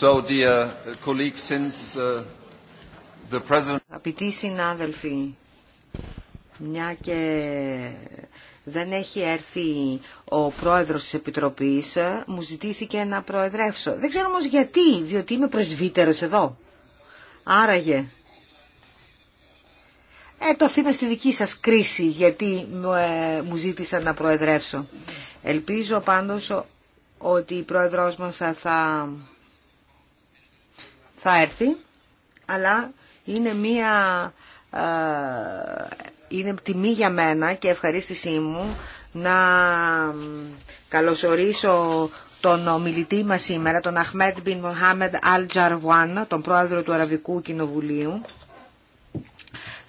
So, uh, Αγαπητοί συνάδελφοι, μια και δεν έχει έρθει ο πρόεδρος της Επιτροπής, μου ζητήθηκε να προεδρεύσω. Δεν ξέρω όμως γιατί, διότι είμαι πρεσβύτερος εδώ. Άραγε. Ε, το αφήνω στη δική σας κρίση, γιατί ε, μου ζήτησαν να προεδρεύσω. Ελπίζω πάντως ότι η πρόεδρός μας θα θα έρθει, αλλά είναι μία... είναι τιμή για μένα και ευχαρίστησή μου να καλωσορίσω τον ομιλητή μας σήμερα, τον Αχμέτ Μπιν Μοχάμεντ Αλ Τζαρβουάν, τον πρόεδρο του Αραβικού Κοινοβουλίου.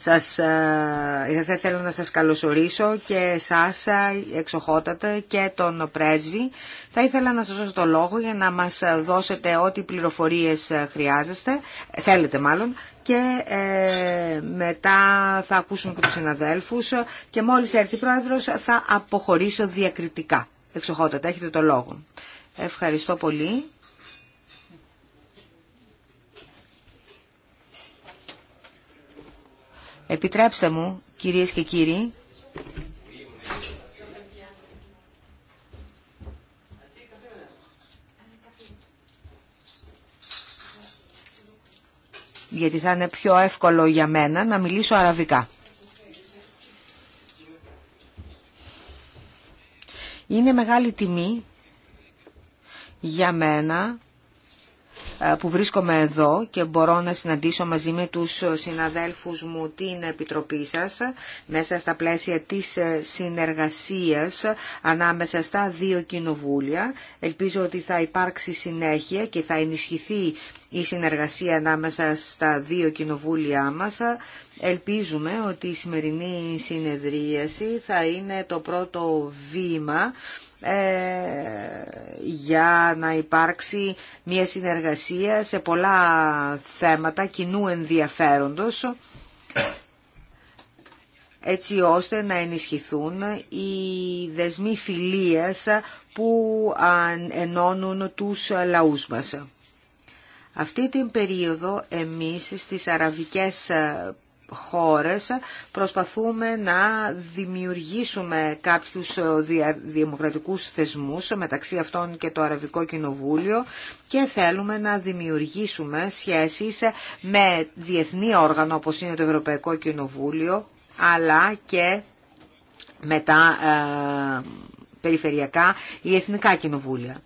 Σας, ε, θα θέλω να σας καλωσορίσω και σας ε, εξοχότατε και τον πρέσβη. Θα ήθελα να σας δώσω το λόγο για να μας δώσετε ό,τι πληροφορίες ε, χρειάζεστε, θέλετε μάλλον, και μετά θα ακούσουμε και τους συναδέλφους και μόλις έρθει η πρόεδρος θα αποχωρήσω διακριτικά. Εξοχότατε, έχετε το λόγο. Ευχαριστώ πολύ. Επιτρέψτε μου, κυρίες και κύριοι, γιατί θα είναι πιο εύκολο για μένα να μιλήσω αραβικά. Είναι μεγάλη τιμή για μένα ε, που βρίσκομαι εδώ και μπορώ να συναντήσω μαζί με τους συναδέλφους μου την Επιτροπή σας μέσα στα πλαίσια της ε, συνεργασίας ανάμεσα στα δύο κοινοβούλια. Ελπίζω ότι θα υπάρξει συνέχεια και θα ενισχυθεί η συνεργασία ανάμεσα στα δύο κοινοβούλια μας. Ελπίζουμε ότι η σημερινή συνεδρίαση θα είναι το πρώτο βήμα ε, για να υπάρξει μια συνεργασία σε πολλά θέματα κοινού ενδιαφέροντος έτσι ώστε να ενισχυθούν οι δεσμοί φιλίας που ενώνουν τους λαούς μας. Αυτή την περίοδο εμείς στις αραβικές χώρες προσπαθούμε να δημιουργήσουμε κάποιους ε, δημοκρατικούς θεσμούς μεταξύ αυτών και το Αραβικό Κοινοβούλιο και θέλουμε να δημιουργήσουμε σχέσεις με διεθνή όργανο όπως είναι το Ευρωπαϊκό Κοινοβούλιο αλλά και με τα ε, περιφερειακά ή εθνικά κοινοβούλια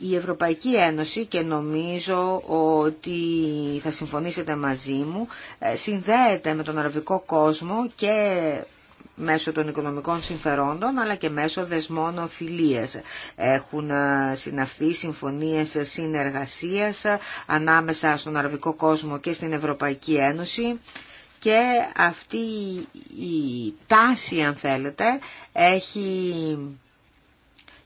η, Ευρωπαϊκή Ένωση και νομίζω ότι θα συμφωνήσετε μαζί μου ε, συνδέεται με τον αραβικό κόσμο και μέσω των οικονομικών συμφερόντων αλλά και μέσω δεσμών οφειλίας. Έχουν ε, συναυθεί συμφωνίες συνεργασίας ε, ανάμεσα στον αραβικό κόσμο και στην Ευρωπαϊκή Ένωση και αυτή η τάση αν θέλετε έχει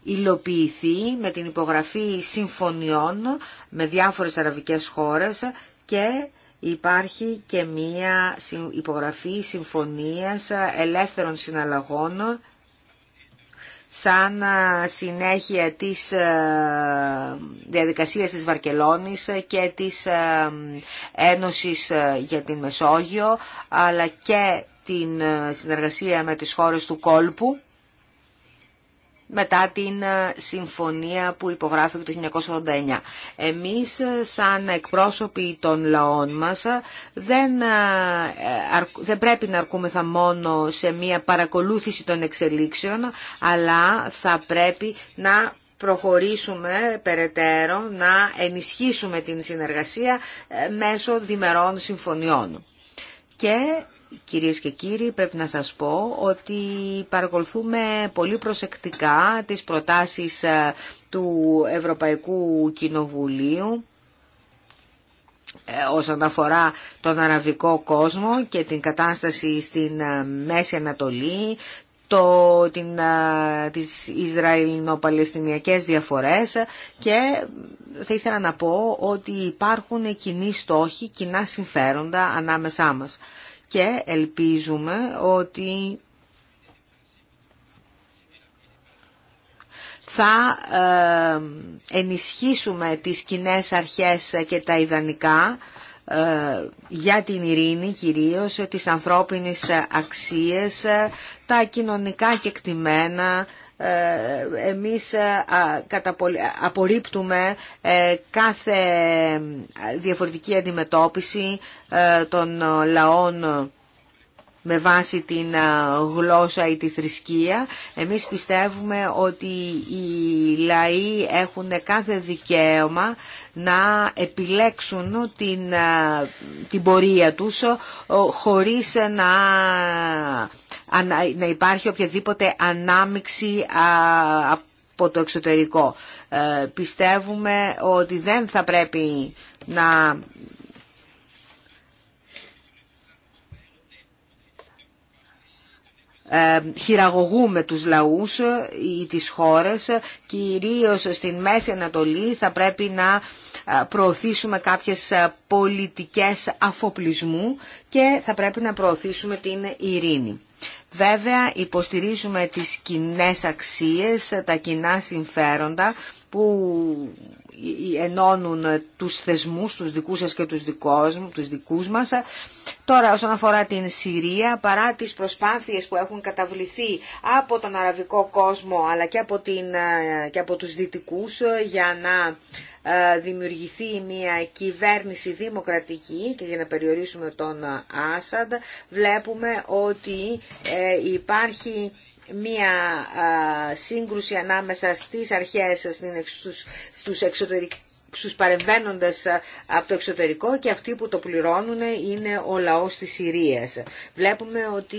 υλοποιηθεί με την υπογραφή συμφωνιών με διάφορες αραβικές χώρες και υπάρχει και μία υπογραφή συμφωνίας ελεύθερων συναλλαγών σαν ε, συνέχεια της ε, διαδικασίας της Βαρκελόνης και της ε, Ένωσης για την Μεσόγειο αλλά και την συνεργασία με τις χώρες του κόλπου μετά την ε, συμφωνία που υπογράφηκε το 1989. Εμείς ε, σαν εκπρόσωποι των λαών μας ε, δεν, δεν πρέπει να αρκούμεθα μόνο σε μια παρακολούθηση των εξελίξεων, αλλά θα πρέπει να προχωρήσουμε περαιτέρω, να ενισχύσουμε την συνεργασία μέσω διμερών συμφωνιών. Και Κυρίες και κύριοι, πρέπει να σας πω ότι παρακολουθούμε πολύ προσεκτικά τις προτάσεις ε, του Ευρωπαϊκού Κοινοβουλίου ε, όσον αφορά τον αραβικό κόσμο και την κατάσταση στην ε, Μέση Ανατολή, το, την, τις Ισραηλινο-Παλαιστινιακές διαφορές και θα ήθελα να πω ότι υπάρχουν κοινοί στόχοι, κοινά συμφέροντα ανάμεσά μας και ελπίζουμε ότι θα ε, ενισχύσουμε τις κοινέ αρχές και τα ιδανικά ε, για την ειρήνη κυρίως, τις ανθρώπινες αξίες, τα κοινωνικά κεκτημένα, ε, εμείς ε, απορρίπτουμε ε, κάθε διαφορετική αντιμετώπιση των λαών με βάση την γλώσσα ή τη θρησκεία. Εμείς πιστεύουμε ότι οι λαοί έχουν κάθε δικαίωμα να επιλέξουν την, την πορεία τους χωρίς να να υπάρχει οποιαδήποτε ανάμιξη από το εξωτερικό. Ε, πιστεύουμε ότι δεν θα πρέπει να ε, χειραγωγούμε τους λαούς ε, ή τις χώρες, κυρίως στην Μέση Ανατολή θα πρέπει να προωθήσουμε κάποιες πολιτικές αφοπλισμού και θα πρέπει να προωθήσουμε την ειρήνη. Βέβαια υποστηρίζουμε τις κοινέ αξίες, τα κοινά συμφέροντα που ενώνουν τους θεσμούς, τους δικούς σας και τους, δικός, τους δικούς μας. Τώρα όσον αφορά την Συρία, παρά τις προσπάθειες που έχουν καταβληθεί από τον αραβικό κόσμο αλλά και από, την, ε, και από τους δυτικούς ε, για να ε, δημιουργηθεί μια κυβέρνηση δημοκρατική και για να περιορίσουμε τον ε, Άσαντ βλέπουμε ότι ε, υπάρχει μία σύγκρουση ανάμεσα στις αρχές στους, στους εξωτερικούς στους από το εξωτερικό και αυτοί που το πληρώνουν είναι ο λαός της Συρίας. Βλέπουμε ότι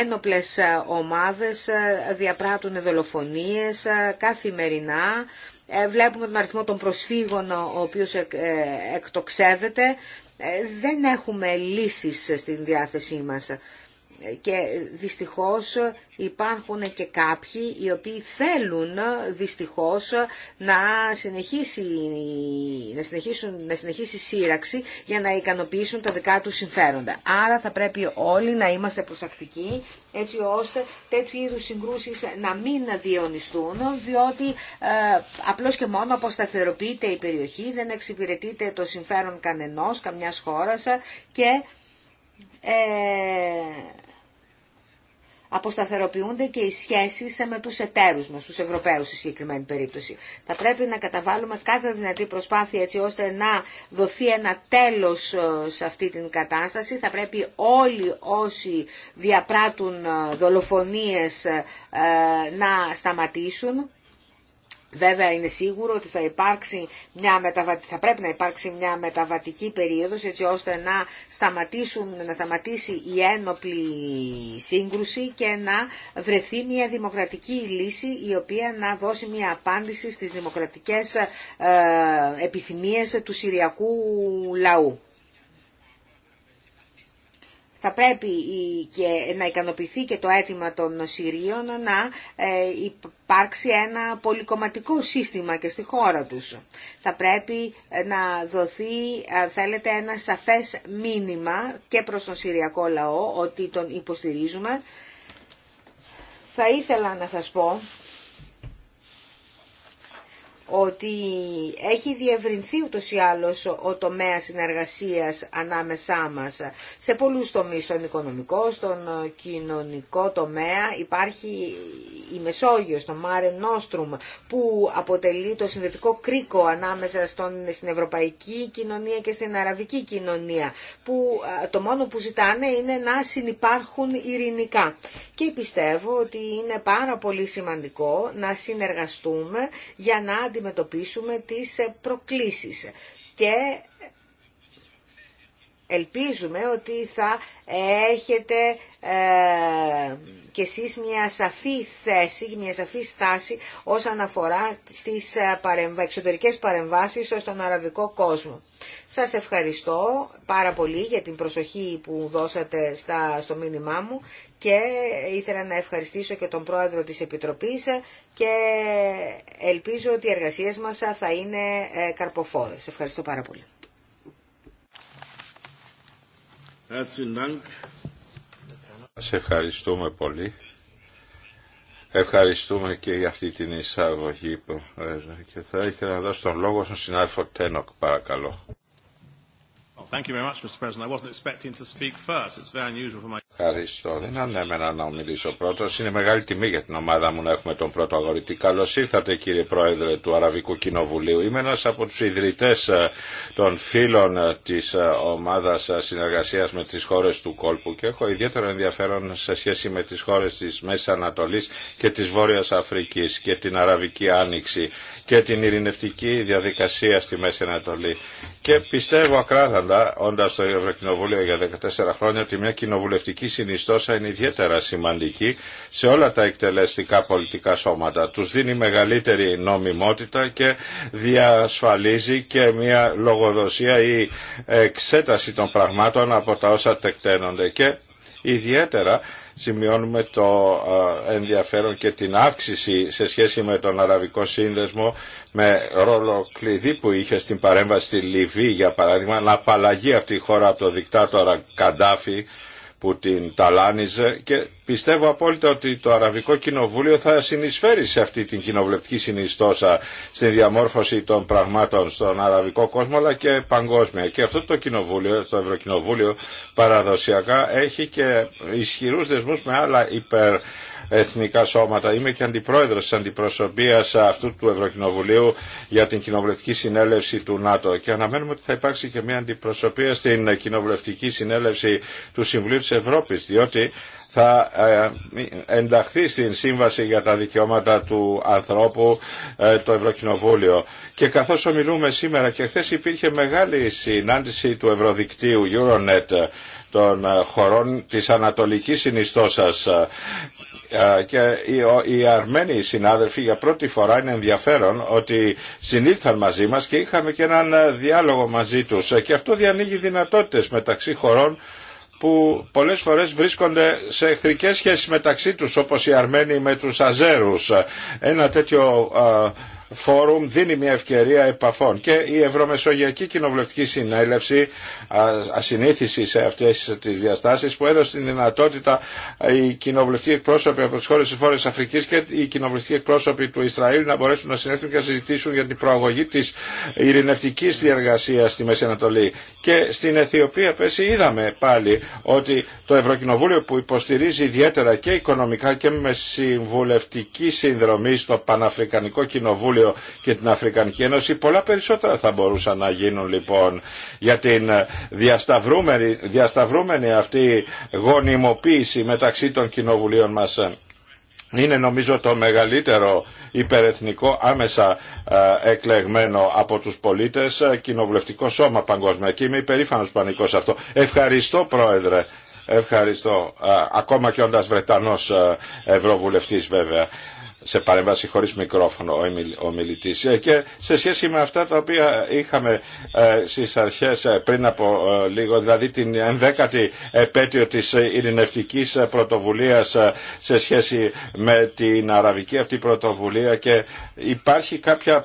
ένοπλες ομάδες διαπράττουν δολοφονίες καθημερινά ε, βλέπουμε τον αριθμό των προσφύγων ο οποίος ε, εκτοξεύεται. Ε, δεν έχουμε λύσεις στην διάθεσή μας και δυστυχώς υπάρχουν και κάποιοι οι οποίοι θέλουν δυστυχώς να, συνεχίσει, να, συνεχίσουν, να συνεχίσει σύραξη για να ικανοποιήσουν τα δικά τους συμφέροντα. Άρα θα πρέπει όλοι να είμαστε προσακτικοί έτσι ώστε τέτοιου είδους συγκρούσεις να μην διαιωνιστούν διότι ε, απλώς και μόνο αποσταθεροποιείται η περιοχή, δεν εξυπηρετείται το συμφέρον κανενός, καμιάς χώρας και... Ε, αποσταθεροποιούνται και οι σχέσεις με του εταίρου μας, τους Ευρωπαίους στη συγκεκριμένη περίπτωση. Θα πρέπει να καταβάλουμε κάθε δυνατή προσπάθεια έτσι ώστε να δοθεί ένα τέλος ε, σε αυτή την κατάσταση. Θα πρέπει όλοι όσοι διαπράττουν ε, δολοφονίες ε, να σταματήσουν Βέβαια είναι σίγουρο ότι θα, υπάρξει μια πρέπει να υπάρξει μια μεταβατική περίοδος έτσι ώστε να, σταματήσουν, να σταματήσει η ένοπλη σύγκρουση και να βρεθεί μια δημοκρατική λύση η οποία να δώσει μια απάντηση στις δημοκρατικές ε, επιθυμίες του Συριακού λαού θα πρέπει και να ικανοποιηθεί και το αίτημα των Συρίων να ε, υπάρξει ένα πολυκομματικό σύστημα και στη χώρα τους. Θα πρέπει ε, να δοθεί, ε, θέλετε, ένα σαφές μήνυμα και προς τον Συριακό λαό ότι τον υποστηρίζουμε. Θα ήθελα να σας πω ότι έχει διευρυνθεί ούτως ή άλλως ο τομέας συνεργασίας ανάμεσά μας σε πολλούς τομείς, στον οικονομικό, στον ε, κοινωνικό τομέα. Υπάρχει η Μεσόγειος, το Μάρεν Nostrum, που αποτελεί το συνδετικό κρίκο ανάμεσα στον, στην ευρωπαϊκή κοινωνία και στην αραβική κοινωνία, που ε, το μόνο που ζητάνε είναι να συνυπάρχουν ειρηνικά. Και πιστεύω ότι είναι πάρα πολύ σημαντικό να συνεργαστούμε για να αντιμετωπίσουμε τις ε, προκλήσεις και ελπίζουμε ότι θα έχετε ε, και εσείς μια σαφή θέση, μια σαφή στάση όσον αφορά στις ε, παρεμβα... εξωτερικές παρεμβάσεις στον αραβικό κόσμο. Σας ευχαριστώ πάρα πολύ για την προσοχή που δώσατε στα... στο μήνυμά μου και ήθελα να ευχαριστήσω και τον πρόεδρο της Επιτροπής και ελπίζω ότι οι εργασίες μας θα είναι ε, καρποφόρες. Ευχαριστώ πάρα πολύ. Σας ευχαριστούμε πολύ. Ευχαριστούμε και για αυτή την εισαγωγή που και θα ήθελα να δώσω τον λόγο στον συνάδελφο Τένοκ παρακαλώ. Ευχαριστώ. Δεν ανέμενα να μιλήσω πρώτο. Είναι μεγάλη τιμή για την ομάδα μου να έχουμε τον πρώτο αγορητή. Καλώ ήρθατε κύριε Πρόεδρε του Αραβικού Κοινοβουλίου. Είμαι ένα από του ιδρυτέ ε, των φίλων ε, τη ε, ομάδα συνεργασία με τι χώρε του κόλπου και έχω ιδιαίτερο ενδιαφέρον σε σχέση με τι χώρε τη Μέση Ανατολή και τη Βόρεια Αφρική και την Αραβική Άνοιξη και την ειρηνευτική διαδικασία στη Μέση Ανατολή. Και πιστεύω ακράδαντα, όντα στο Ευρωκοινοβούλιο για 14 χρόνια, ότι μια κοινοβουλευτική συνιστόσα είναι ιδιαίτερα σημαντική σε όλα τα εκτελεστικά πολιτικά σώματα. Του δίνει μεγαλύτερη νομιμότητα και διασφαλίζει και μια λογοδοσία ή εξέταση των πραγμάτων από τα όσα τεκταίνονται. Και ιδιαίτερα σημειώνουμε το ε, ενδιαφέρον και την αύξηση σε σχέση με τον Αραβικό Σύνδεσμο με ρόλο κλειδί που είχε στην παρέμβαση στη Λιβύη για παράδειγμα να απαλλαγεί αυτή η χώρα από το δικτάτορα Καντάφη που την ταλάνιζε και πιστεύω απόλυτα ότι το Αραβικό Κοινοβούλιο θα συνεισφέρει σε αυτή την κοινοβουλευτική συνιστόσα στη διαμόρφωση των πραγμάτων στον Αραβικό κόσμο αλλά και παγκόσμια. Και αυτό το Κοινοβούλιο, το Ευρωκοινοβούλιο παραδοσιακά έχει και ισχυρούς δεσμούς με άλλα υπερ εθνικά σώματα. Είμαι και αντιπρόεδρος της αντιπροσωπείας αυτού του Ευρωκοινοβουλίου για την κοινοβουλευτική συνέλευση του ΝΑΤΟ και αναμένουμε ότι θα υπάρξει και μια αντιπροσωπεία στην κοινοβουλευτική συνέλευση του Συμβουλίου της Ευρώπης διότι θα ε, ενταχθεί στην Σύμβαση για τα Δικαιώματα του Ανθρώπου ε, το Ευρωκοινοβούλιο. Και καθώς ομιλούμε σήμερα και χθε υπήρχε μεγάλη συνάντηση του Ευρωδικτύου Euronet των ε, χωρών της Ανατολικής Συνιστώσας και οι Αρμένοι συνάδελφοι για πρώτη φορά είναι ενδιαφέρον ότι συνήλθαν μαζί μας και είχαμε και έναν διάλογο μαζί τους ε, και αυτό διανοίγει δυνατότητες μεταξύ χωρών που πολλές φορές βρίσκονται σε εχθρικές σχέσεις μεταξύ τους όπως οι Αρμένοι με τους Αζέρους. Ε, ένα τέτοιο φόρουμ δίνει μια ευκαιρία επαφών και η Ευρωμεσογειακή Κοινοβουλευτική Συνέλευση ασυνήθιση σε αυτές τις διαστάσεις που έδωσε την δυνατότητα ε, οι κοινοβουλευτικοί εκπρόσωποι από τις χώρες της Αφρικής και οι κοινοβουλευτικοί εκπρόσωποι του Ισραήλ να μπορέσουν να συνέλθουν και να συζητήσουν για την προαγωγή της ειρηνευτικής διεργασίας στη Μέση Ανατολή. Και στην Αιθιοπία πέσει είδαμε πάλι ότι το Ευρωκοινοβούλιο που υποστηρίζει ιδιαίτερα και οικονομικά και με συμβουλευτική συνδρομή στο Παναφρικανικό Κοινοβούλιο και την Αφρικανική Ένωση. Πολλά περισσότερα θα μπορούσαν να γίνουν λοιπόν για την ε, διασταυρούμενη, διασταυρούμενη αυτή γονιμοποίηση μεταξύ των κοινοβουλίων μας είναι νομίζω το μεγαλύτερο υπερεθνικό άμεσα ε, εκλεγμένο από τους πολίτες ε, κοινοβουλευτικό σώμα παγκόσμια και είμαι υπερήφανος πανικός σε αυτό. Ευχαριστώ πρόεδρε. Ευχαριστώ. Ακόμα και όντας Βρετανός Ευρωβουλευτής βέβαια σε παρέμβαση χωρίς μικρόφωνο ο μιλητής ε, και σε σχέση με αυτά τα οποία είχαμε ε, στις αρχές ε, πριν από λίγο δηλαδή την ενδέκατη επέτειο της ειρηνευτικής πρωτοβουλίας σε σχέση με την αραβική αυτή πρωτοβουλία και υπάρχει κάποια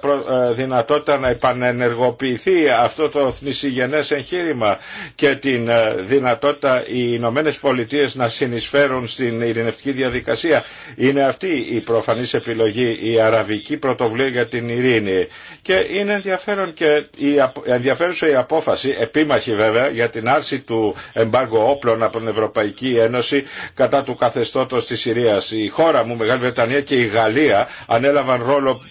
δυνατότητα να επανενεργοποιηθεί αυτό το θνησιγενές εγχείρημα και την δυνατότητα οι Ηνωμένε Πολιτείε να συνεισφέρουν στην ειρηνευτική διαδικασία. Είναι αυτή η προφανή επιλογή η Αραβική Πρωτοβουλία για την Ειρήνη. Και είναι ενδιαφέρον και η, ενδιαφέρουσα η απόφαση, επίμαχη βέβαια, για την άρση του εμπάργου όπλων από την Ευρωπαϊκή Ένωση κατά του καθεστώτος της Συρίας. Η χώρα μου, Μεγάλη Βρετανία και η Γαλλία ανέλαβαν ρόλο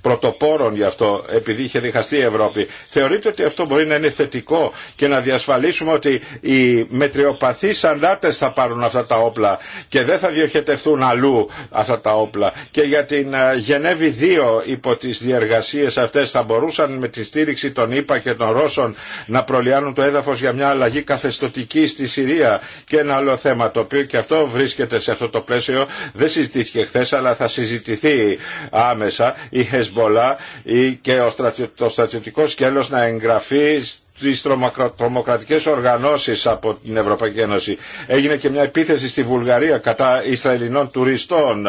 πρωτοπόρων γι' αυτό, επειδή είχε διχαστεί η Ευρώπη. Θεωρείτε ότι αυτό μπορεί να είναι θετικό και να διασφαλίσουμε ότι οι μετριοπαθείς αντάρτες θα πάρουν αυτά τα όπλα και δεν θα διοχετευτούν αλλού αυτά τα όπλα και για την Γενέβη 2 υπό τις διεργασίες αυτές θα μπορούσαν με τη στήριξη των ΗΠΑ και των Ρώσων να προλιάνουν το έδαφος για μια αλλαγή καθεστοτική στη Συρία και ένα άλλο θέμα το οποίο και αυτό βρίσκεται σε αυτό το πλαίσιο δεν συζητήθηκε χθε, αλλά θα συζητηθεί άμεσα η Χεσμολά και το στρατιωτικό σκέλος να εγγραφεί τις τρομοκρατικές οργανώσεις από την Ευρωπαϊκή Ένωση. Έγινε και μια επίθεση στη Βουλγαρία κατά Ισραηλινών τουριστών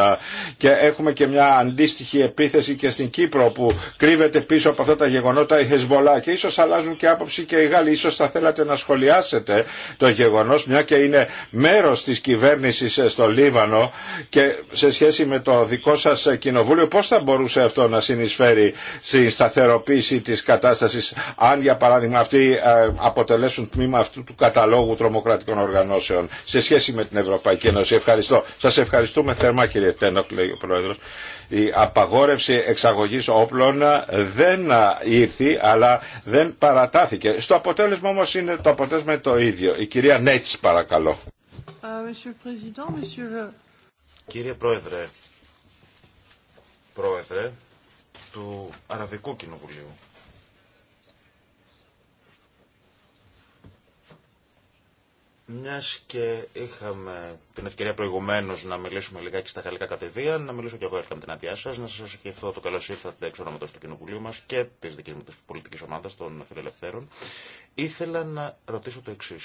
και έχουμε και μια αντίστοιχη επίθεση και στην Κύπρο που κρύβεται πίσω από αυτά τα γεγονότα η Χεσμολά και ίσως αλλάζουν και άποψη και οι Γάλλοι. Ίσως θα θέλατε να σχολιάσετε το γεγονός μια και είναι μέρος της κυβέρνησης στο Λίβανο και σε σχέση με το δικό σας κοινοβούλιο πώς θα μπορούσε αυτό να συνεισφέρει στην σταθεροποίηση της κατάστασης αν για παράδειγμα αυτοί ε, αποτελέσουν τμήμα αυτού του καταλόγου τρομοκρατικών οργανώσεων σε σχέση με την Ευρωπαϊκή Ένωση. Ευχαριστώ. Σας ευχαριστούμε θερμά κύριε Τένοκ, λέει ο Πρόεδρο. Η απαγόρευση εξαγωγής όπλων ε, δεν ε, ήρθε αλλά δεν παρατάθηκε. Στο αποτέλεσμα όμω είναι το αποτέλεσμα το ίδιο. Η κυρία Νέτς παρακαλώ. Κύριε Πρόεδρε, Πρόεδρε του Αραβικού Κοινοβουλίου, Μιας και είχαμε την ευκαιρία προηγουμένως να μιλήσουμε λιγάκι στα γαλλικά κατεδία, να μιλήσω κι εγώ έρχομαι την άδειά σας, να σας ευχηθώ το καλώς ήρθατε εξ ονόματος του Κοινοβουλίου μας και της δική μου πολιτική πολιτικής ομάδας των φιλελευθέρων. Ήθελα να ρωτήσω το εξή.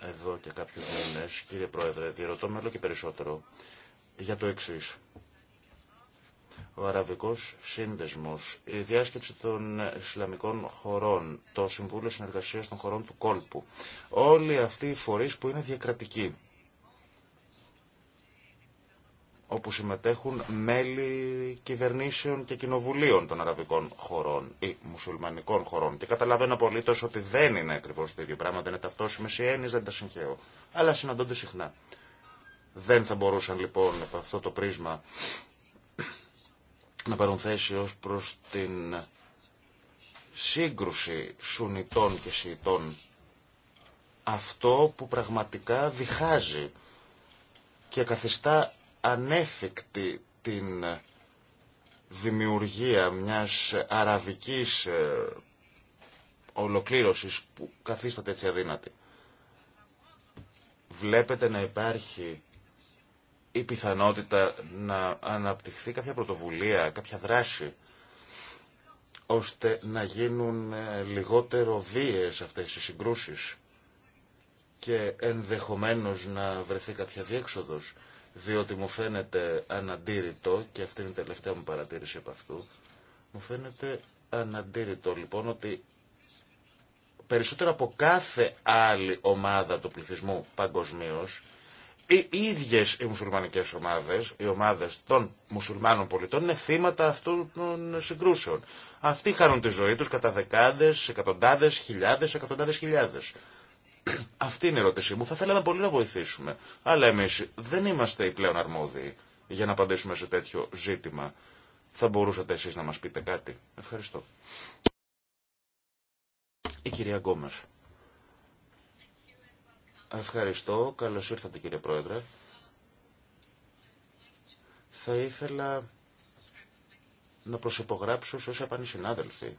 Εδώ και κάποιους μήνες, κύριε Πρόεδρε, διερωτώ με όλο και περισσότερο για το εξή. Ο Αραβικός Σύνδεσμος, η διάσκεψη των Ισλαμικών χωρών, το Συμβούλιο Συνεργασίας των χωρών του Κόλπου. Όλοι αυτοί οι φορείς που είναι διακρατικοί όπου συμμετέχουν μέλη κυβερνήσεων και κοινοβουλίων των αραβικών χωρών ή μουσουλμανικών χωρών. Και καταλαβαίνω απολύτω ότι δεν είναι ακριβώ το ίδιο πράγμα, δεν είναι ταυτόσιμε οι έννοιε, δεν τα συγχαίω. Αλλά συναντώνται συχνά. Δεν θα μπορούσαν λοιπόν από αυτό το πρίσμα να πάρουν θέση ως προς την σύγκρουση Σουνιτών και Σιητών. Αυτό που πραγματικά διχάζει και καθιστά ανέφικτη την δημιουργία μιας αραβικής ε, ολοκλήρωσης που καθίσταται έτσι αδύνατη. Βλέπετε να υπάρχει η πιθανότητα να αναπτυχθεί κάποια πρωτοβουλία, κάποια δράση, ώστε να γίνουν ε, λιγότερο βίες αυτές οι συγκρούσεις και ενδεχομένως να βρεθεί κάποια διέξοδος, διότι μου φαίνεται αναντήρητο, και αυτή είναι η τελευταία μου παρατήρηση από αυτού, μου φαίνεται αναντήρητο λοιπόν ότι περισσότερο από κάθε άλλη ομάδα του πληθυσμού παγκοσμίω οι ίδιες οι μουσουλμανικές ομάδες, οι ομάδες των μουσουλμάνων πολιτών είναι θύματα αυτών των συγκρούσεων. Αυτοί χάνουν τη ζωή τους κατά δεκάδες, εκατοντάδες, χιλιάδες, εκατοντάδες χιλιάδες. Αυτή είναι η ερώτησή μου. Θα θέλαμε πολύ να βοηθήσουμε. Αλλά εμείς δεν είμαστε οι πλέον αρμόδιοι για να απαντήσουμε σε τέτοιο ζήτημα. Θα μπορούσατε εσείς να μας πείτε κάτι. Ευχαριστώ. Η κυρία Γκόμερ. Ευχαριστώ. Καλώς ήρθατε κύριε Πρόεδρε. Θα ήθελα να προσυπογράψω σε όσα πάνε συνάδελφοι.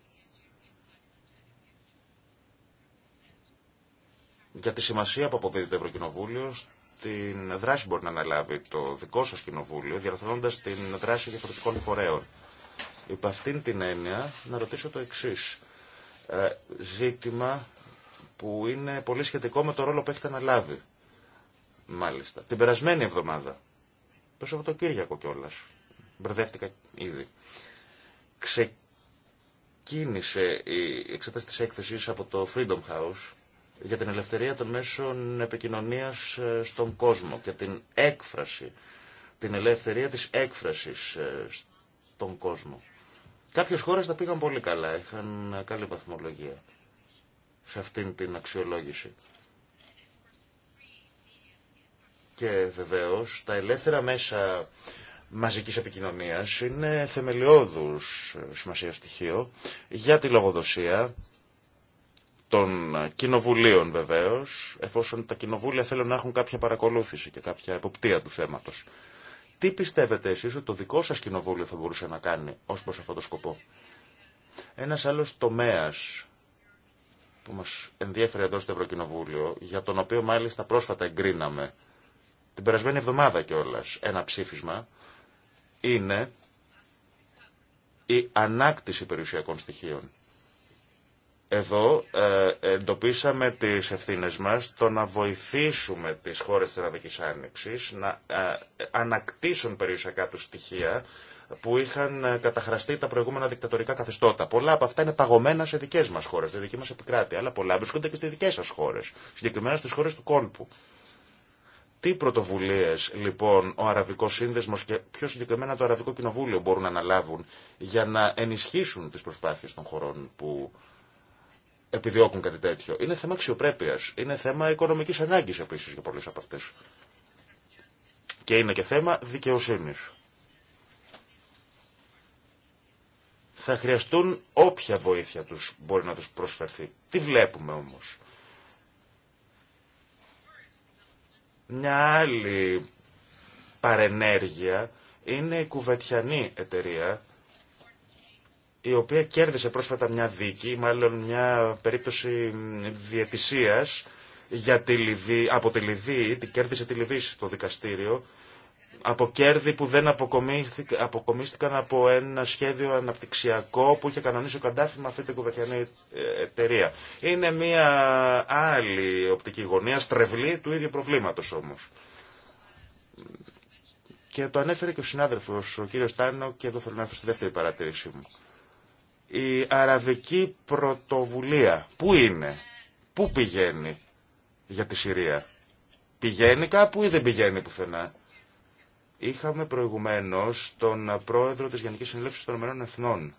Για τη σημασία που αποδίδει το Ευρωκοινοβούλιο στην δράση μπορεί να αναλάβει το δικό σας κοινοβούλιο, διαρθρώνοντας την δράση διαφορετικών φορέων. Υπ' αυτήν την έννοια, να ρωτήσω το εξής. Ε, ζήτημα που είναι πολύ σχετικό με το ρόλο που έχετε αναλάβει. Μάλιστα. Την περασμένη εβδομάδα, το Σαββατοκύριακο κιόλα. Μπερδεύτηκα ήδη. Ξεκίνησε η εξέταση της έκθεση από το Freedom House για την ελευθερία των μέσων επικοινωνία ε, στον κόσμο και την έκφραση, την ελευθερία της έκφραση ε, στον κόσμο. Κάποιε χώρε τα πήγαν πολύ καλά, είχαν καλή βαθμολογία σε αυτήν την αξιολόγηση. Και βεβαίως τα ελεύθερα μέσα μαζικής επικοινωνίας είναι θεμελιώδους σημασία στοιχείο για τη λογοδοσία των κοινοβουλίων βεβαίως, εφόσον τα κοινοβούλια θέλουν να έχουν κάποια παρακολούθηση και κάποια εποπτεία του θέματος. Τι πιστεύετε εσείς ότι το δικό σας κοινοβούλιο θα μπορούσε να κάνει ως προς αυτό το σκοπό. Ένας άλλος τομέας που μας ενδιέφερε εδώ στο Ευρωκοινοβούλιο, για τον οποίο μάλιστα πρόσφατα εγκρίναμε την περασμένη εβδομάδα κιόλα ένα ψήφισμα, είναι η ανάκτηση περιουσιακών στοιχείων. Εδώ ε, εντοπίσαμε τις ευθύνες μας το να βοηθήσουμε τις χώρες της Ελλαδικής Άνοιξης να ε, ανακτήσουν περιουσιακά του στοιχεία που είχαν ε, καταχραστεί τα προηγούμενα δικτατορικά καθεστώτα. Πολλά από αυτά είναι παγωμένα σε δικές μας χώρες, στη δική μας επικράτεια, αλλά πολλά βρίσκονται και στις δικές σας χώρες, συγκεκριμένα στις χώρες του κόλπου. Τι πρωτοβουλίε λοιπόν ο Αραβικό Σύνδεσμο και πιο συγκεκριμένα το Αραβικό Κοινοβούλιο μπορούν να αναλάβουν για να ενισχύσουν τι προσπάθειε των χωρών που επιδιώκουν κάτι τέτοιο. Είναι θέμα αξιοπρέπεια. Είναι θέμα οικονομική ανάγκη επίση για πολλέ από αυτέ. Και είναι και θέμα δικαιοσύνη. Θα χρειαστούν όποια βοήθεια τους μπορεί να τους προσφερθεί. Τι βλέπουμε όμως. Μια άλλη παρενέργεια είναι η κουβετιανή εταιρεία η οποία κέρδισε πρόσφατα μια δίκη, μάλλον μια περίπτωση διαιτησίας για τη Λιβύ, από τη Λιβύη, την κέρδισε τη Λιβύη στο δικαστήριο, από κέρδη που δεν αποκομίστηκαν από ένα σχέδιο αναπτυξιακό που είχε κανονίσει ο Καντάφη με αυτή την κουβεθιανή ε, εταιρεία. Είναι μια άλλη οπτική γωνία, στρεβλή του ίδιου προβλήματος όμως. Και το ανέφερε και ο συνάδελφος, ο κύριος Τάνο, και εδώ θέλω να έρθω στη δεύτερη παρατήρησή μου. Η αραβική πρωτοβουλία, πού είναι, πού πηγαίνει για τη Συρία. Πηγαίνει κάπου ή δεν πηγαίνει πουθενά. Είχαμε προηγουμένως τον πρόεδρο της Γενικής Συνέλευσης των Ηνωμένων Εθνών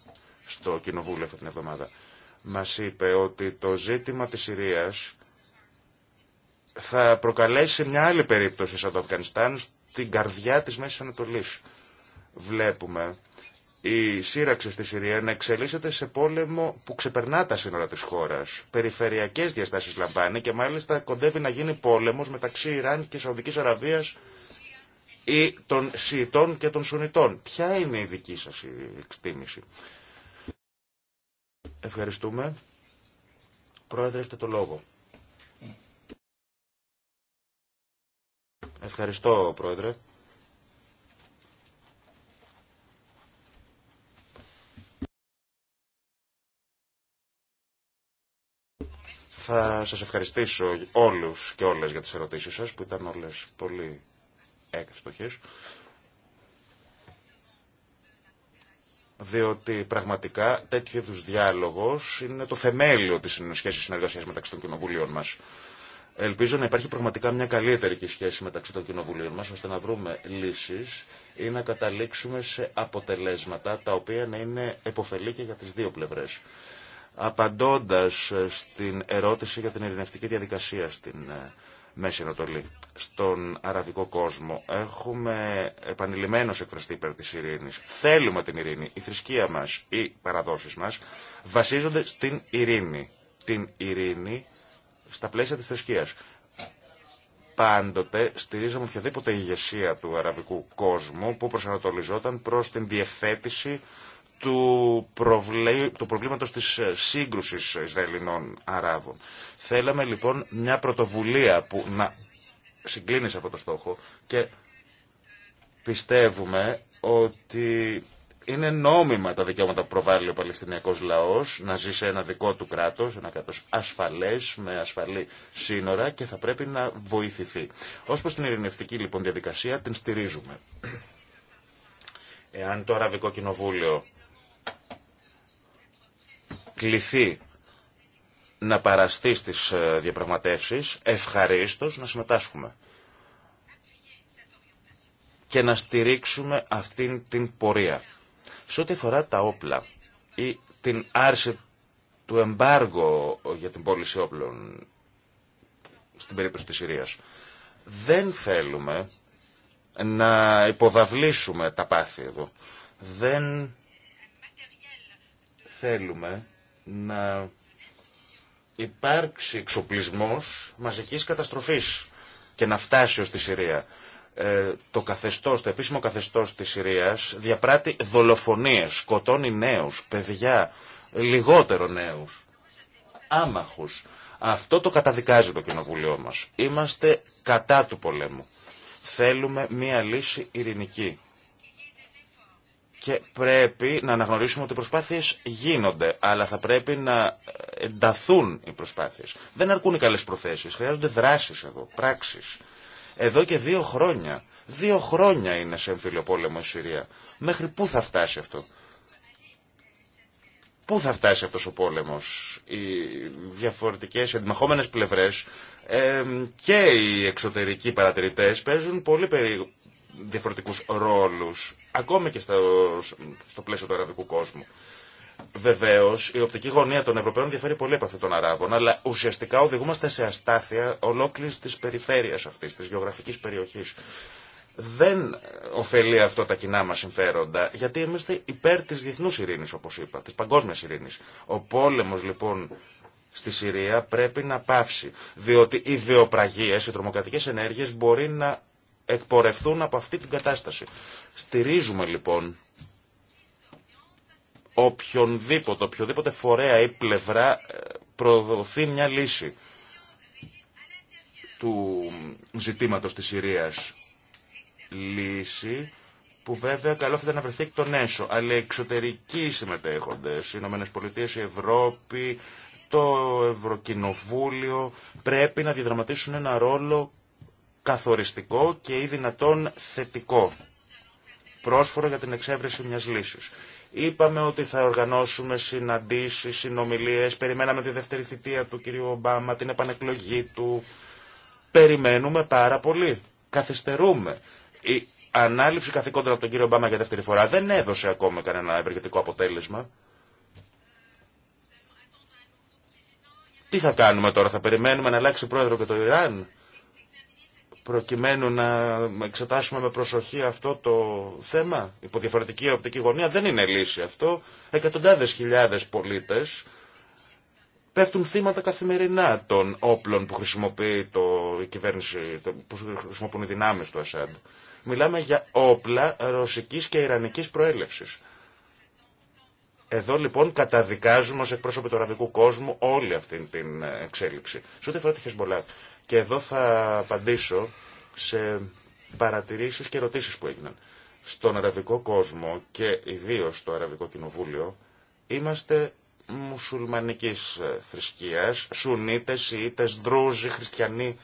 στο Κοινοβούλιο αυτή την εβδομάδα. Μας είπε ότι το ζήτημα της Συρίας θα προκαλέσει μια άλλη περίπτωση σαν το Αφγανιστάν στην καρδιά της Μέσης Ανατολής. Βλέπουμε η σύραξη στη Συρία να εξελίσσεται σε πόλεμο που ξεπερνά τα σύνορα της χώρας. Περιφερειακές διαστάσεις λαμβάνει και μάλιστα κοντεύει να γίνει πόλεμος μεταξύ Ιράν και Σαουδικής Αραβίας ή των Σιητών και των Σουνιτών. Ποια είναι η δική σας εκτίμηση. Ευχαριστούμε. Πρόεδρε, έχετε το λόγο. Ευχαριστώ, Πρόεδρε. Θα σας ευχαριστήσω όλους και όλες για τις ερωτήσεις σας, που ήταν όλες πολύ έκστοχες, διότι πραγματικά τέτοιου είδου διάλογος είναι το θεμέλιο της σχέσης συνεργασίας μεταξύ των κοινοβουλίων μας. Ελπίζω να υπάρχει πραγματικά μια καλύτερη και σχέση μεταξύ των κοινοβουλίων μας, ώστε να βρούμε λύσεις ή να καταλήξουμε σε αποτελέσματα τα οποία να είναι επωφελή και για τις δύο πλευρές απαντώντας ε, στην ερώτηση για την ειρηνευτική διαδικασία στην ε, Μέση Ανατολή. Στον αραβικό κόσμο έχουμε επανειλημμένως εκφραστεί υπέρ της ειρήνης. Θέλουμε την ειρήνη. Η θρησκεία μας, οι παραδόσεις μας βασίζονται στην ειρήνη. Την ειρήνη στα πλαίσια της θρησκείας. Πάντοτε στηρίζαμε οποιαδήποτε ηγεσία του αραβικού κόσμου που προσανατολιζόταν προς την διευθέτηση του, προβλέ... του προβλήματος της ε, σύγκρουσης Ισραηλινών Αράβων. Θέλαμε λοιπόν μια πρωτοβουλία που να συγκλίνει σε αυτό το στόχο και πιστεύουμε ότι είναι νόμιμα τα δικαιώματα που προβάλλει ο Παλαιστινιακός λαός να ζει σε ένα δικό του κράτος, ένα κράτος ασφαλές, με ασφαλή σύνορα και θα πρέπει να βοηθηθεί. Ως προς την ειρηνευτική λοιπόν διαδικασία την στηρίζουμε. Εάν το Αραβικό Κοινοβούλιο κληθεί να παραστεί στις ε, διαπραγματεύσεις, ευχαρίστως να συμμετάσχουμε και να στηρίξουμε αυτήν την πορεία. Σε ό,τι αφορά τα όπλα ή την άρση του εμπάργου για την πώληση όπλων στην περίπτωση της Συρίας, δεν θέλουμε να υποδαβλήσουμε τα πάθη εδώ. Δεν θέλουμε να υπάρξει εξοπλισμός μαζικής καταστροφής και να φτάσει ως τη Συρία. Ε, το καθεστώς, το επίσημο καθεστώς της Συρίας διαπράττει δολοφονίες, σκοτώνει νέους, παιδιά, λιγότερο νέους, άμαχους. Αυτό το καταδικάζει το κοινοβουλίο μας. Είμαστε κατά του πολέμου. Θέλουμε μία λύση ειρηνική και πρέπει να αναγνωρίσουμε ότι οι προσπάθειες γίνονται, αλλά θα πρέπει να ενταθούν οι προσπάθειες. Δεν αρκούν οι καλές προθέσεις, χρειάζονται δράσεις εδώ, πράξεις. Εδώ και δύο χρόνια, δύο χρόνια είναι σε εμφύλιο πόλεμο η Συρία. Μέχρι πού θα φτάσει αυτό. Πού θα φτάσει αυτός ο πόλεμος, οι διαφορετικές εντμαχόμενες πλευρές και οι εξωτερικοί παρατηρητές παίζουν πολύ περίπου διαφορετικούς ρόλους, ακόμη και στο, στο πλαίσιο του αραβικού κόσμου. Βεβαίω, η οπτική γωνία των Ευρωπαίων διαφέρει πολύ από αυτή των Αράβων, αλλά ουσιαστικά οδηγούμαστε σε αστάθεια ολόκληρη τη περιφέρεια αυτή, τη γεωγραφική περιοχή. Δεν ωφελεί αυτό τα κοινά μα συμφέροντα, γιατί είμαστε υπέρ τη διεθνού ειρήνη, όπω είπα, τη παγκόσμια ειρήνη. Ο πόλεμο λοιπόν στη Συρία πρέπει να πάυσει, διότι οι βιοπραγίε, οι τρομοκρατικέ ενέργειε μπορεί να εκπορευθούν από αυτή την κατάσταση. Στηρίζουμε λοιπόν οποιονδήποτε, οποιοδήποτε φορέα ή πλευρά ε, προδοθεί μια λύση του ζητήματος της Συρίας. Λύση που βέβαια καλό θα ήταν να βρεθεί εκ των έσω, αλλά εξωτερικοί συμμετέχοντες, οι Ηνωμένες Πολιτείες, η Ευρώπη, το Ευρωκοινοβούλιο, πρέπει να διαδραματίσουν ένα ρόλο καθοριστικό και ή δυνατόν θετικό πρόσφορο για την εξέβρεση μιας λύσης. Είπαμε ότι θα οργανώσουμε συναντήσεις, συνομιλίες, περιμέναμε τη δεύτερη θητεία του κυρίου Ομπάμα, την επανεκλογή του. Περιμένουμε πάρα πολύ. Καθυστερούμε. Η ανάληψη καθηκόντων από τον κύριο Ομπάμα για δεύτερη φορά δεν έδωσε ακόμα κανένα ευεργετικό αποτέλεσμα. Τι θα κάνουμε τώρα, θα περιμένουμε να αλλάξει πρόεδρο και το Ιράν προκειμένου να εξετάσουμε με προσοχή αυτό το θέμα, υπό διαφορετική οπτική γωνία, δεν είναι λύση αυτό. Εκατοντάδες χιλιάδες πολίτες πέφτουν θύματα καθημερινά των όπλων που χρησιμοποιεί το, η κυβέρνηση, που χρησιμοποιούν οι δυνάμεις του Ασάντ. Μιλάμε για όπλα ρωσικής και ιρανικής προέλευσης. Εδώ λοιπόν καταδικάζουμε ως εκπρόσωποι του αραβικού κόσμου όλη αυτή την ε, εξέλιξη. Σε ό,τι φορά τη Χεσμολά, και εδώ θα απαντήσω σε παρατηρήσεις και ερωτήσεις που έγιναν. Στον αραβικό κόσμο και ιδίως στο αραβικό κοινοβούλιο είμαστε μουσουλμανικής ε, θρησκείας, Σουνίτες, Ιήτες, Δρούζοι, Χριστιανοί.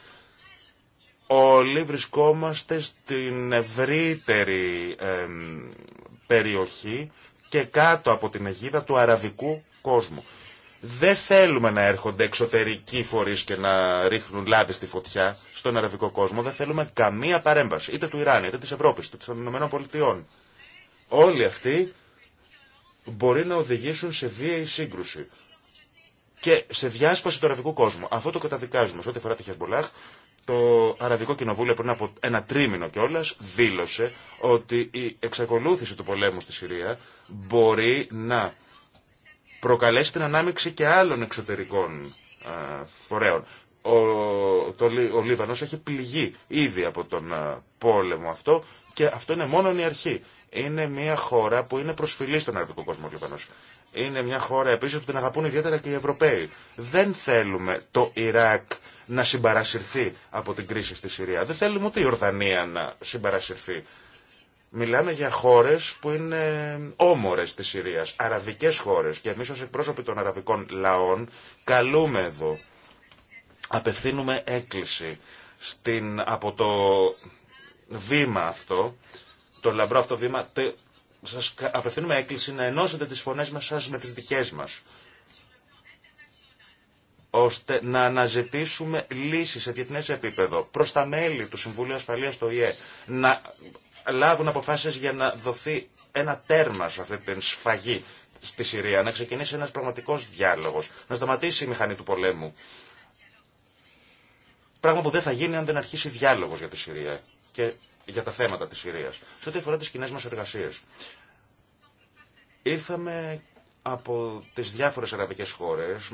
Όλοι βρισκόμαστε στην ευρύτερη περιοχή και κάτω από την αιγίδα του αραβικού κόσμου. Δεν θέλουμε να έρχονται εξωτερικοί φορεί και να ρίχνουν λάδι στη φωτιά στον αραβικό κόσμο. Δεν θέλουμε καμία παρέμβαση, είτε του Ιράν, είτε τη Ευρώπη, είτε των Πολιτειών. Όλοι αυτοί μπορεί να οδηγήσουν σε βία η σύγκρουση και σε διάσπαση του αραβικού κόσμου. Αυτό το καταδικάζουμε. Σε ό,τι αφορά τη Χεσμολάχ, το Αραβικό Κοινοβούλιο πριν από ένα τρίμηνο κιόλα δήλωσε ότι η εξακολούθηση του πολέμου στη Συρία μπορεί να προκαλέσει την ανάμειξη και άλλων εξωτερικών φορέων. Ο, το, Λίβανος έχει πληγεί ήδη από τον πόλεμο αυτό και αυτό είναι μόνο η αρχή. Είναι μια χώρα που είναι προσφυλή στον αραβικό κόσμο ο Λιβανός. Είναι μια χώρα επίσης που την αγαπούν ιδιαίτερα και οι Ευρωπαίοι. Δεν θέλουμε το Ιράκ να συμπαρασυρθεί από την κρίση στη Συρία. Δεν θέλουμε ούτε η Ορδανία να συμπαρασυρθεί Μιλάμε για χώρε που είναι όμορε τη Συρία, αραβικέ χώρε. Και εμεί ω εκπρόσωποι των αραβικών λαών καλούμε εδώ. Απευθύνουμε έκκληση στην, από το βήμα αυτό, το λαμπρό αυτό βήμα, τε, απευθύνουμε έκκληση να ενώσετε τις φωνές μας σας με τις δικές μας ώστε να αναζητήσουμε λύσεις σε διεθνές επίπεδο προς τα μέλη του Συμβουλίου Ασφαλείας του ΙΕ να λάβουν αποφάσεις για να δοθεί ένα τέρμα σε αυτή την σφαγή στη Συρία, να ξεκινήσει ένας πραγματικός διάλογος, να σταματήσει η μηχανή του πολέμου. Πράγμα που δεν θα γίνει αν δεν αρχίσει διάλογος για τη Συρία και για τα θέματα της Συρίας. Σε ό,τι αφορά τις κοινέ μας εργασίες. Ήρθαμε από τις διάφορες αραβικές χώρες,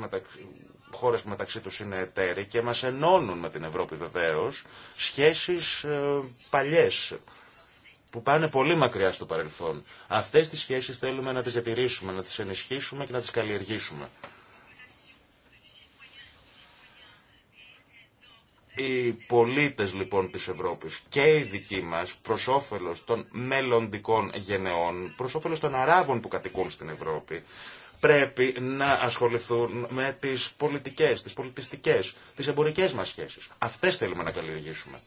χώρες που μεταξύ τους είναι εταίροι και μας ενώνουν με την Ευρώπη βεβαίως, σχέσεις ε, παλιές που πάνε πολύ μακριά στο παρελθόν. Αυτές τις σχέσεις θέλουμε να τις διατηρήσουμε, να τις ενισχύσουμε και να τις καλλιεργήσουμε. Οι πολίτες λοιπόν της Ευρώπης και οι δικοί μας προς όφελος των μελλοντικών γενεών, προς όφελος των Αράβων που κατοικούν στην Ευρώπη, πρέπει να ασχοληθούν με τις πολιτικές, τις πολιτιστικές, τις εμπορικές μας σχέσεις. Αυτές θέλουμε να καλλιεργήσουμε.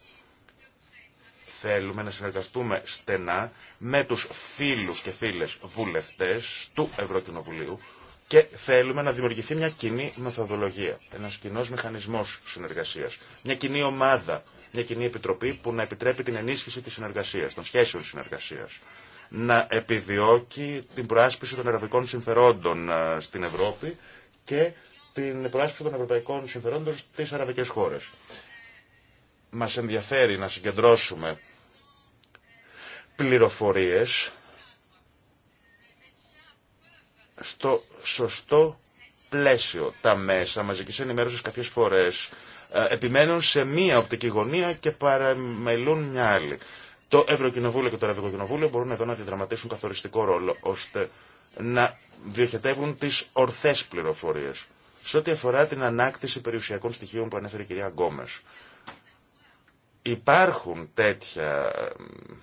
Θέλουμε να συνεργαστούμε στενά με τους φίλους και φίλες βουλευτές του Ευρωκοινοβουλίου και θέλουμε να δημιουργηθεί μια κοινή μεθοδολογία, ένας κοινό μηχανισμός συνεργασίας, μια κοινή ομάδα, μια κοινή επιτροπή που να επιτρέπει την ενίσχυση της συνεργασίας, των σχέσεων συνεργασίας να επιδιώκει την προάσπιση των αραβικών συμφερόντων ε, στην Ευρώπη και την προάσπιση των ευρωπαϊκών συμφερόντων στις αραβικές χώρες. Μας ενδιαφέρει να συγκεντρώσουμε πληροφορίες στο σωστό πλαίσιο. Τα μέσα μαζικής ενημέρωσης κάποιες φορές ε, επιμένουν σε μία οπτική γωνία και παραμελούν μια άλλη. Το Ευρωκοινοβούλιο και το Ευρωκοινοβούλιο μπορούν εδώ να διδραματίσουν καθοριστικό ρόλο, ώστε να διοχετεύουν τις ορθές πληροφορίες. Σε ό,τι αφορά την ανάκτηση περιουσιακών στοιχείων που ανέφερε η κυρία Γκόμες, υπάρχουν τέτοια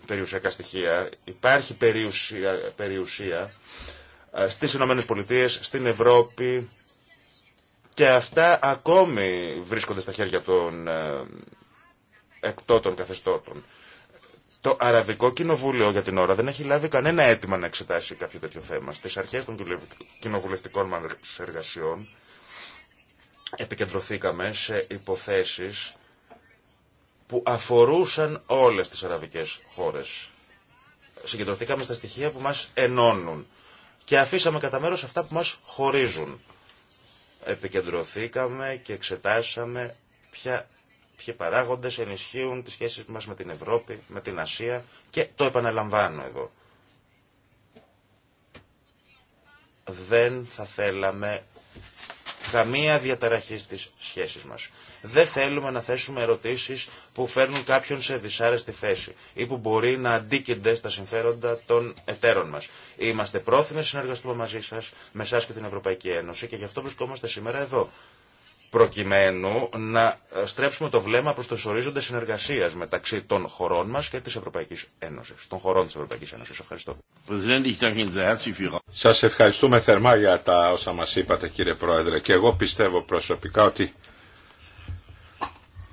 περιουσιακά στοιχεία, υπάρχει περιουσία, περιουσία ε, στις Ηνωμένες Πολιτείες, στην Ευρώπη και αυτά ακόμη βρίσκονται στα χέρια των ε, εκτότων καθεστώτων. Το Αραβικό Κοινοβούλιο για την ώρα δεν έχει λάβει κανένα αίτημα να εξετάσει κάποιο τέτοιο θέμα. Στις αρχές των κοινοβουλευτικών μας εργασιών επικεντρωθήκαμε σε υποθέσεις που αφορούσαν όλες τις αραβικές χώρες. Συγκεντρωθήκαμε στα στοιχεία που μας ενώνουν και αφήσαμε κατά μέρος αυτά που μας χωρίζουν. Επικεντρωθήκαμε και εξετάσαμε ποια, ποιοι παράγοντες ενισχύουν τις σχέσεις μας με την Ευρώπη, με την Ασία και το επαναλαμβάνω εδώ. Δεν θα θέλαμε καμία διαταραχή στις σχέσεις μας. Δεν θέλουμε να θέσουμε ερωτήσεις που φέρνουν κάποιον σε δυσάρεστη θέση ή που μπορεί να αντίκενται στα συμφέροντα των εταίρων μας. Είμαστε πρόθυμοι να συνεργαστούμε μαζί σας, με εσάς και την Ευρωπαϊκή Ένωση και γι' αυτό βρισκόμαστε σήμερα εδώ προκειμένου να ε, στρέψουμε το βλέμμα προς τους ορίζοντες συνεργασίας μεταξύ των χωρών μας και της Ευρωπαϊκής Ένωσης, των χωρών της Ευρωπαϊκής Ένωσης. Ευχαριστώ. Σας ευχαριστούμε θερμά για τα όσα μας είπατε κύριε Πρόεδρε και εγώ πιστεύω προσωπικά ότι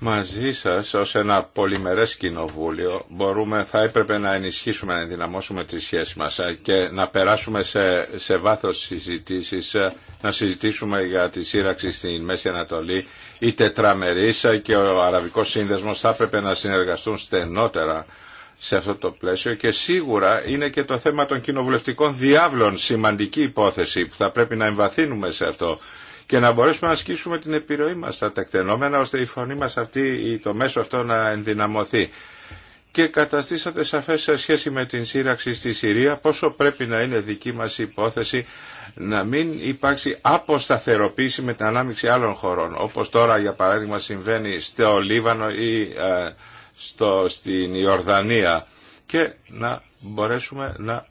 μαζί σας ως ένα πολυμερές κοινοβούλιο μπορούμε, θα έπρεπε να ενισχύσουμε, να ενδυναμώσουμε τη σχέση μας ε, και να περάσουμε σε, σε βάθος συζητήσεις, ε, να συζητήσουμε για τη σύραξη στην Μέση Ανατολή η τετραμερίσα ε, και ο Αραβικός Σύνδεσμος θα έπρεπε να συνεργαστούν στενότερα σε αυτό το πλαίσιο και σίγουρα είναι και το θέμα των κοινοβουλευτικών διάβλων σημαντική υπόθεση που θα πρέπει να εμβαθύνουμε σε αυτό και να μπορέσουμε να ασκήσουμε την επιρροή μας στα τεκτενόμενα ώστε η φωνή μας αυτή, το μέσο αυτό να ενδυναμωθεί. Και καταστήσατε σαφές σε σχέση με την σύραξη στη Συρία πόσο πρέπει να είναι δική μας υπόθεση να μην υπάρξει αποσταθεροποίηση με την ανάμειξη άλλων χωρών, όπως τώρα για παράδειγμα συμβαίνει στο Λίβανο ή ε, στο, στην Ιορδανία και να μπορέσουμε να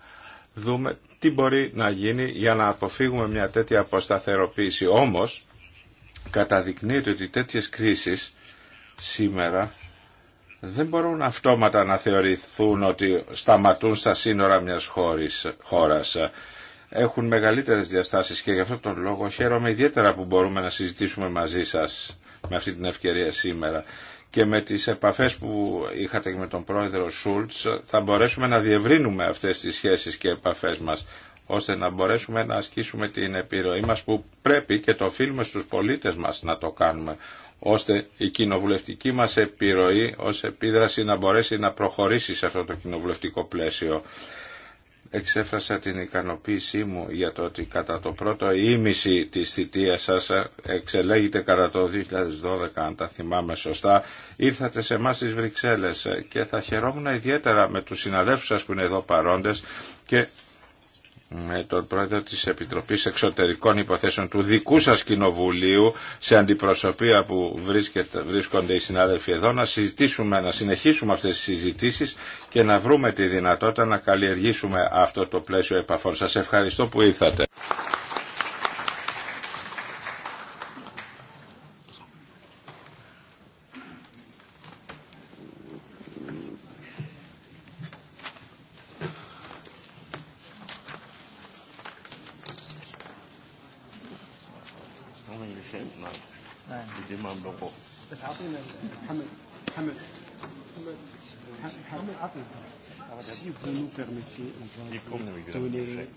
δούμε τι μπορεί να γίνει για να αποφύγουμε μια τέτοια αποσταθεροποίηση. Όμως, καταδεικνύεται ότι τέτοιες κρίσεις σήμερα δεν μπορούν αυτόματα να θεωρηθούν ότι σταματούν στα σύνορα μιας χώρης, χώρας. Έχουν μεγαλύτερες διαστάσεις και γι' αυτόν τον λόγο χαίρομαι ιδιαίτερα που μπορούμε να συζητήσουμε μαζί σας με αυτή την ευκαιρία σήμερα και με τις επαφές που είχατε και με τον πρόεδρο Σούλτς θα μπορέσουμε να διευρύνουμε αυτές τις σχέσεις και επαφές μας ώστε να μπορέσουμε να ασκήσουμε την επιρροή μας που πρέπει και το οφείλουμε στους πολίτες μας να το κάνουμε ώστε η κοινοβουλευτική μας επιρροή ως επίδραση να μπορέσει να προχωρήσει σε αυτό το κοινοβουλευτικό πλαίσιο εξέφρασα την ικανοποίησή μου για το ότι κατά το πρώτο ήμιση της θητείας σας ε, εξελέγητε κατά το 2012 αν τα θυμάμαι σωστά ήρθατε σε εμάς στις Βρυξέλλες ε, και θα χαιρόμουν ιδιαίτερα με τους συναδέλφους σας που είναι εδώ παρόντες και με τον πρόεδρο της Επιτροπής Εξωτερικών Υποθέσεων του δικού σας Κοινοβουλίου σε αντιπροσωπεία που βρίσκονται οι συνάδελφοι εδώ να συζητήσουμε, να συνεχίσουμε αυτές τις συζητήσεις και να βρούμε τη δυνατότητα να καλλιεργήσουμε αυτό το πλαίσιο επαφών. Σας ευχαριστώ που ήρθατε. Si vous nous permettez, on va donner...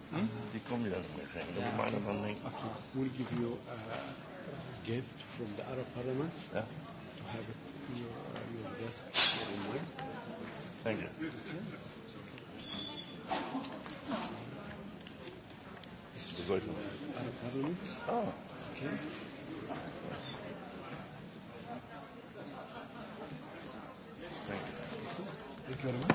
We'll give you a gift from the Arab Parliament have it, your Thank you. Arab Parliament. Okay.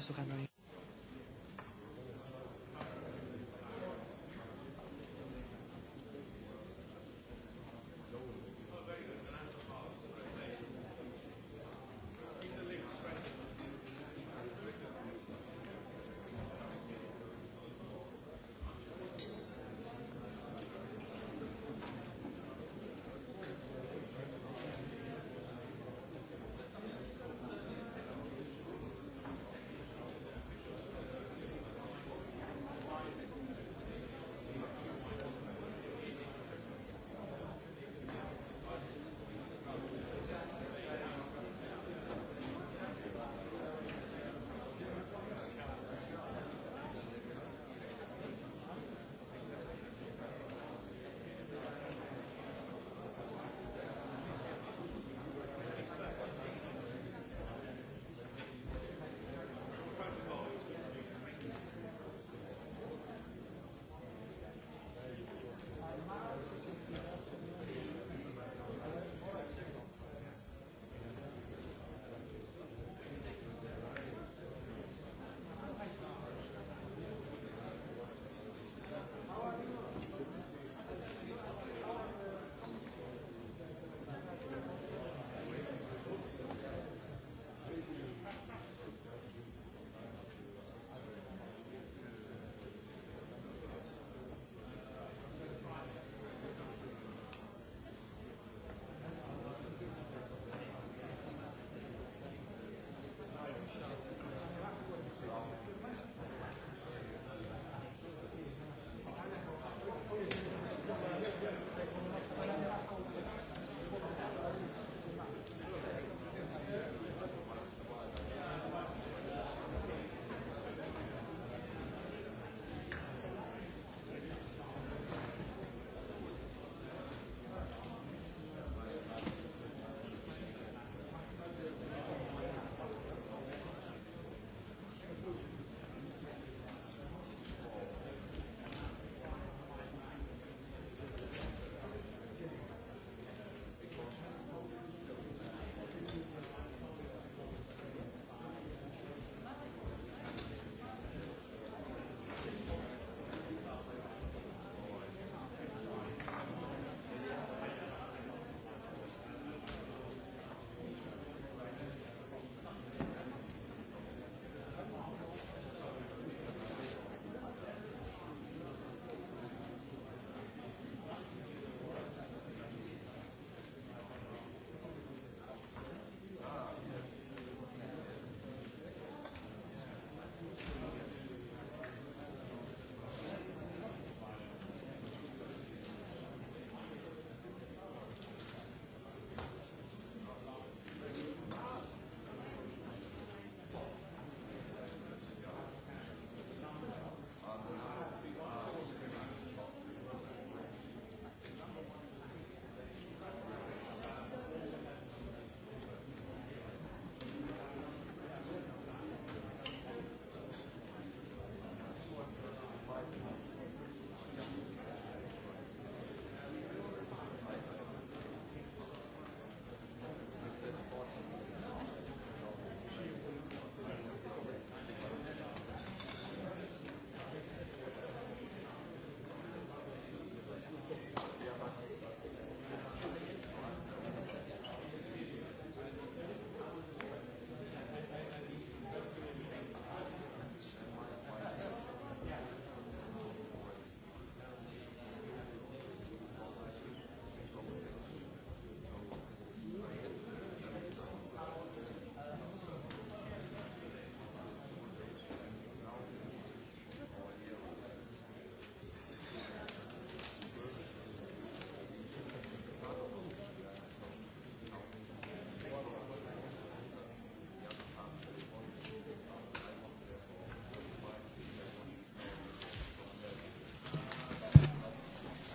στο κανάλι.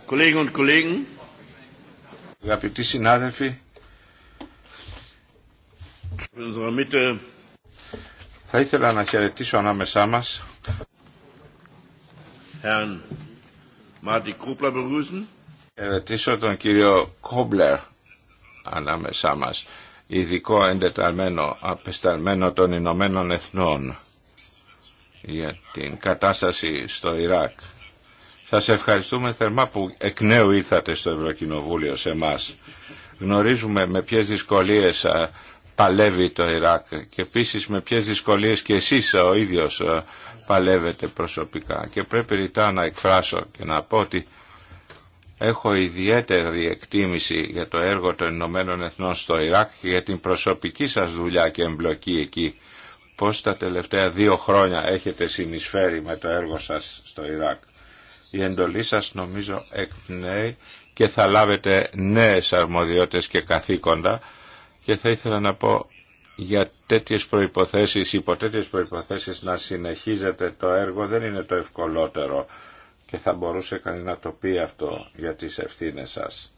και und Αγαπητοί συνάδελφοι, θα ήθελα να χαιρετήσω ανάμεσά μας Χαιρετήσω τον κύριο Κόμπλερ ανάμεσά μας, ειδικό εντεταλμένο, απεσταλμένο των Ηνωμένων Εθνών για την κατάσταση στο Ιράκ. Σας ευχαριστούμε θερμά που εκ νέου ήρθατε στο Ευρωκοινοβούλιο σε εμά. Γνωρίζουμε με ποιες δυσκολίες παλεύει το Ιράκ και επίσης με ποιες δυσκολίες και εσείς ο ίδιος παλεύετε προσωπικά και πρέπει ρητά να εκφράσω και να πω ότι έχω ιδιαίτερη εκτίμηση για το έργο των Ηνωμένων Εθνών στο Ιράκ και για την προσωπική σας δουλειά και εμπλοκή εκεί. Πώς τα τελευταία δύο χρόνια έχετε συνεισφέρει με το έργο σας στο Ιράκ η εντολή σας νομίζω εκπνέει και θα λάβετε νέες αρμοδιότητες και καθήκοντα και θα ήθελα να πω για τέτοιες προϋποθέσεις, υπό τέτοιες προϋποθέσεις να συνεχίζετε το έργο δεν είναι το ευκολότερο και θα μπορούσε κανεί να το πει αυτό για τις ευθύνε σας.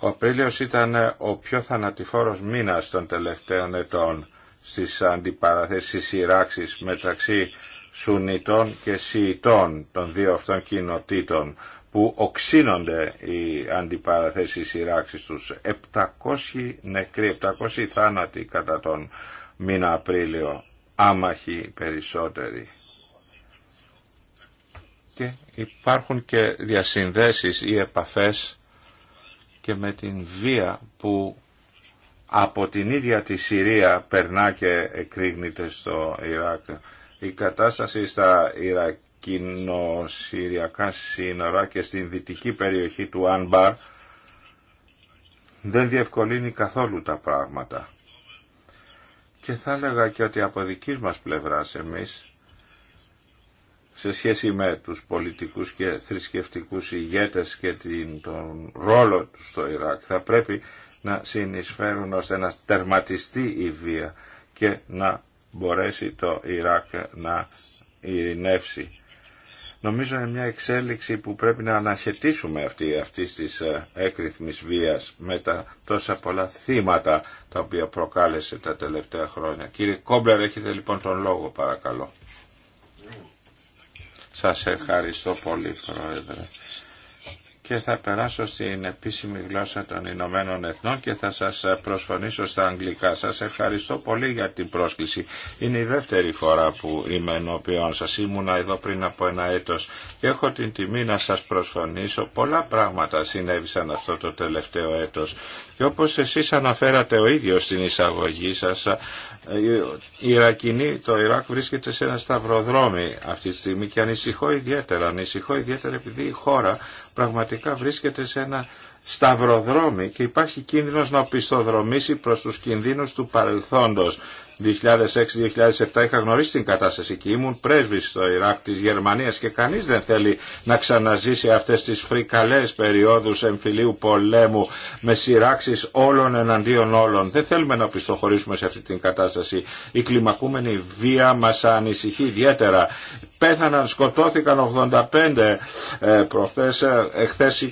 Ο Απρίλιος ήταν ο πιο θανατηφόρος μήνας των τελευταίων ετών στις αντιπαραθέσεις σειράξεις μεταξύ Σουνιτών και Σιητών των δύο αυτών κοινοτήτων που οξύνονται οι αντιπαραθέσεις σειράξεις τους. 700 νεκροί, 700 θάνατοι κατά τον μήνα Απρίλιο, άμαχοι περισσότεροι. Και υπάρχουν και διασυνδέσεις ή επαφές και με την βία που από την ίδια τη Συρία περνά και εκρήγνεται στο Ιράκ η κατάσταση στα Ιρακινο-Συριακά σύνορα και στην δυτική περιοχή του Άνμπαρ δεν διευκολύνει καθόλου τα πράγματα. Και θα έλεγα και ότι από δικής μας πλευράς εμείς, σε σχέση με τους πολιτικούς και θρησκευτικούς ηγέτες και την, τον ρόλο τους στο Ιράκ, θα πρέπει να συνεισφέρουν ώστε να τερματιστεί η βία και να μπορέσει το Ιράκ να ειρηνεύσει. Νομίζω είναι μια εξέλιξη που πρέπει να αναχαιτήσουμε αυτή, αυτή της ε, έκριθμης βίας με τα τόσα πολλά θύματα τα οποία προκάλεσε τα τελευταία χρόνια. Κύριε Κόμπλερ, έχετε λοιπόν τον λόγο παρακαλώ. Ναι. Σας ευχαριστώ πολύ Πρόεδρε και θα περάσω στην επίσημη γλώσσα των Ηνωμένων Εθνών και θα σας προσφωνήσω στα αγγλικά. Σας ευχαριστώ πολύ για την πρόσκληση. Είναι η δεύτερη φορά που είμαι ενώπιον σας. Ήμουνα εδώ πριν από ένα έτος και έχω την τιμή να σας προσφωνήσω. Πολλά πράγματα συνέβησαν αυτό το τελευταίο έτος. Και όπως εσείς αναφέρατε ο ίδιος στην εισαγωγή σας, η Ιρακινή, το Ιράκ βρίσκεται σε ένα σταυροδρόμι αυτή τη στιγμή και ανησυχώ ιδιαίτερα. Ανησυχώ ιδιαίτερα επειδή η χώρα πραγματικά βρίσκεται σε ένα σταυροδρόμι και υπάρχει κίνδυνος να οπισθοδρομήσει προς τους κινδύνους του παρελθόντος 2006-2007 είχα γνωρίσει την κατάσταση και ήμουν πρέσβης στο Ιράκ της Γερμανίας και κανείς δεν θέλει να ξαναζήσει αυτές τις φρικαλές περιόδους εμφυλίου πολέμου με σειράξεις όλων εναντίον όλων. Δεν θέλουμε να πιστοχωρήσουμε σε αυτή την κατάσταση. Η κλιμακούμενη βία μας ανησυχεί ιδιαίτερα. Πέθαναν, σκοτώθηκαν 85 ε, προχθές, ε, εχθές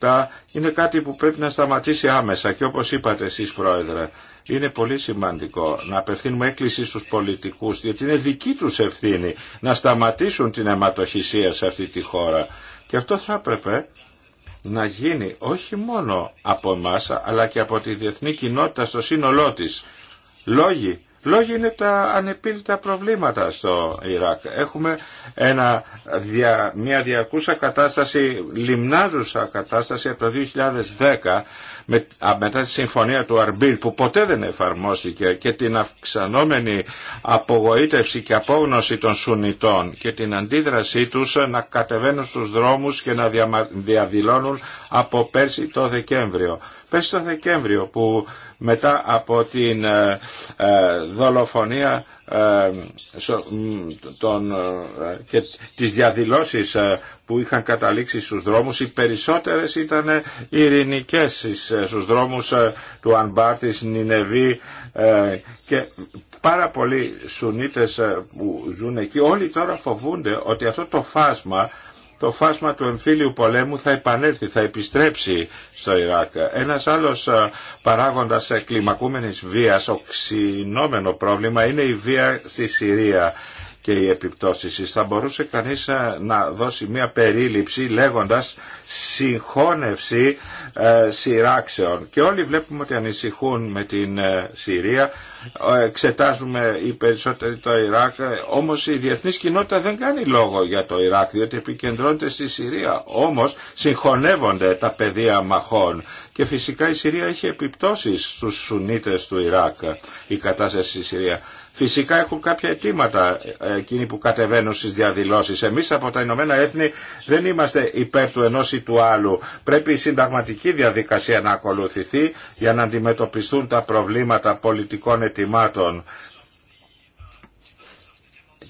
27. Είναι κάτι που πρέπει να σταματήσει άμεσα και όπως είπατε εσείς Πρόεδρε είναι πολύ σημαντικό να απευθύνουμε έκκληση στους πολιτικούς, διότι είναι δική τους ευθύνη να σταματήσουν την αιματοχυσία σε αυτή τη χώρα. Και αυτό θα έπρεπε να γίνει όχι μόνο από εμά, αλλά και από τη διεθνή κοινότητα στο σύνολό της. Λόγοι Λόγοι είναι τα ανεπίλητα προβλήματα στο Ιράκ. Έχουμε ένα, μια διακούσα κατάσταση, λιμνάζουσα κατάσταση από το 2010 με, μετά τη συμφωνία του Αρμπίλ που ποτέ δεν εφαρμόστηκε και την αυξανόμενη απογοήτευση και απόγνωση των Σουνιτών και την αντίδρασή τους να κατεβαίνουν στους δρόμους και να διαδηλώνουν από πέρσι το Δεκέμβριο. Πέρσι το Δεκέμβριο που μετά από την ε, ε, δολοφονία ε, και τις διαδηλώσεις που είχαν καταλήξει στους δρόμους οι περισσότερες ήταν ειρηνικές στους δρόμους του Ανμπάρ της Νινεβή και πάρα πολλοί Σουνίτες που ζουν εκεί όλοι τώρα φοβούνται ότι αυτό το φάσμα το φάσμα του εμφύλιου πολέμου θα επανέλθει, θα επιστρέψει στο Ιράκ. Ένας άλλος ε, παράγοντας κλιμακούμενης βίας, οξυνόμενο πρόβλημα, είναι η βία στη Συρία και οι επιπτώσεις. Θα μπορούσε κανείς ε, να δώσει μια περίληψη λέγοντας συγχώνευση ε, σειράξεων. Και όλοι βλέπουμε ότι ανησυχούν με την ε, Συρία, εξετάζουμε οι περισσότεροι το Ιράκ, όμως η διεθνής κοινότητα δεν κάνει λόγο για το Ιράκ, διότι επικεντρώνεται στη Συρία. Όμως συγχωνεύονται τα πεδία μαχών και φυσικά η Συρία έχει επιπτώσεις στους Σουνίτες του Ιράκ, η κατάσταση στη Συρία. Φυσικά έχουν κάποια αιτήματα ε, εκείνοι που κατεβαίνουν στις διαδηλώσεις. Εμείς από τα Ηνωμένα Έθνη δεν είμαστε υπέρ του ενός ή του άλλου. Πρέπει η συνταγματική διαδικασία να ακολουθηθεί για να αντιμετωπιστούν τα προβλήματα πολιτικών αιτημάτων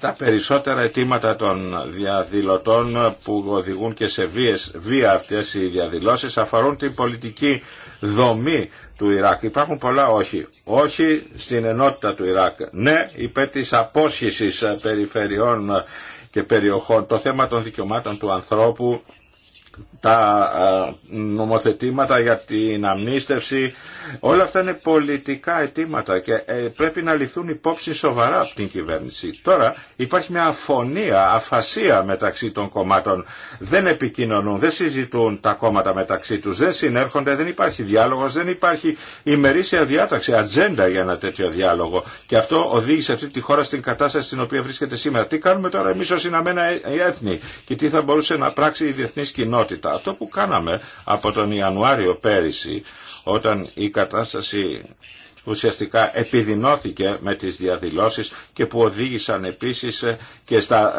τα περισσότερα αιτήματα των διαδηλωτών που οδηγούν και σε βία αυτές οι διαδηλώσεις αφορούν την πολιτική δομή του Ιράκ. Υπάρχουν πολλά όχι. Όχι στην ενότητα του Ιράκ. Ναι, υπέ της απόσχησης περιφερειών και περιοχών. Το θέμα των δικαιωμάτων του ανθρώπου τα νομοθετήματα για την αμνίστευση. Όλα αυτά είναι πολιτικά αιτήματα και ε, πρέπει να ληφθούν υπόψη σοβαρά από την κυβέρνηση. Τώρα υπάρχει μια αφωνία, αφασία μεταξύ των κομμάτων. Δεν επικοινωνούν, δεν συζητούν τα κόμματα μεταξύ τους, δεν συνέρχονται, δεν υπάρχει διάλογος, δεν υπάρχει ημερήσια διάταξη, ατζέντα για ένα τέτοιο διάλογο. Και αυτό οδήγησε αυτή τη χώρα στην κατάσταση στην οποία βρίσκεται σήμερα. Τι κάνουμε τώρα εμείς ως Ηνωμένα Έθνη και τι θα μπορούσε να πράξει η διεθνής κοινότητα. Αυτό που κάναμε από τον Ιανουάριο πέρυσι, όταν η κατάσταση ουσιαστικά επιδεινώθηκε με τις διαδηλώσεις και που οδήγησαν επίσης ε, και στα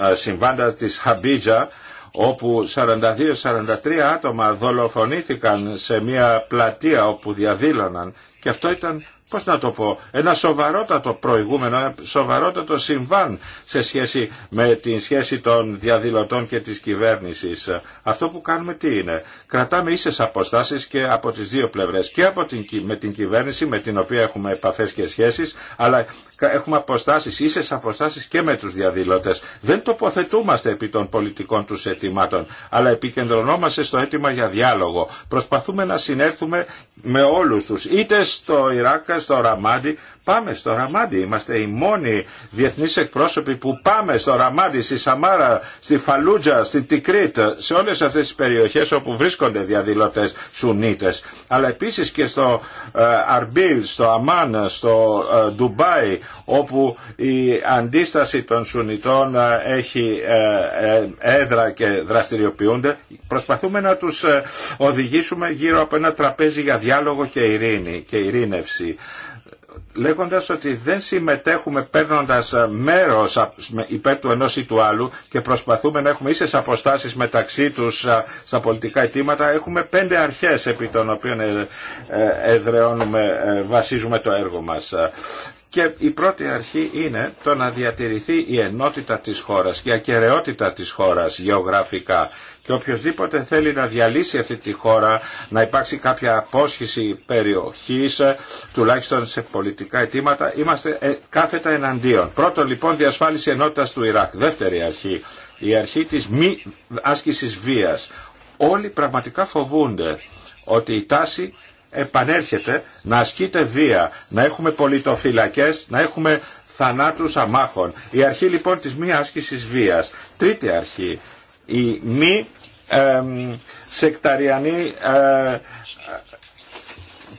ε, ε, συμβάντα της Χαμπίτζα όπου 42-43 άτομα δολοφονήθηκαν σε μια πλατεία όπου διαδήλωναν και αυτό ήταν πώς να το πω, ένα σοβαρότατο προηγούμενο, ένα σοβαρότατο συμβάν σε σχέση με την σχέση των διαδηλωτών και της κυβέρνησης. Αυτό που κάνουμε τι είναι. Κρατάμε ίσες αποστάσεις και από τις δύο πλευρές και από την, με την κυβέρνηση με την οποία έχουμε επαφές και σχέσεις αλλά έχουμε αποστάσεις, ίσες αποστάσεις και με τους διαδηλωτές. Δεν τοποθετούμαστε επί των πολιτικών τους αιτημάτων αλλά επικεντρωνόμαστε στο αίτημα για διάλογο. Προσπαθούμε να συνέρθουμε με όλους τους είτε στο Ιράκ στο Ραμάντι Πάμε στο Ραμάντι. Είμαστε οι μόνοι διεθνεί εκπρόσωποι που πάμε στο Ραμάντι, στη Σαμάρα, στη Φαλούτζα, στην Τικρίτ, σε όλε αυτέ τι περιοχέ όπου βρίσκονται διαδηλωτέ Σουνίτε. Αλλά επίση και στο ε, Αρμπίλ, στο Αμάν, στο ε, Ντουμπάι, όπου η αντίσταση των Σουνιτών ε, έχει έδρα και δραστηριοποιούνται. Προσπαθούμε να του οδηγήσουμε γύρω από ένα τραπέζι για διάλογο και ειρήνη και ειρήνευση λέγοντας ότι δεν συμμετέχουμε παίρνοντας ε, μέρος υπέρ του ενός ή του άλλου και προσπαθούμε να έχουμε ίσες αποστάσεις μεταξύ τους ε, στα πολιτικά αιτήματα, έχουμε πέντε αρχές επί των οποίων ε, βασίζουμε το έργο μας. Και η πρώτη αρχή είναι το να διατηρηθεί η ενότητα της χώρας και η ακαιρεότητα της χώρας γεωγραφικά και οποιοδήποτε θέλει να διαλύσει αυτή τη χώρα, να υπάρξει κάποια απόσχηση περιοχής, τουλάχιστον σε πολιτικά αιτήματα, είμαστε ε, κάθετα εναντίον. Πρώτον λοιπόν διασφάλιση ενότητας του Ιράκ. Δεύτερη αρχή, η αρχή της μη άσκησης βίας. Όλοι πραγματικά φοβούνται ότι η τάση επανέρχεται να ασκείται βία, να έχουμε πολιτοφυλακές, να έχουμε θανάτους αμάχων. Η αρχή λοιπόν της μη άσκησης βίας. Τρίτη αρχή, η μη σεκταριανή ε,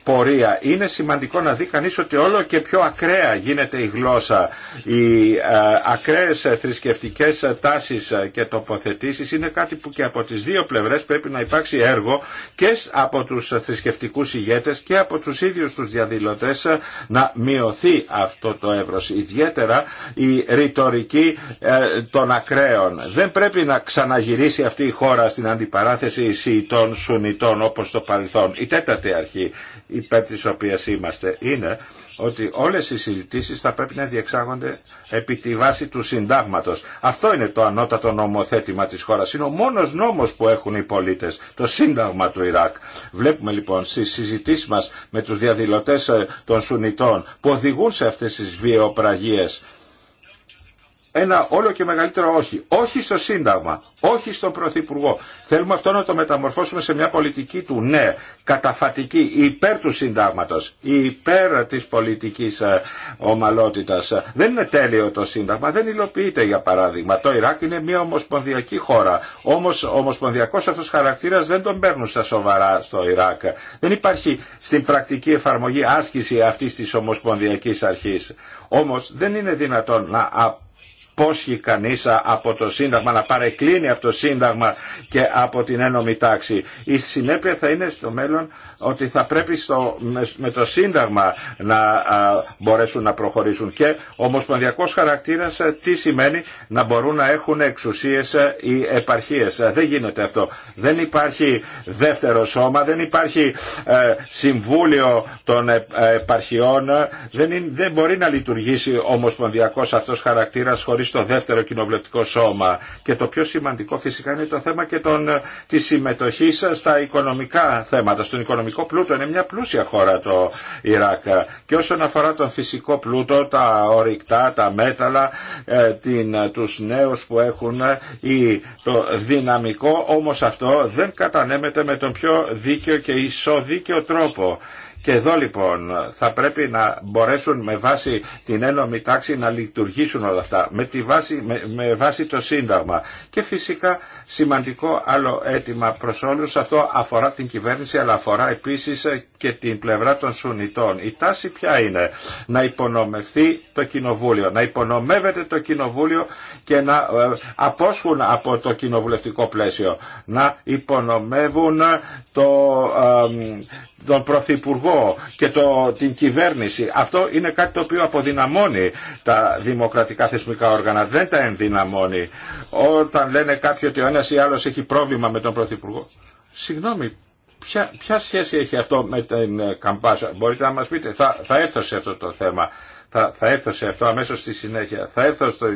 πορεία. Είναι σημαντικό να δει κανείς ότι όλο και πιο ακραία γίνεται η γλώσσα. Οι ε, ακραίες θρησκευτικές τάσεις και τοποθετήσεις είναι κάτι που και από τις δύο πλευρές πρέπει να υπάρξει έργο και από τους θρησκευτικούς ηγέτες και από τους ίδιους τους διαδηλωτές να μειωθεί αυτό το εύρος. Ιδιαίτερα η ρητορική ε, των ακραίων. Δεν πρέπει να ξαναγυρίσει αυτή η χώρα στην αντιπαράθεση Σιητών, Σουνιτών όπως στο παρελθόν. Η τέταρτη αρχή υπέρ τη οποία είμαστε είναι ότι όλες οι συζητήσεις θα πρέπει να διεξάγονται επί τη βάση του συντάγματο. Αυτό είναι το ανώτατο νομοθέτημα της χώρας. Είναι ο μόνος νόμος που έχουν οι πολίτες, το σύνταγμα του Ιράκ. Βλέπουμε λοιπόν στις συζητήσει μας με τους διαδηλωτέ ε, των Σουνιτών που οδηγούν σε αυτές τις βιοπραγίε ένα όλο και μεγαλύτερο όχι. Όχι στο Σύνταγμα, όχι στον Πρωθυπουργό. Θέλουμε αυτό να το μεταμορφώσουμε σε μια πολιτική του ναι, καταφατική, υπέρ του Συντάγματος, υπέρ της πολιτικής ε, ομαλότητας. Δεν είναι τέλειο το Σύνταγμα, δεν υλοποιείται για παράδειγμα. Το Ιράκ είναι μια ομοσπονδιακή χώρα, όμως ο ομοσπονδιακός αυτός χαρακτήρας δεν τον παίρνουν στα σοβαρά στο Ιράκ. Δεν υπάρχει στην πρακτική εφαρμογή άσκηση αυτής της ομοσπονδιακής αρχής. Όμως δεν είναι δυνατόν να πόσχει κανείς από το Σύνταγμα, να παρεκκλίνει από το Σύνταγμα και από την ένωμη τάξη. Η συνέπεια θα είναι στο μέλλον ότι θα πρέπει στο, με, το Σύνταγμα να μπορέσουν να προχωρήσουν και ομοσπονδιακός χαρακτήρας τι σημαίνει να μπορούν να έχουν εξουσίες οι επαρχίες. Δεν γίνεται αυτό. Δεν υπάρχει δεύτερο σώμα, δεν υπάρχει ε, συμβούλιο των ε, επαρχιών, δεν, δεν μπορεί να λειτουργήσει ομοσπονδιακός αυτός χαρακτήρας χωρίς στο δεύτερο κοινοβουλευτικό σώμα. Και το πιο σημαντικό φυσικά είναι το θέμα και τη ε, της συμμετοχής στα οικονομικά θέματα, στον οικονομικό πλούτο. Είναι μια πλούσια χώρα το Ιράκ. Και όσον αφορά τον φυσικό πλούτο, τα ορυκτά, τα μέταλλα, ε, την, ε, τους νέους που έχουν ή το δυναμικό, όμως αυτό δεν κατανέμεται με τον πιο δίκαιο και ισοδίκαιο τρόπο. Και εδώ λοιπόν θα πρέπει να μπορέσουν με βάση την ένομη τάξη να λειτουργήσουν όλα αυτά, με, βάση, με βάση το Σύνταγμα. Και φυσικά σημαντικό άλλο αίτημα προ όλου, Αυτό αφορά την κυβέρνηση αλλά αφορά επίσης και την πλευρά των Σουνιτών. Η τάση ποια είναι να υπονομευθεί το κοινοβούλιο, να υπονομεύεται το κοινοβούλιο και να ε, απόσχουν από το κοινοβουλευτικό πλαίσιο, να υπονομεύουν το, τον Πρωθυπουργό και το, την κυβέρνηση. Αυτό είναι κάτι το οποίο αποδυναμώνει τα δημοκρατικά θεσμικά όργανα, δεν τα ενδυναμώνει. Όταν λένε κάποιοι ότι ο ένα ή άλλο έχει πρόβλημα με τον Πρωθυπουργό. Συγγνώμη, ποια, ποια σχέση έχει αυτό με την ε, καμπάσα. Μπορείτε να μα πείτε, θα, θα έρθω σε αυτό το θέμα. Θα, θα έρθω σε αυτό αμέσω στη συνέχεια. Θα έρθω στο,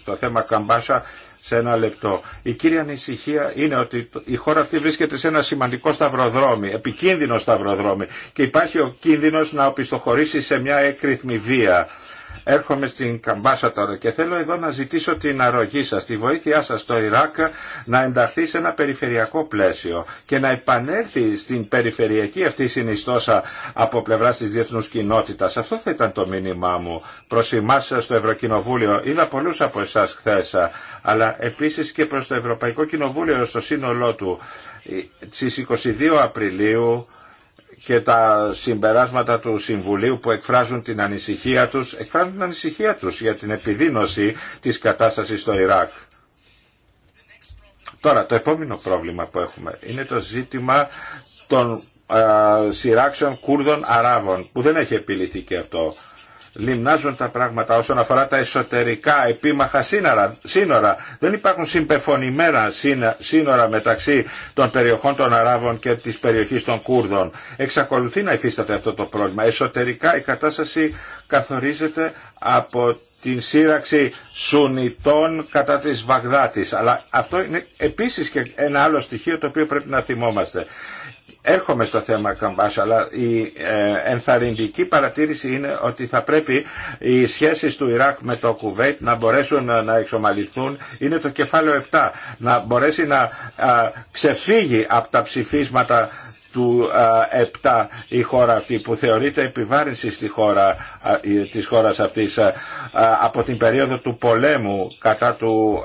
στο θέμα καμπάσα σε ένα λεπτό. Η κύρια ανησυχία είναι ότι η χώρα αυτή βρίσκεται σε ένα σημαντικό σταυροδρόμι, επικίνδυνο σταυροδρόμι και υπάρχει ο κίνδυνο να οπισθοχωρήσει σε μια έκρηθμη βία. Έρχομαι στην Καμπάσα τώρα και θέλω εδώ να ζητήσω την αρρωγή σας, τη βοήθειά σας στο Ιράκ να ενταχθεί σε ένα περιφερειακό πλαίσιο και να επανέλθει στην περιφερειακή αυτή συνιστόσα από πλευρά της διεθνούς κοινότητας. Αυτό θα ήταν το μήνυμά μου προς εμάς στο Ευρωκοινοβούλιο. Είδα πολλούς από εσάς χθε, αλλά επίσης και προς το Ευρωπαϊκό Κοινοβούλιο στο σύνολό του. Ε, στις 22 Απριλίου και τα συμπεράσματα του Συμβουλίου που εκφράζουν την ανησυχία τους, εκφράζουν την ανησυχία τους για την επιδείνωση της κατάστασης στο Ιράκ. Τώρα, το επόμενο πρόβλημα που έχουμε είναι το ζήτημα των σειράξεων Κούρδων Αράβων, που δεν έχει επιληθεί και αυτό λιμνάζουν τα πράγματα όσον αφορά τα εσωτερικά επίμαχα σύνορα. σύνορα. Δεν υπάρχουν συμπεφωνημένα σύνορα μεταξύ των περιοχών των Αράβων και της περιοχής των Κούρδων. Εξακολουθεί να υφίσταται αυτό το πρόβλημα. Εσωτερικά η κατάσταση καθορίζεται από την σύραξη Σουνιτών κατά της Βαγδάτης. Αλλά αυτό είναι επίσης και ένα άλλο στοιχείο το οποίο πρέπει να θυμόμαστε. Έρχομαι στο θέμα Καμπάς, αλλά η ε, ενθαρρυντική παρατήρηση είναι ότι θα πρέπει οι σχέσεις του Ιράκ με το Κουβέιτ να μπορέσουν να εξομαλυνθούν. Είναι το κεφάλαιο 7. Να μπορέσει να ξεφύγει από τα ψηφίσματα του 7 η χώρα αυτή που θεωρείται επιβάρυνση στη χώρα, της χώρας αυτής από την περίοδο του πολέμου κατά του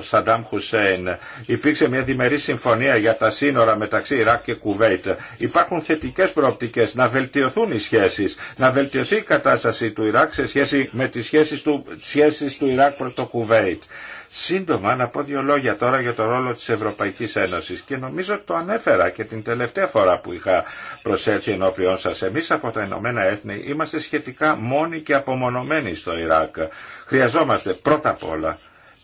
Σαντάμ Χουσέιν. Υπήρξε μια διμερή συμφωνία για τα σύνορα μεταξύ Ιράκ και Κουβέιτ. Υπάρχουν θετικές προοπτικές να βελτιωθούν οι σχέσεις, να βελτιωθεί η κατάσταση του Ιράκ σε σχέση με τις σχέσεις του, σχέσεις του Ιράκ προς το Κουβέιτ. Σύντομα να πω δύο λόγια τώρα για το ρόλο της Ευρωπαϊκής Ένωσης και νομίζω το ανέφερα και την τελευταία φορά που είχα προσέλθει ενώπιόν σας. Εμείς από τα Ηνωμένα Έθνη είμαστε σχετικά μόνοι και απομονωμένοι στο Ιράκ. Χρειαζόμαστε πρώτα απ' όλα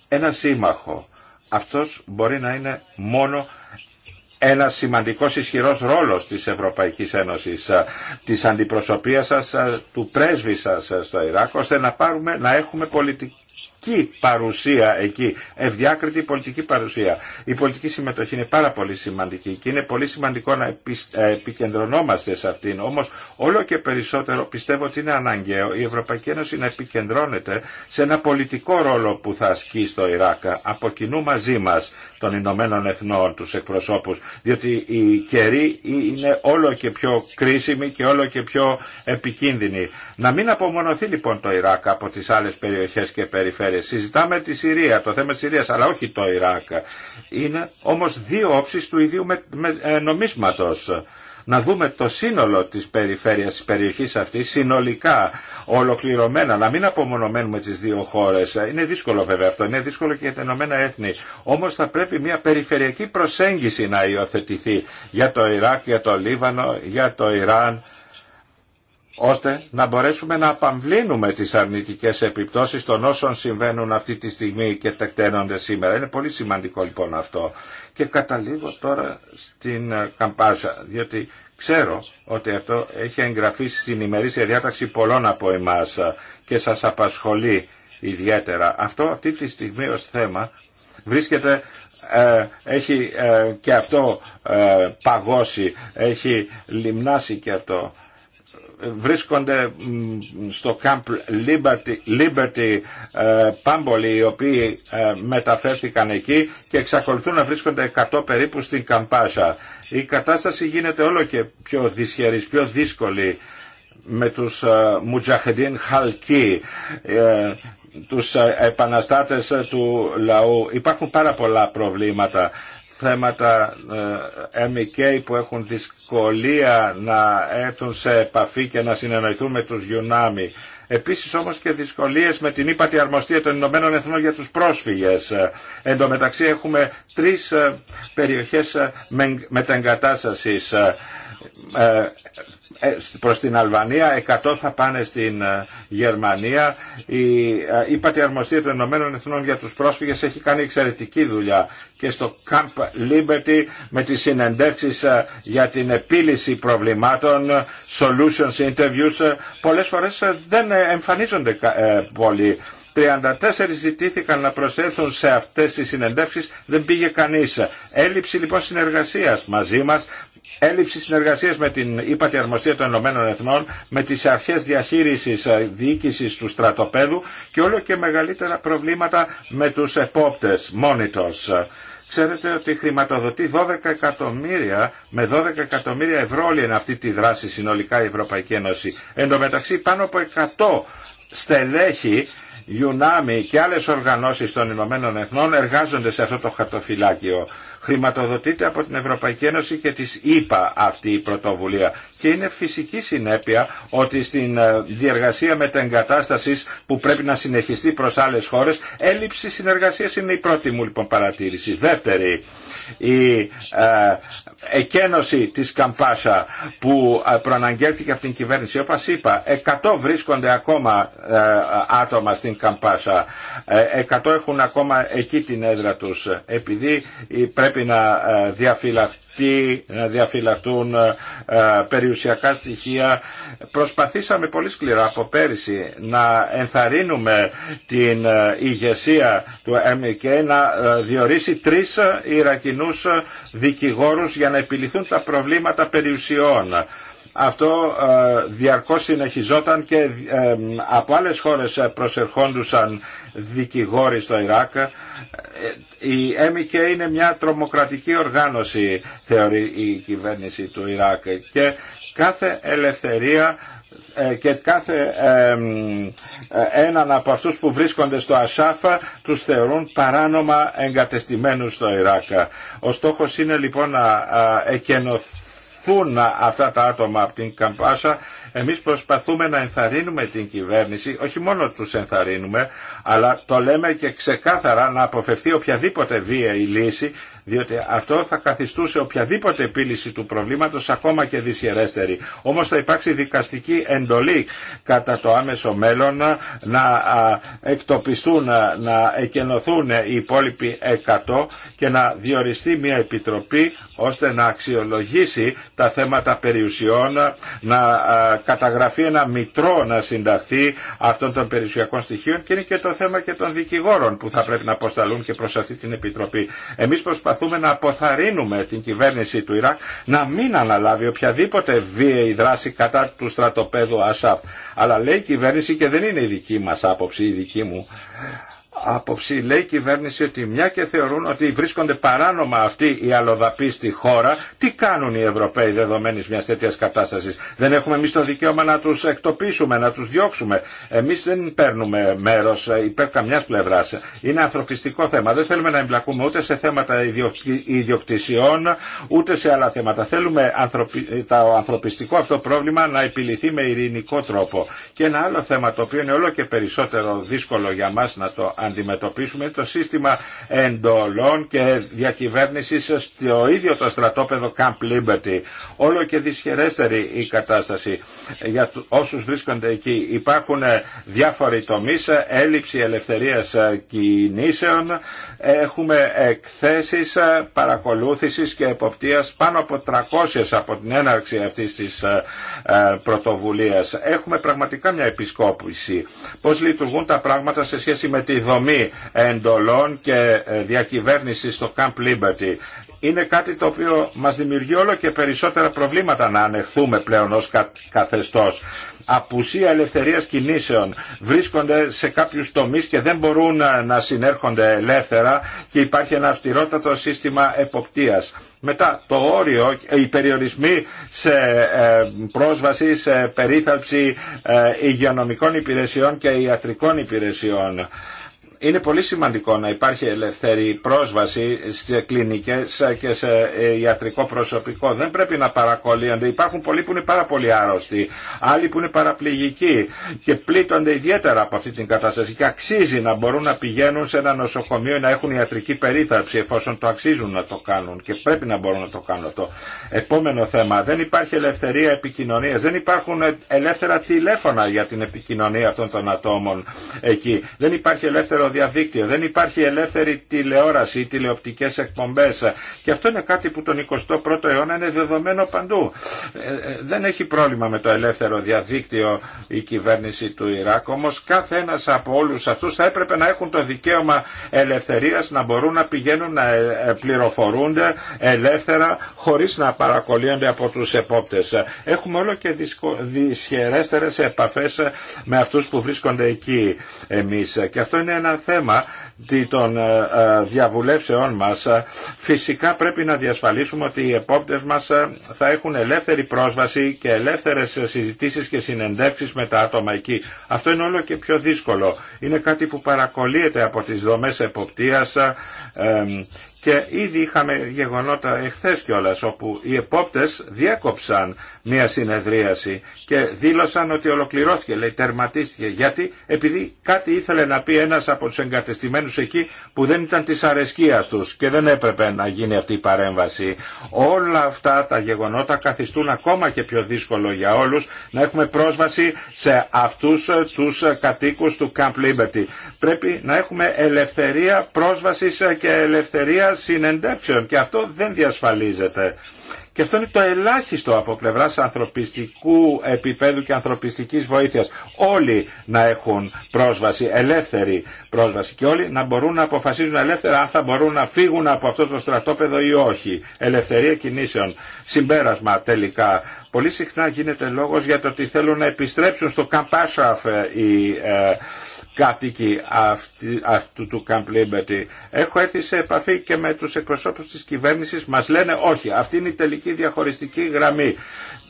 ένα σύμμαχο. Αυτός μπορεί να είναι μόνο ένα σημαντικός ισχυρός ρόλος της Ευρωπαϊκής Ένωσης, της αντιπροσωπείας σας, του πρέσβη σας στο Ιράκ, ώστε να, πάρουμε, να έχουμε πολιτική πολιτική παρουσία εκεί, ευδιάκριτη πολιτική παρουσία. Η πολιτική συμμετοχή είναι πάρα πολύ σημαντική και είναι πολύ σημαντικό να ε, επικεντρωνόμαστε σε αυτήν. Όμως όλο και περισσότερο πιστεύω ότι είναι αναγκαίο η Ευρωπαϊκή Ένωση να επικεντρώνεται σε ένα πολιτικό ρόλο που θα ασκεί στο Ιράκ από κοινού μαζί μας των Ηνωμένων Εθνών, τους εκπροσώπους, διότι η καιροί είναι όλο και πιο κρίσιμη και όλο και πιο επικίνδυνη. Να μην απομονωθεί λοιπόν το Ιράκ από τις άλλες περιοχές και περιφέρειες ε, συζητάμε τη Συρία, το θέμα της Συρίας, αλλά όχι το Ιράκ. Είναι όμως δύο όψεις του ιδίου με, ε, νομίσματος να δούμε το σύνολο της περιφέρειας της περιοχής αυτής συνολικά, ολοκληρωμένα, να μην απομονωμένουμε τις δύο χώρες. Είναι δύσκολο βέβαια αυτό, είναι δύσκολο και για τα Ηνωμένα Έθνη. Όμως θα πρέπει μια περιφερειακή προσέγγιση να υιοθετηθεί για το Ιράκ, για το Λίβανο, για το Ιράν ώστε να μπορέσουμε να απαμβλύνουμε τις αρνητικές επιπτώσεις των όσων συμβαίνουν αυτή τη στιγμή και τεκταίνονται σήμερα. Είναι πολύ σημαντικό λοιπόν αυτό. Και καταλήγω τώρα στην ε, καμπάσα, διότι ξέρω ότι αυτό έχει εγγραφεί στην ημερήσια διάταξη πολλών από εμάς και σας απασχολεί ιδιαίτερα. Αυτό αυτή τη στιγμή ως θέμα βρίσκεται, ε, έχει ε, και αυτό παγώσει, έχει λιμνάσει και αυτό βρίσκονται στο Camp Liberty, Liberty ε, Πάμπολοι οι οποίοι ε, μεταφέρθηκαν εκεί και εξακολουθούν να βρίσκονται 100 περίπου στην Καμπάσα. Η κατάσταση γίνεται όλο και πιο δυσχερής, πιο δύσκολη με τους ε, Μουτζαχεντίν Χαλκί τους επαναστάτες του λαού. Υπάρχουν πάρα πολλά προβλήματα θέματα ε, MK e που έχουν δυσκολία να έρθουν σε επαφή και να συνεννοηθούν με τους Γιουνάμι. Επίσης όμως και δυσκολίες με την ύπατη αρμοστία των Ηνωμένων Εθνών για τους πρόσφυγες. Ε, εν τω μεταξύ έχουμε τρεις ε, περιοχές μεταγκατάστασης ε, ε, προς την Αλβανία, 100 θα πάνε στην ε, Γερμανία. Η Ήπατη αρμοστία των Ηνωμένων Εθνών για τους πρόσφυγες έχει κάνει εξαιρετική δουλειά και στο Camp Liberty με τις συνεντεύξεις για την επίλυση προβλημάτων, solutions interviews, πολλές φορές δεν εμφανίζονται πολύ. 34 ζητήθηκαν να προσέλθουν σε αυτές τις συνεντεύξεις, δεν πήγε κανείς. Έλλειψη λοιπόν συνεργασίας μαζί μας, έλλειψη συνεργασίας με την ύπατη αρμοστία των Ηνωμένων Εθνών, με τις αρχές διαχείρισης ε, διοίκησης του στρατοπέδου και όλο και μεγαλύτερα προβλήματα με τους επόπτες, monitors. Ξέρετε ότι χρηματοδοτεί 12 εκατομμύρια, με 12 εκατομμύρια ευρώ είναι αυτή τη δράση συνολικά η Ευρωπαϊκή Ένωση. Εν τω μεταξύ πάνω από 100 στελέχη UNAMI και άλλες οργανώσεις των Ηνωμένων Εθνών εργάζονται σε αυτό το χαρτοφυλάκιο. Χρηματοδοτείται από την Ευρωπαϊκή Ένωση και της ΕΠΑ αυτή η πρωτοβουλία. Και είναι φυσική συνέπεια ότι στην ε, διεργασία μετεγκατάστασης που πρέπει να συνεχιστεί προς άλλες χώρες, έλλειψη συνεργασίας είναι η πρώτη μου λοιπόν παρατήρηση. Δεύτερη, η ε, εκένωση της Καμπάσα που ε, προαναγγέλθηκε από την κυβέρνηση. Όπως είπα, 100 βρίσκονται ακόμα ε, άτομα στην Καμπάσα. 100 έχουν ακόμα εκεί την έδρα τους. Επειδή πρέπει πρέπει να ε, διαφυλαχτεί, να διαφυλαχτούν ε, ε, περιουσιακά στοιχεία. Προσπαθήσαμε πολύ σκληρά από πέρυσι να ενθαρρύνουμε την ηγεσία του MK να διορίσει τρεις Ιρακινούς δικηγόρους για να επιληθούν τα προβλήματα περιουσιών. Αυτό ε, διαρκώς συνεχιζόταν και ε, από άλλες χώρες προσερχόντουσαν δικηγόροι στο Ιράκ. Ε, η ΕΜΚ e είναι μια τρομοκρατική οργάνωση, θεωρεί η κυβέρνηση του Ιράκ. Και κάθε ελευθερία και κάθε έναν από αυτούς που βρίσκονται στο Ασάφα τους θεωρούν παράνομα εγκατεστημένους στο Ιράκ. Ο στόχος είναι λοιπόν να εκενωθεί αυτά τα άτομα από την Καμπάσα, εμείς προσπαθούμε να ενθαρρύνουμε την κυβέρνηση, όχι μόνο τους ενθαρρύνουμε, αλλά το λέμε και ξεκάθαρα να αποφευθεί οποιαδήποτε βία η λύση διότι αυτό θα καθιστούσε οποιαδήποτε επίλυση του προβλήματος ακόμα και δυσχερέστερη. Όμως θα υπάρξει δικαστική εντολή κατά το άμεσο μέλλον να εκτοπιστούν, να εκενωθούν οι υπόλοιποι 100 και να διοριστεί μια επιτροπή ώστε να αξιολογήσει τα θέματα περιουσιών, να καταγραφεί ένα μητρό να συνταθεί αυτών των περιουσιακών στοιχείων και είναι και το θέμα και των δικηγόρων που θα πρέπει να αποσταλούν και προς αυτή την Επιτροπή. Εμείς προσπαθούμε προσπαθούμε να αποθαρρύνουμε την κυβέρνηση του Ιράκ να μην αναλάβει οποιαδήποτε βίαιη δράση κατά του στρατοπέδου Ασάφ. Αλλά λέει η κυβέρνηση και δεν είναι η δική μας άποψη, η δική μου άποψη λέει η κυβέρνηση ότι μια και θεωρούν ότι βρίσκονται παράνομα αυτοί οι αλλοδαποί στη χώρα, τι κάνουν οι Ευρωπαίοι δεδομένη μια τέτοια κατάσταση. Δεν έχουμε εμεί το δικαίωμα να του εκτοπίσουμε, να του διώξουμε. Εμεί δεν παίρνουμε μέρο υπέρ καμιά πλευρά. Είναι ανθρωπιστικό θέμα. Δεν θέλουμε να εμπλακούμε ούτε σε θέματα ιδιοκτησιών, ούτε σε άλλα θέματα. Θέλουμε το ανθρωπιστικό αυτό πρόβλημα να επιληθεί με ειρηνικό τρόπο. Και ένα άλλο θέμα το οποίο είναι όλο και περισσότερο δύσκολο για μα να το αντιμετωπίσουμε το σύστημα εντολών και διακυβέρνησης στο ίδιο το στρατόπεδο Camp Liberty. Όλο και δυσχερέστερη η κατάσταση για όσους βρίσκονται εκεί. Υπάρχουν ε, διάφοροι τομείς, ε, έλλειψη ελευθερίας ε, κινήσεων, έχουμε εκθέσεις παρακολούθησης και εποπτείας πάνω από 300 από την έναρξη αυτής της πρωτοβουλίας. Έχουμε πραγματικά μια επισκόπηση. Πώς λειτουργούν τα πράγματα σε σχέση με τη δομή εντολών και ε, διακυβέρνηση στο Camp Liberty είναι κάτι το οποίο μας δημιουργεί όλο και περισσότερα προβλήματα να ανεχθούμε πλέον ως καθεστώς. Απουσία ελευθερίας κινήσεων βρίσκονται σε κάποιους τομείς και δεν μπορούν ε, να συνέρχονται ελεύθερα και υπάρχει ένα αυστηρότατο σύστημα εποπτείας. Μετά το όριο, ε, οι περιορισμοί σε πρόσβαση, σε περίθαλψη υγειονομικών υπηρεσιών και ιατρικών υπηρεσιών είναι πολύ σημαντικό να υπάρχει ελεύθερη πρόσβαση στις κλινικές και σε ε, ιατρικό προσωπικό. Δεν πρέπει να παρακολύονται. Υπάρχουν πολλοί που είναι πάρα πολύ άρρωστοι, άλλοι που είναι παραπληγικοί και πλήττονται ιδιαίτερα από αυτή την κατάσταση και αξίζει να μπορούν να πηγαίνουν σε ένα νοσοκομείο ή να έχουν ιατρική περίθαλψη εφόσον το αξίζουν να το κάνουν και πρέπει να μπορούν να το κάνουν αυτό. Επόμενο θέμα, δεν υπάρχει ελευθερία επικοινωνίας, δεν υπάρχουν ελεύθερα τηλέφωνα για την επικοινωνία αυτών των ατόμων εκεί. Δεν υπάρχει ελεύθερο διαδίκτυο, δεν υπάρχει ελεύθερη τηλεόραση ή τηλεοπτικές εκπομπές και αυτό είναι κάτι που τον 21ο αιώνα είναι δεδομένο παντού. Ε, ε, δεν έχει πρόβλημα με το ελεύθερο διαδίκτυο η κυβέρνηση του Ιράκ, όμως κάθε ένας από όλους αυτούς θα έπρεπε να έχουν το δικαίωμα ελευθερίας να μπορούν να πηγαίνουν να ε, πληροφορούνται ελεύθερα χωρίς να παρακολύονται από τους επόπτες. Έχουμε όλο και δυσχερέστερες επαφές με αυτούς που βρίσκονται εκεί εμείς και αυτό είναι ένα θέμα των ε, ε, διαβουλεύσεών μας φυσικά πρέπει να διασφαλίσουμε ότι οι επόπτες μας ε, θα έχουν ελεύθερη πρόσβαση και ελεύθερες συζητήσεις και συνεντεύξεις με τα άτομα εκεί. Αυτό είναι όλο και πιο δύσκολο. Είναι κάτι που παρακολύεται από τις δομές εποπτείας και ήδη είχαμε γεγονότα εχθές κιόλας όπου οι επόπτες διέκοψαν μια συνεδρίαση και δήλωσαν ότι ολοκληρώθηκε, λέει τερματίστηκε. Γιατί επειδή κάτι ήθελε να πει ένας από τους εγκατεστημένους εκεί που δεν ήταν της αρεσκίας τους και δεν έπρεπε να γίνει αυτή η παρέμβαση. Όλα αυτά τα γεγονότα καθιστούν ακόμα και πιο δύσκολο για όλους να έχουμε πρόσβαση σε αυτούς ε, τους ε, κατοίκους του Camp Liberty. Πρέπει να έχουμε ελευθερία πρόσβασης ε, και ελευθερία συνεντεύξεων και αυτό δεν διασφαλίζεται. Και αυτό είναι το ελάχιστο από πλευράς ανθρωπιστικού επίπεδου και ανθρωπιστικής βοήθειας. Όλοι να έχουν πρόσβαση, ελεύθερη πρόσβαση και όλοι να μπορούν να αποφασίζουν ελεύθερα αν θα μπορούν να φύγουν από αυτό το στρατόπεδο ή όχι. Ελευθερία κινήσεων. Συμπέρασμα τελικά. Πολύ συχνά γίνεται λόγος για το ότι θέλουν να επιστρέψουν στο Καμπάσαφ ε, οι ε, κάτοικοι αυτού, αυτού του Camp Liberty. Έχω έρθει σε επαφή και με τους εκπροσώπους της κυβέρνησης, μας λένε όχι, αυτή είναι η τελική διαχωριστική γραμμή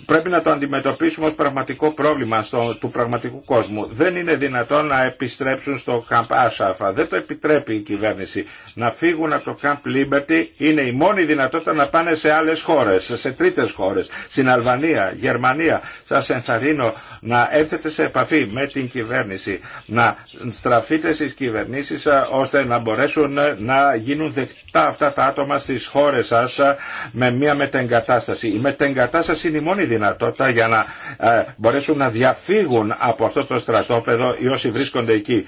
πρέπει να το αντιμετωπίσουμε ως πραγματικό πρόβλημα στο, του πραγματικού κόσμου. Δεν είναι δυνατόν να επιστρέψουν στο Camp Ashafa. Δεν το επιτρέπει η κυβέρνηση. Να φύγουν από το Camp Liberty είναι η μόνη δυνατότητα να πάνε σε άλλες χώρες, σε τρίτες χώρες. Στην Αλβανία, Γερμανία. Σας ενθαρρύνω να έρθετε σε επαφή με την κυβέρνηση. Να στραφείτε στις κυβερνήσεις ε, ώστε να μπορέσουν ε, να γίνουν δεκτά αυτά τα άτομα στις χώρες σας ε, με μια μετεγκατάσταση. Η μετεγκατάσταση είναι η μόνη δυνατότητα δυνατότητα για να ε, μπορέσουν να διαφύγουν από αυτό το στρατόπεδο οι όσοι βρίσκονται εκεί.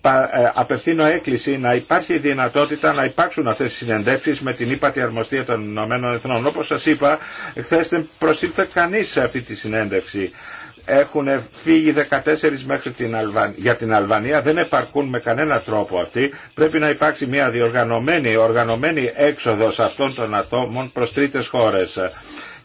Ε, απευθύνω έκκληση να υπάρχει δυνατότητα να υπάρξουν αυτέ οι συνεντεύξει με την ύπατη αρμοστία των Ηνωμένων Εθνών. Όπω σα είπα, χθε δεν προσήλθε κανεί σε αυτή τη συνέντευξη έχουν φύγει 14 μέχρι την Αλβανία. Για την Αλβανία δεν επαρκούν με κανένα τρόπο αυτοί. Πρέπει να υπάρξει μια διοργανωμένη, οργανωμένη έξοδος αυτών των ατόμων προς τρίτες χώρες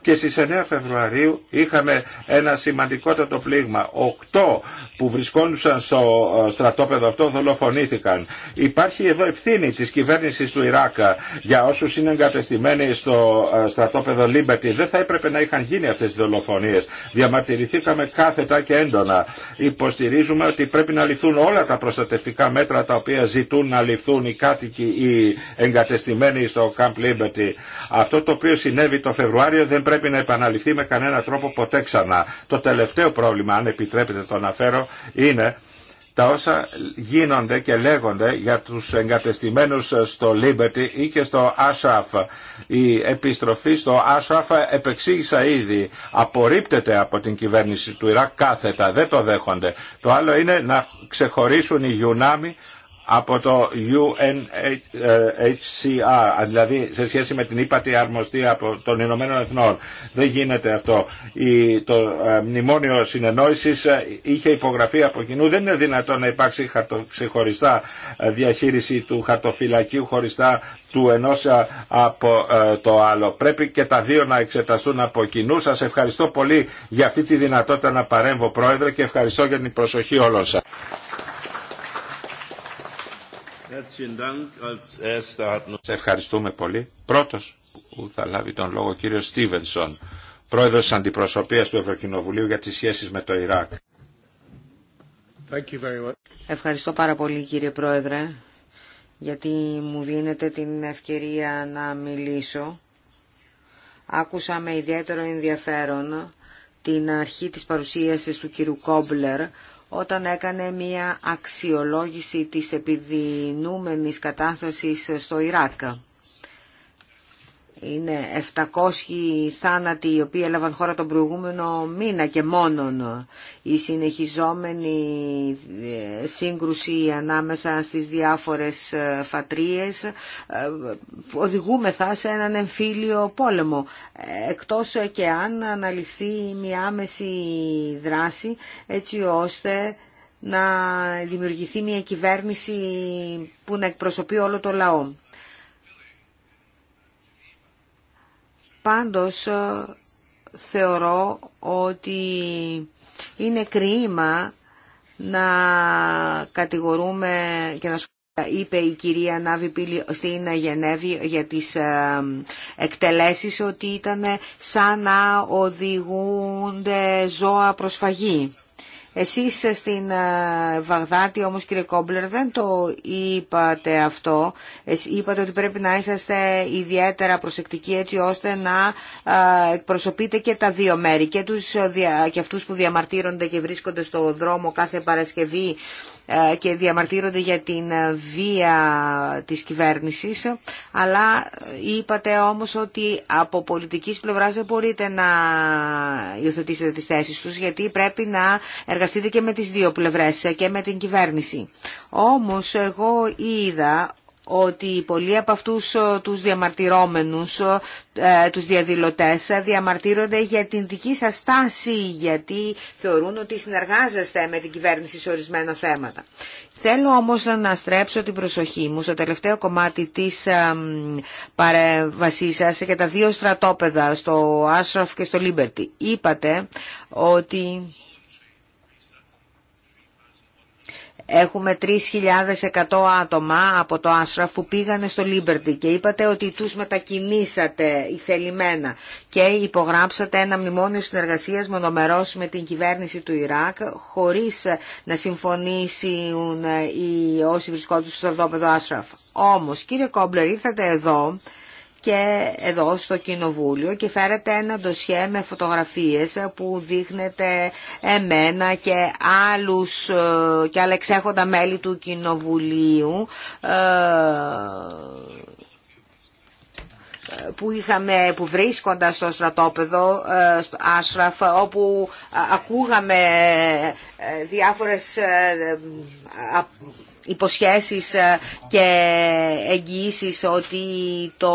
και στις 9 Φεβρουαρίου είχαμε ένα σημαντικότατο πλήγμα. Οκτώ που βρισκόντουσαν στο ε, στρατόπεδο αυτό δολοφονήθηκαν. Υπάρχει εδώ ευθύνη της κυβέρνησης του Ιράκ ε, για όσους είναι εγκατεστημένοι στο ε, στρατόπεδο Liberty. Δεν θα έπρεπε να είχαν γίνει αυτές οι δολοφονίες. Διαμαρτυρηθήκαμε κάθετα και έντονα. Υποστηρίζουμε ότι πρέπει να ληφθούν όλα τα προστατευτικά μέτρα τα οποία ζητούν να ληφθούν οι κάτοικοι, οι εγκατεστημένοι στο Camp Liberty. Αυτό το οποίο συνέβη το Φεβρουάριο δεν πρέπει πρέπει να με κανένα τρόπο ποτέ ξανά. Το τελευταίο πρόβλημα, αν επιτρέπετε το αναφέρω, είναι τα όσα γίνονται και λέγονται για τους εγκατεστημένους στο Liberty ή και στο Ashraf. Η επιστροφή στο Ashraf επεξήγησα ήδη. Απορρίπτεται από την κυβέρνηση του Ιράκ κάθετα. Δεν το δέχονται. Το άλλο είναι να ξεχωρίσουν οι Ιουνάμοι από το UNHCR, δηλαδή σε σχέση με την ύπατη αρμοστή από των Ηνωμένων Εθνών. Δεν γίνεται αυτό. το ε, μνημόνιο συνεννόησης ε, είχε υπογραφεί από κοινού. Δεν είναι δυνατό να υπάρξει ξεχωριστά ε, διαχείριση του χαρτοφυλακίου χωριστά του ενός από το άλλο. Πρέπει και τα δύο να εξεταστούν από κοινού. Σας ευχαριστώ πολύ για αυτή τη δυνατότητα να παρέμβω πρόεδρε και ευχαριστώ για την προσοχή όλων σας. Σε ευχαριστούμε πολύ. Πρώτος που θα λάβει τον λόγο ο κύριος Στίβενσον, πρόεδρος της Αντιπροσωπείας του Ευρωκοινοβουλίου για τις σχέσεις με το Ιράκ. Ευχαριστώ πάρα πολύ κύριε Πρόεδρε γιατί μου δίνετε την ευκαιρία να μιλήσω. Άκουσα με ιδιαίτερο ενδιαφέρον την αρχή της παρουσίασης του κύριου Κόμπλερ όταν έκανε μία αξιολόγηση της επιδεινούμενης κατάστασης στο Ιράκ. Είναι 700 θάνατοι οι οποίοι έλαβαν χώρα τον προηγούμενο μήνα και μόνον η συνεχιζόμενη ε, σύγκρουση ανάμεσα στις διάφορες ε, φατρίες ε, οδηγούμεθα σε έναν εμφύλιο πόλεμο εκτός και αν αναλυφθεί μια άμεση δράση έτσι ώστε να δημιουργηθεί μια κυβέρνηση που να εκπροσωπεί όλο το λαό. Πάντως ε, θεωρώ ότι είναι κρίμα να κατηγορούμε και να είπε η κυρία Νάβη Πύλη στην Γενέβη για τις ε, εκτελέσεις ότι ήταν σαν να οδηγούνται ζώα προσφαγή. Εσείς στην ε, Βαγδάτη όμως κύριε Κόμπλερ δεν το είπατε αυτό. Εσείς είπατε ότι πρέπει να είσαστε ιδιαίτερα προσεκτικοί έτσι ώστε να ε, εκπροσωπείτε και τα δύο μέρη και, τους, ε, και αυτούς που διαμαρτύρονται και βρίσκονται στο δρόμο κάθε Παρασκευή ε, και διαμαρτύρονται για την ε, βία της κυβέρνησης, αλλά ε, είπατε όμως ότι από πολιτικής πλευράς δεν μπορείτε να υιοθετήσετε τις θέσεις τους, γιατί πρέπει να εργαστείτε και με τις δύο πλευρές και με την κυβέρνηση. Όμως εγώ είδα ότι πολλοί από αυτούς ε, τους διαμαρτυρόμενους, ε, τους διαδηλωτές, ε, διαμαρτύρονται για την δική σας στάση, γιατί θεωρούν ότι συνεργάζεστε με την κυβέρνηση σε ορισμένα θέματα. Θέλω όμως να στρέψω την προσοχή μου στο τελευταίο κομμάτι της παρέμβασής σας για τα δύο στρατόπεδα, στο Άσραφ και στο Λίμπερτι. Είπατε ότι Έχουμε 3.100 άτομα από το Άσραφ που πήγανε στο Λίμπερντι και είπατε ότι τους μετακινήσατε ηθελημένα και υπογράψατε ένα μνημόνιο συνεργασίας μονομερός με την κυβέρνηση του Ιράκ χωρίς να συμφωνήσουν οι όσοι βρισκόντουσαν στο στρατόπεδο Άσραφ. Όμως κύριε Κόμπλερ ήρθατε εδώ και εδώ στο Κοινοβούλιο και φέρετε ένα ντοσιέ με φωτογραφίες που δείχνετε εμένα και άλλους ε, και άλλα εξέχοντα μέλη του Κοινοβουλίου ε, που, είχαμε, που βρίσκονταν στο στρατόπεδο, ε, στο Άσραφ, όπου ακούγαμε διάφορες υποσχέσεις ε, και εγγυήσεις ότι το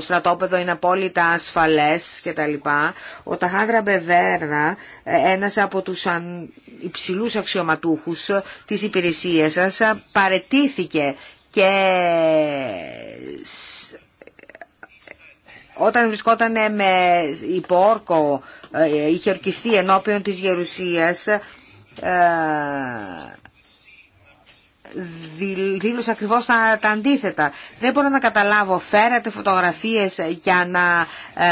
στρατόπεδο είναι απόλυτα ασφαλές και τα λοιπά. Ο Ταχάδρα Μπεβέρνα, ε, ένας από τους υψηλούς αξιωματούχους της υπηρεσίας σας, ε, παρετήθηκε και όταν βρισκόταν με υπόρκο, είχε ορκιστεί ενώπιον της Γερουσίας, δήλωσε ακριβώς τα, τα αντίθετα. Δεν μπορώ να καταλάβω, φέρατε φωτογραφίες για να ε,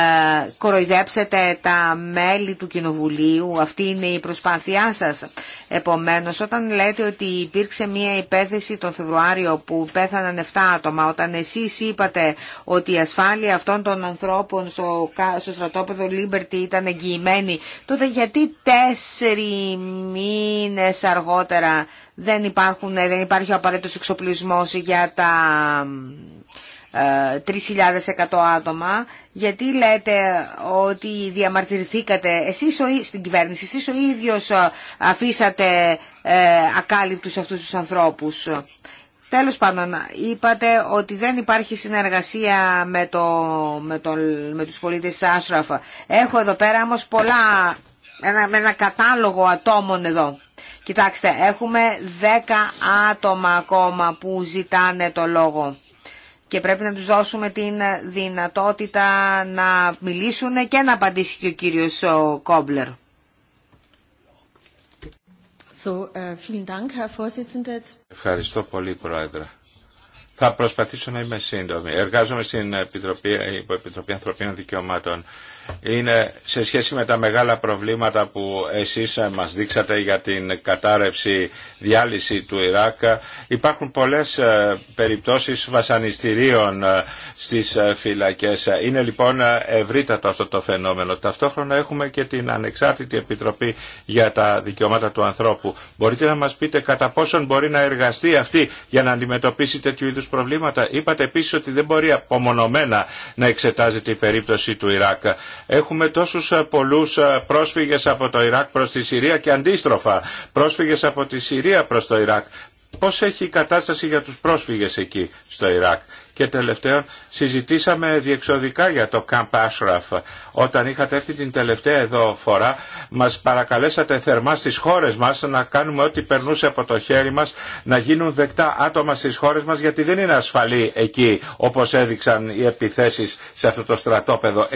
κοροϊδέψετε τα μέλη του Κοινοβουλίου, αυτή είναι η προσπάθειά σας. Επομένως, όταν λέτε ότι υπήρξε μια υπέθεση τον Φεβρουάριο που πέθαναν 7 άτομα, όταν εσείς είπατε ότι η ασφάλεια αυτών των ανθρώπων στο, στρατόπεδο Λίμπερτι ήταν εγγυημένη, τότε γιατί τέσσερι μήνες αργότερα δεν, υπάρχουν, ε, δεν υπάρχει ο απαραίτητος εξοπλισμός για τα 3.100 ε, άτομα, γιατί λέτε ότι διαμαρτυρηθήκατε εσείς ο, στην κυβέρνηση, εσείς ο ίδιος ε, αφήσατε ακάλυπτους αυτούς τους ανθρώπους. Τέλος πάντων, είπατε ότι δεν υπάρχει συνεργασία με, το, με, το, με τους πολίτες Άσραφα. Έχω εδώ πέρα όμως πολλά με ένα κατάλογο ατόμων εδώ. Κοιτάξτε, έχουμε 10 άτομα ακόμα που ζητάνε το λόγο και πρέπει να τους δώσουμε την δυνατότητα να μιλήσουν και να απαντήσει και ο κύριος Κόμπλερ. Äh, Ευχαριστώ πολύ, Πρόεδρε. Θα προσπαθήσω να είμαι σύντομη. Εργάζομαι στην Επιτροπή, Επιτροπή Ανθρωπίνων Δικαιωμάτων είναι σε σχέση με τα μεγάλα προβλήματα που εσείς μας δείξατε για την κατάρρευση διάλυση του Ιράκ. Υπάρχουν πολλές ε, περιπτώσεις βασανιστήριων ε, στις ε, φυλακές. Είναι λοιπόν ευρύτατο αυτό το φαινόμενο. Ταυτόχρονα έχουμε και την Ανεξάρτητη Επιτροπή για τα Δικαιώματα του Ανθρώπου. Μπορείτε να μας πείτε κατά πόσον μπορεί να εργαστεί αυτή για να αντιμετωπίσει τέτοιου είδους προβλήματα. Είπατε επίσης ότι δεν μπορεί απομονωμένα να εξετάζεται η περίπτωση του Ιράκ. Έχουμε τόσους ε, πολλούς ε, πρόσφυγες από το Ιράκ προς τη Συρία και αντίστροφα πρόσφυγες από τη Συρία προς το Ιράκ. Πώς έχει η κατάσταση για τους πρόσφυγες εκεί στο Ιράκ. Και τελευταίο, συζητήσαμε διεξοδικά για το Camp Ashraf. Όταν είχατε έρθει την τελευταία εδώ φορά, μας παρακαλέσατε θερμά στις χώρες μας να κάνουμε ό,τι περνούσε από το χέρι μας, να γίνουν δεκτά άτομα στις χώρες μας, γιατί δεν είναι ασφαλή εκεί, όπως έδειξαν οι επιθέσεις σε αυτό το στρατόπεδο.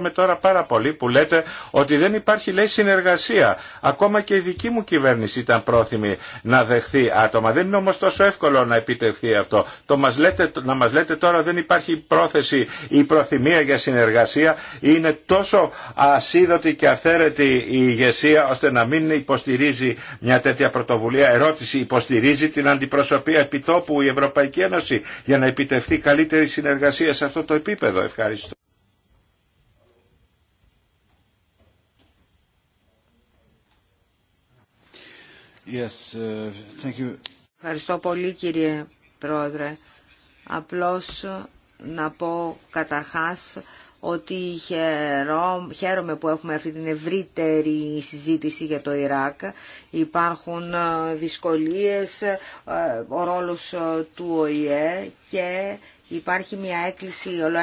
με τώρα πάρα πολύ που λέτε ότι δεν υπάρχει, λέει, συνεργασία. Ακόμα και η δική μου κυβέρνηση ήταν πρόθυμη να δεχθεί άτομα. Δεν είναι όμως τόσο εύκολο να επιτευχθεί αυτό. Το μας λέτε, να μας λέτε τώρα δεν υπάρχει πρόθεση ή προθυμία για συνεργασία είναι τόσο ασίδωτη και αθαίρετη η ηγεσία ώστε να μην υποστηρίζει μια τέτοια πρωτοβουλία. Ερώτηση υποστηρίζει την αντιπροσωπεία επιτόπου η Ευρωπαϊκή Ένωση για να επιτευχθεί καλύτερη συνεργασία σε αυτό το επίπεδο. Ευχαριστώ. Yes, uh, thank you. Ευχαριστώ πολύ κύριε Πρόεδρε. Απλώς να πω καταρχάς ότι χαίρομαι που έχουμε αυτή την ευρύτερη συζήτηση για το Ιράκ. Υπάρχουν ε, δυσκολίες, ε, ο ρόλος ε, του ΟΗΕ και Υπάρχει μια έκκληση όλο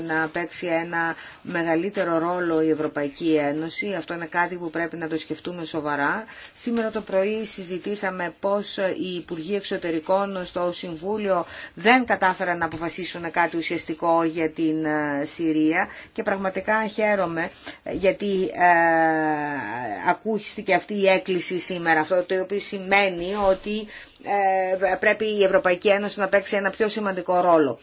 να παίξει ένα μεγαλύτερο ρόλο η Ευρωπαϊκή Ένωση. Αυτό είναι κάτι που πρέπει να το σκεφτούμε σοβαρά. Σήμερα το πρωί συζητήσαμε πώς οι Υπουργοί Εξωτερικών στο Συμβούλιο δεν κατάφεραν να αποφασίσουν κάτι ουσιαστικό για την ε, Συρία και πραγματικά χαίρομαι ε, γιατί ε, ακούστηκε αυτή η έκκληση σήμερα. Αυτό το οποίο σημαίνει ότι ε, πρέπει η Ευρωπαϊκή Ένωση να παίξει ένα πιο σημαντικό ρόλο.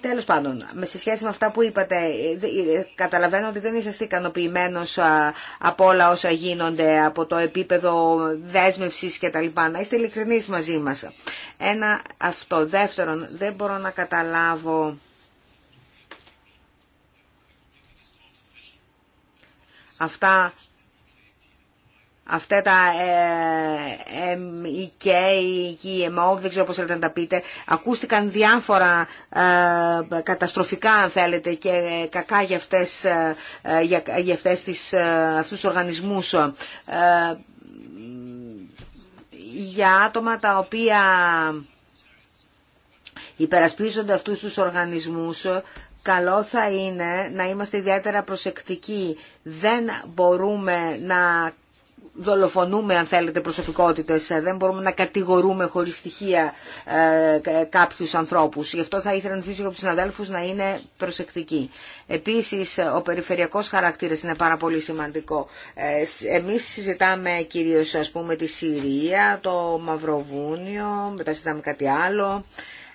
Τέλος πάντων, σε σχέση με αυτά που είπατε, ε, ε, καταλαβαίνω ότι δεν είσαστε ικανοποιημένο από όλα όσα γίνονται, από το επίπεδο δέσμευσης και τα λοιπά. Να είστε ειλικρινείς μαζί μας. Ένα αυτό. Δεύτερον, δεν μπορώ να καταλάβω... Αυτά αυτά τα ε, EMO, δεν ξέρω πώς θέλετε να τα πείτε, ακούστηκαν διάφορα ε, καταστροφικά αν θέλετε και κακά για, αυτές, ε, για, για αυτές τις, ε, αυτούς τους οργανισμούς. Ε, για άτομα τα οποία υπερασπίζονται αυτούς τους οργανισμούς, Καλό θα είναι να είμαστε ιδιαίτερα προσεκτικοί. Δεν μπορούμε να δολοφονούμε αν θέλετε προσωπικότητες, ε, δεν μπορούμε να κατηγορούμε χωρίς στοιχεία ε, κάποιους ανθρώπους. Γι' αυτό θα ήθελα να ζητήσω από τους συναδέλφους να είναι προσεκτικοί. Επίσης ο περιφερειακός χαρακτήρας είναι πάρα πολύ σημαντικό. Ε, εμείς συζητάμε κυρίως ας πούμε τη Συρία, το Μαυροβούνιο, μετά συζητάμε κάτι άλλο.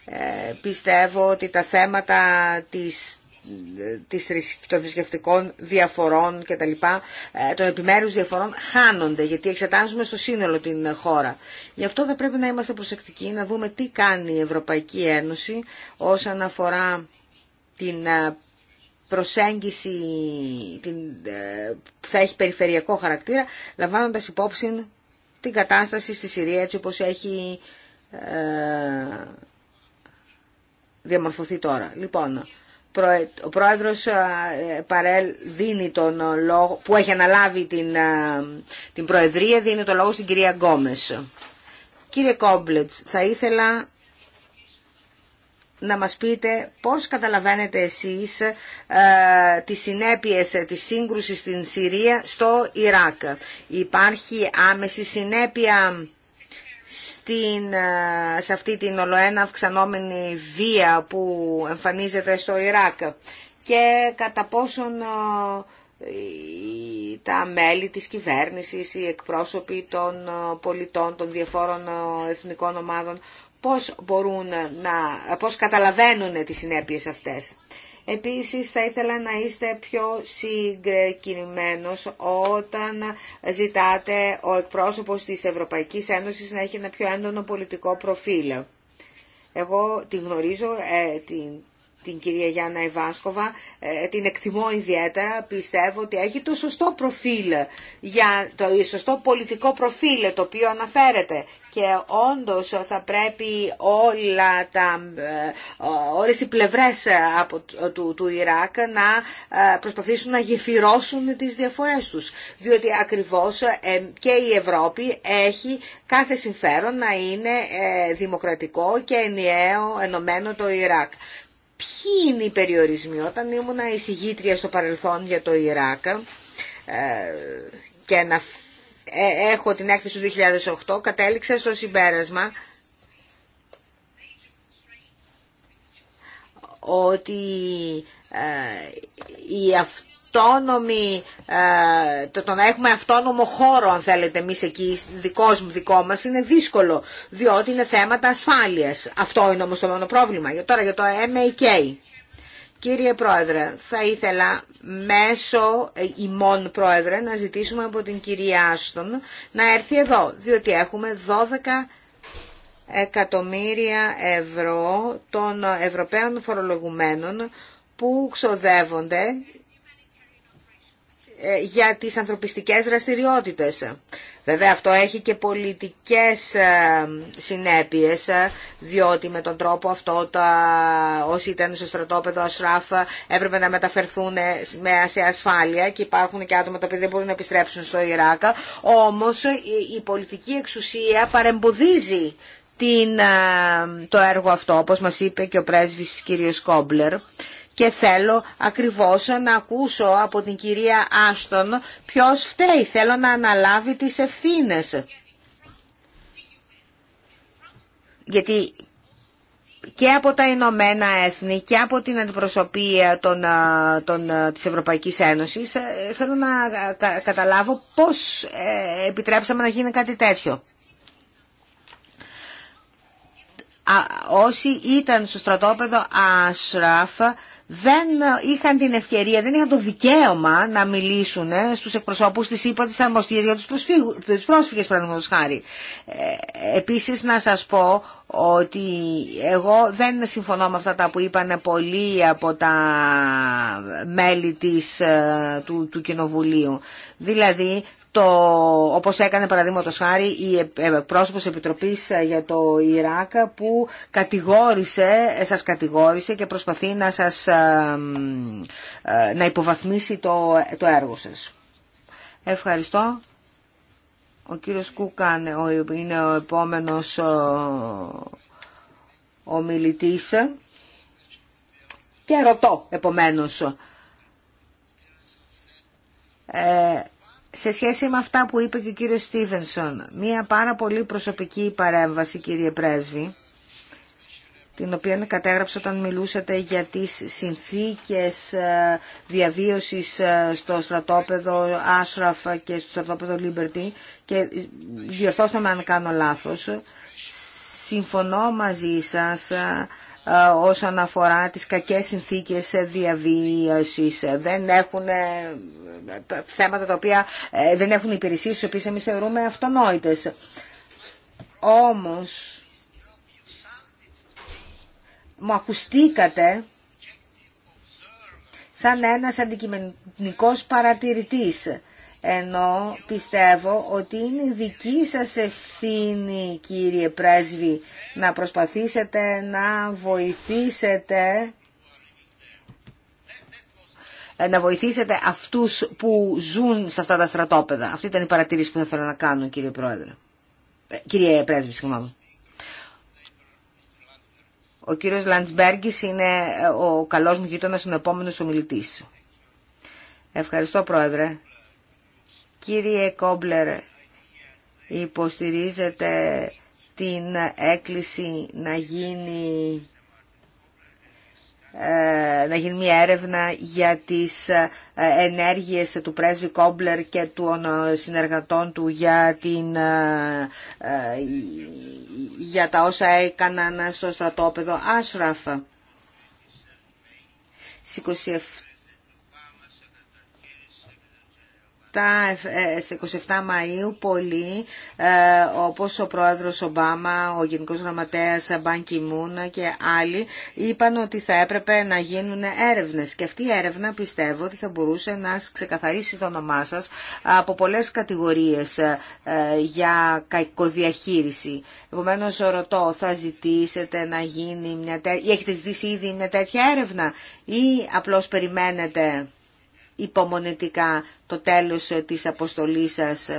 Ε, πιστεύω ότι τα θέματα της, των θρησκευτικών διαφορών και τα λοιπά, ε, των επιμέρους διαφορών χάνονται γιατί εξετάζουμε στο σύνολο την χώρα. Γι' αυτό θα πρέπει να είμαστε προσεκτικοί, να δούμε τι κάνει η Ευρωπαϊκή Ένωση όσον αφορά την ε, προσέγγιση την, ε, που θα έχει περιφερειακό χαρακτήρα, λαμβάνοντας υπόψη την κατάσταση στη Συρία έτσι όπως έχει διαμορφωθεί τώρα. Λοιπόν, ο πρόεδρος ε, Παρέλ δίνει τον ε, λόγο, που έχει αναλάβει την, ε, την προεδρία δίνει το λόγο στην κυρία Γκόμες. Κύριε Κόμπλετς, θα ήθελα να μας πείτε πώς καταλαβαίνετε εσείς ε, τις συνέπειες της σύγκρουσης στην Συρία στο Ιράκ. Υπάρχει άμεση συνέπεια στην, σε αυτή την ολοένα αυξανόμενη βία που εμφανίζεται στο Ιράκ και κατά πόσον τα μέλη της κυβέρνησης, οι εκπρόσωποι των πολιτών, των διαφόρων εθνικών ομάδων, πώς, μπορούν να, πώς καταλαβαίνουν τις συνέπειες αυτές. Επίσης θα ήθελα να είστε πιο συγκεκριμένος όταν ζητάτε ο εκπρόσωπος της Ευρωπαϊκής Ένωσης να έχει ένα πιο έντονο πολιτικό προφίλ. Εγώ τη γνωρίζω, ε, την, την κυρία Γιάννα Εβάσκοβα, ε, την εκτιμώ ιδιαίτερα, πιστεύω ότι έχει το σωστό προφίλ, για το σωστό πολιτικό προφίλ το οποίο αναφέρεται και όντως θα πρέπει όλα τα, ε, όλες οι πλευρές από, του, του Ιράκ να ε, προσπαθήσουν να γεφυρώσουν τις διαφορές τους. Διότι ακριβώς και η Ευρώπη έχει κάθε συμφέρον να είναι δημοκρατικό και ενιαίο ενωμένο το Ιράκ ποιοι είναι οι περιορισμοί. Όταν ήμουν εισηγήτρια στο παρελθόν για το Ιράκ ε, και ε, έχω την έκθεση του 2008, κατέληξα στο συμπέρασμα ότι ε, η αυτοκίνηση αυτόνομη, ε, το, να έχουμε αυτόνομο χώρο αν θέλετε εμεί εκεί, δικός μου, δικό μας είναι δύσκολο, διότι είναι θέματα ασφάλειας. Αυτό είναι όμως το μόνο πρόβλημα. Για, τώρα για το MAK. Κύριε Πρόεδρε, θα ήθελα μέσω ε, ημών Πρόεδρε να ζητήσουμε από την κυρία Άστον να έρθει εδώ, διότι έχουμε 12 εκατομμύρια ευρώ των Ευρωπαίων φορολογουμένων που ξοδεύονται ε, για τις ανθρωπιστικές δραστηριότητες. Βέβαια αυτό έχει και πολιτικές ε, συνέπειες, ε, διότι με τον τρόπο αυτό τα, όσοι ήταν στο στρατόπεδο Ασράφ έπρεπε να μεταφερθούν σε ασφάλεια και υπάρχουν και άτομα τα οποία δεν μπορούν να επιστρέψουν στο Ιράκ. Όμως η πολιτική εξουσία παρεμποδίζει την, το έργο αυτό, όπως μας είπε και ο πρέσβης κύριος Κόμπλερ και θέλω ακριβώς να ακούσω από την κυρία Άστον ποιος φταίει. Θέλω να αναλάβει τις ευθύνες. Γιατί και από τα Ηνωμένα Έθνη και από την αντιπροσωπεία των, των, της Ευρωπαϊκής Ένωσης ε, θέλω να καταλάβω πώς ε, επιτρέψαμε να γίνει κάτι τέτοιο. Όσοι ήταν στο στρατόπεδο Ασραφ δεν είχαν την ευκαιρία, δεν είχαν το δικαίωμα να μιλήσουν ε, στους εκπροσώπους της ΥΠΑ της Αρμοστίας για τους, τους πρόσφυγες, χάρη. Ε, επίσης να σας πω ότι εγώ δεν συμφωνώ με αυτά τα που είπαν πολλοί από τα μέλη της, ε, του, του Κοινοβουλίου. Δηλαδή το, όπως έκανε παραδείγματο χάρη η ε, πρόσωπος Επιτροπής ε, για το Ιράκ που κατηγόρησε, ε, σας κατηγόρησε και προσπαθεί να σας να υποβαθμίσει το, το έργο σας. Ευχαριστώ. Ο κύριος Κούκαν είναι ο επόμενος ομιλητής και ρωτώ επομένως. Ε, σε σχέση με αυτά που είπε και ο κύριος Στίβενσον, μία πάρα πολύ προσωπική παρέμβαση κύριε Πρέσβη, την οποία κατέγραψα όταν μιλούσατε για τις συνθήκες ε, διαβίωσης ε, στο στρατόπεδο Άσραφ και στο στρατόπεδο Λίμπερτι και διορθώστε με αν κάνω λάθος. Συμφωνώ μαζί σας ε, όσον αφορά τις κακές συνθήκες διαβίωσης. Δεν έχουν ε, θέματα τα οποία ε, δεν έχουν υπηρεσίες τις οποίες εμείς θεωρούμε αυτονόητες. Όμως, μου ακουστήκατε σαν ένας αντικειμενικός παρατηρητής ενώ πιστεύω ότι είναι δική σας ευθύνη κύριε πρέσβη να προσπαθήσετε να βοηθήσετε να βοηθήσετε αυτούς που ζουν σε αυτά τα στρατόπεδα. Αυτή ήταν η παρατήρηση που θα θέλω να κάνω κύριε Πρόεδρε. Ε, κύριε Πρέσβη, συγγνώμη. Ο κύριος Λαντσμπέργκης είναι ε, ο καλός μου γείτονας, ο επόμενος ομιλητής. Ευχαριστώ Πρόεδρε. Κύριε Κόμπλερ, υποστηρίζετε την έκκληση να γίνει ε, να γίνει μια έρευνα για τις ε, ενέργειες του πρέσβη Κόμπλερ και των ε, συνεργατών του για, την, για τα όσα έκαναν στο στρατόπεδο Άσραφ. Στις Ε, σε 27 Μαΐου πολλοί, ε, όπως ο πρόεδρος Ομπάμα, ο Γενικός Γραμματέας Μπάνκι Μούνα και άλλοι, είπαν ότι θα έπρεπε να γίνουν έρευνες. Και αυτή η έρευνα πιστεύω ότι θα μπορούσε να ξεκαθαρίσει το όνομά σας από πολλές κατηγορίες ε, για κακοδιαχείριση. Επομένως ρωτώ, θα ζητήσετε να γίνει μια Έχετε ζητήσει ήδη μια τέτοια έρευνα ή απλώς περιμένετε υπομονετικά το τέλος της αποστολής σας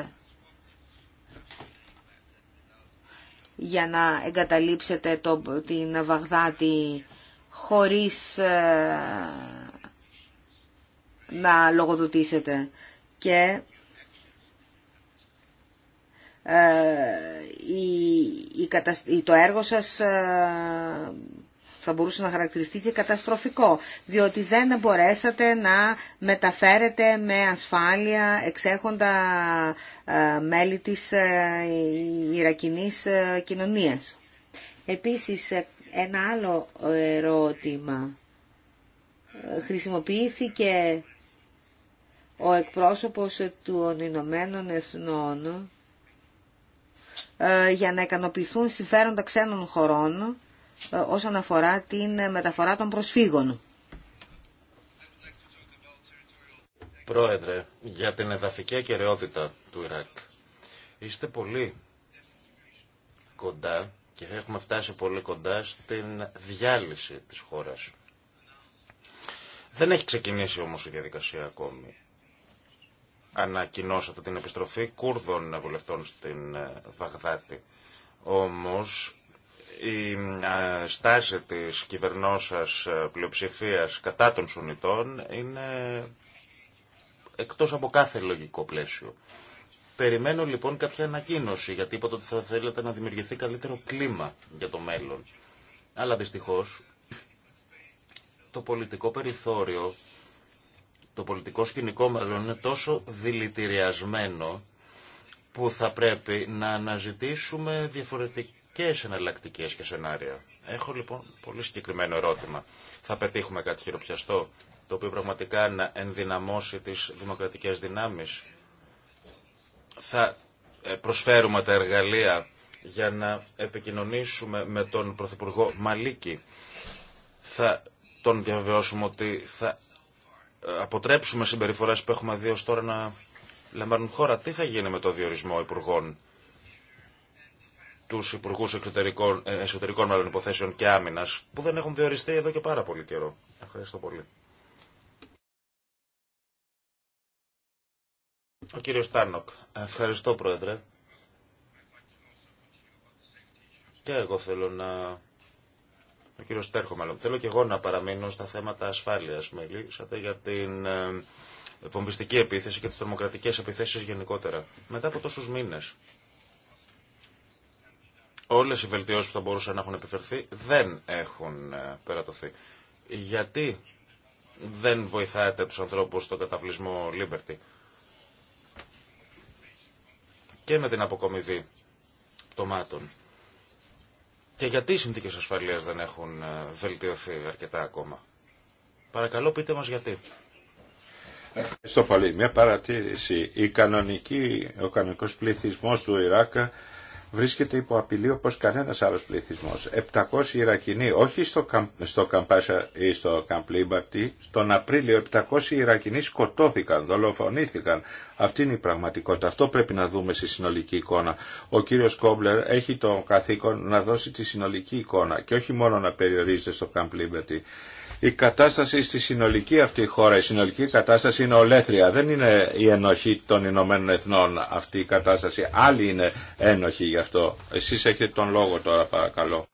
για να εγκαταλείψετε το, την Βαγδάτη χωρίς ε, να λογοδοτήσετε. Και ε, η, η, το έργο σας ε, θα μπορούσε να χαρακτηριστεί και καταστροφικό, διότι δεν μπορέσατε να μεταφέρετε με ασφάλεια εξέχοντα ε, μέλη της ε, Ιρακινής ε, κοινωνίας. Επίσης, ένα άλλο ερώτημα. Χρησιμοποιήθηκε ο εκπρόσωπος του Ηνωμένων Εθνών για να ικανοποιηθούν συμφέροντα ξένων χωρών ε, όσον αφορά την ε, μεταφορά των προσφύγων. Πρόεδρε, για την εδαφική ακαιρεότητα του Ιράκ. Είστε πολύ κοντά και έχουμε φτάσει πολύ κοντά στην διάλυση της χώρας. Δεν έχει ξεκινήσει όμως η διαδικασία ακόμη. Ανακοινώσατε την επιστροφή Κούρδων βουλευτών στην ε, Βαγδάτη. Όμως η στάση της κυβερνώσας πλειοψηφίας κατά των Σουνιτών είναι εκτός από κάθε λογικό πλαίσιο. Περιμένω λοιπόν κάποια ανακοίνωση, γιατί είπατε ότι θα θέλετε να δημιουργηθεί καλύτερο κλίμα για το μέλλον. Αλλά δυστυχώς το πολιτικό περιθώριο, το πολιτικό σκηνικό μάλλον είναι τόσο δηλητηριασμένο που θα πρέπει να αναζητήσουμε διαφορετικά και σε εναλλακτικέ και σενάρια. Έχω λοιπόν πολύ συγκεκριμένο ερώτημα. Θα πετύχουμε κάτι χειροπιαστό, το οποίο πραγματικά να ενδυναμώσει τι δημοκρατικέ δυνάμει. Θα ε, προσφέρουμε τα εργαλεία για να επικοινωνήσουμε με τον Πρωθυπουργό Μαλίκη. Θα τον διαβεβαιώσουμε ότι θα ε, αποτρέψουμε συμπεριφορές που έχουμε δει ως τώρα να λαμβάνουν χώρα. Τι θα γίνει με το διορισμό υπουργών του Υπουργού Εξωτερικών, ε, εσωτερικών μάλλον Υποθέσεων και Άμυνα, που δεν έχουν διοριστεί εδώ και πάρα πολύ καιρό. Ευχαριστώ πολύ. Ο κύριο Τάνοκ. Ευχαριστώ, Πρόεδρε. Και εγώ θέλω να. Ο κύριο Τέρχο, μάλλον. Θέλω και εγώ να παραμείνω στα θέματα ασφάλεια. Μιλήσατε για την ε, βομβιστική επίθεση και τι τρομοκρατικέ επιθέσει γενικότερα. Μετά από τόσου μήνε όλες οι βελτιώσεις που θα μπορούσαν να έχουν επιφερθεί δεν έχουν ε, περατωθεί. Γιατί δεν βοηθάτε τους ανθρώπους στον καταβλισμό Liberty και με την αποκομιδή τομάτων. Και γιατί οι συνθήκες ασφαλείας δεν έχουν ε, βελτιωθεί αρκετά ακόμα. Παρακαλώ πείτε μας γιατί. Ευχαριστώ πολύ. Μια παρατήρηση. Η κανονική, ο κανονικός πληθυσμός του Ιράκ βρίσκεται υπό απειλή όπω κανένας άλλο πληθυσμό. 700 Ιρακινοί, όχι στο, στο Καμπάσα ή στο Καμπλίμπαρτι, τον Απρίλιο 700 Ιρακινοί σκοτώθηκαν, δολοφονήθηκαν. Αυτή είναι η πραγματικότητα. Αυτό πρέπει να δούμε στη συνολική εικόνα. Ο κύριος Κόμπλερ έχει το καθήκον να δώσει τη συνολική εικόνα και όχι μόνο να περιορίζεται στο Καμπλίμπαρτι η κατάσταση στη συνολική αυτή χώρα, η συνολική κατάσταση είναι ολέθρια. Δεν είναι η ενοχή των Ηνωμένων Εθνών αυτή η κατάσταση. Άλλοι είναι ενόχη γι' αυτό. Εσείς έχετε τον λόγο τώρα παρακαλώ.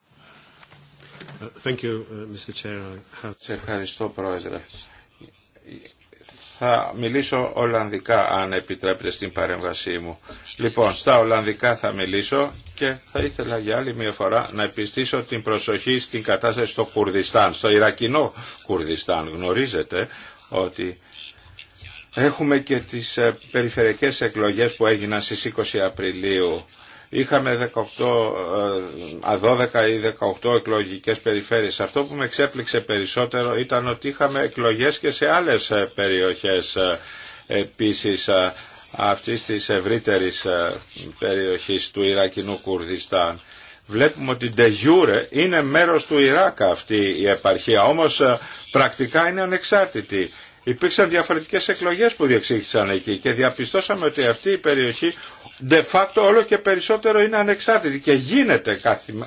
Thank you, Mr. Σε ευχαριστώ Πρόεδρε. Θα μιλήσω Ολλανδικά αν επιτρέπετε στην παρέμβασή μου. Λοιπόν, στα Ολλανδικά θα μιλήσω και θα ήθελα για άλλη μια φορά να επιστήσω την προσοχή στην κατάσταση στο Κουρδιστάν, στο Ιρακινό Κουρδιστάν. Γνωρίζετε ότι έχουμε και τις ε, περιφερειακές εκλογές που έγιναν στις 20 Απριλίου. Είχαμε 18, 12 ε, ή 18 εκλογικές περιφέρειες. Αυτό που με ξέπληξε περισσότερο ήταν ότι είχαμε εκλογές και σε άλλες ε, περιοχές επίσης αυτή της ευρύτερης ε, περιοχής του Ιρακινού Κουρδιστάν. Βλέπουμε ότι Ντεγιούρε είναι μέρος του Ιράκ αυτή η επαρχία, όμως ε, πρακτικά είναι ανεξάρτητη. Υπήρξαν διαφορετικές εκλογές που διεξήχθησαν εκεί και διαπιστώσαμε ότι αυτή η περιοχή de facto όλο και περισσότερο είναι ανεξάρτητη και γίνεται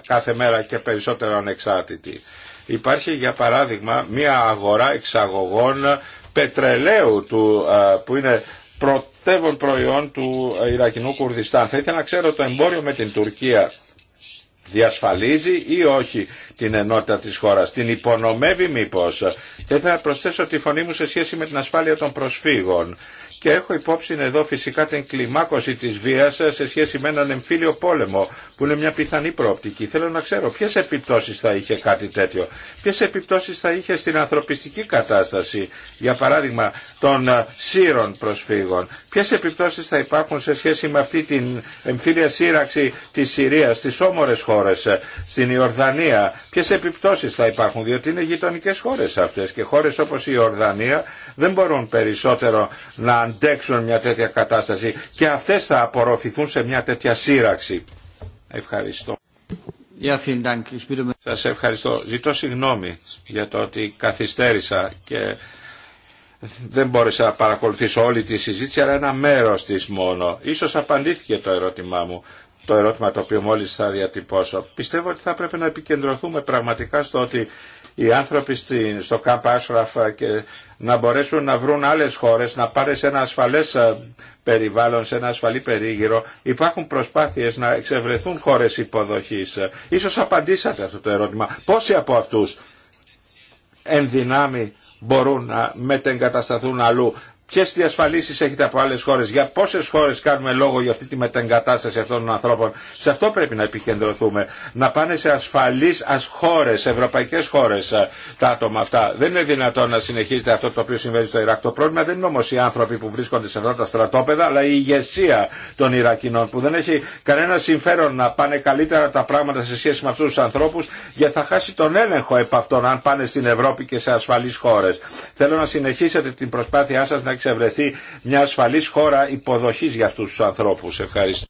κάθε μέρα και περισσότερο ανεξάρτητη. Υπάρχει για παράδειγμα μια αγορά εξαγωγών ε, πετρελαίου του, που είναι προ προμηθευτεύων προϊόν του Ιρακινού Κουρδιστάν. Θα ήθελα να ξέρω το εμπόριο με την Τουρκία διασφαλίζει ή όχι την ενότητα της χώρας, την υπονομεύει μήπως. Και θα προσθέσω τη φωνή μου σε σχέση με την ασφάλεια των προσφύγων. Και έχω υπόψη εδώ φυσικά την κλιμάκωση της βίας σε σχέση με έναν εμφύλιο πόλεμο που είναι μια πιθανή προοπτική. Θέλω να ξέρω ποιε επιπτώσεις θα είχε κάτι τέτοιο. ποιε επιπτώσεις θα είχε στην ανθρωπιστική κατάσταση, για παράδειγμα των ε, σύρων προσφύγων. Ποιε επιπτώσεις θα υπάρχουν σε σχέση με αυτή την εμφύλια σύραξη της Συρίας στι όμορε χώρε στην Ιορδανία. Ποιε επιπτώσεις θα υπάρχουν, διότι είναι γειτονικέ χώρες αυτές και χώρες όπως η Ιορδανία δεν μπορούν περισσότερο να αντέξουν μια τέτοια κατάσταση και αυτές θα απορροφηθούν σε μια τέτοια σύραξη. Ευχαριστώ. Um- Σα ευχαριστώ. Ζητώ συγγνώμη για το ότι καθυστέρησα και δεν μπόρεσα να παρακολουθήσω όλη τη συζήτηση, αλλά ένα μέρος της μόνο. Ίσως απαντήθηκε το ερώτημά μου, το ερώτημα το οποίο μόλις θα διατυπώσω. Πιστεύω ότι θα πρέπει να επικεντρωθούμε πραγματικά στο ότι οι άνθρωποι στο ΚΑΠ και να μπορέσουν να βρουν άλλες χώρες, να πάρει σε ένα ασφαλές ε, περιβάλλον, σε ένα ασφαλή περίγυρο. Υπάρχουν προσπάθειες να εξευρεθούν χώρες υποδοχής. Ίσως απαντήσατε αυτό το ερώτημα. Πόσοι από αυτούς ενδυνάμει μπορούν να μετεγκατασταθούν αλλού Ποιε διασφαλίσει έχετε από άλλε χώρε, για πόσε χώρε κάνουμε λόγο για αυτή τη μετεγκατάσταση αυτών των ανθρώπων. Σε αυτό πρέπει να επικεντρωθούμε. Να πάνε σε ασφαλεί χώρε, ευρωπαϊκέ χώρε ε, τα άτομα αυτά. Δεν είναι δυνατόν να συνεχίζεται αυτό το οποίο συμβαίνει στο Ιράκ. Το πρόβλημα δεν είναι όμω οι άνθρωποι που βρίσκονται σε αυτά τα στρατόπεδα, αλλά η ηγεσία των Ιρακινών που δεν έχει κανένα συμφέρον να πάνε καλύτερα τα πράγματα σε σχέση με αυτού του ανθρώπου, γιατί θα χάσει τον έλεγχο επ' αν πάνε στην Ευρώπη και σε ασφαλεί χώρε. Θέλω να συνεχίσετε την προσπάθειά σα εξευρεθεί μια ασφαλής χώρα υποδοχής για αυτούς τους ανθρώπους. Ευχαριστώ.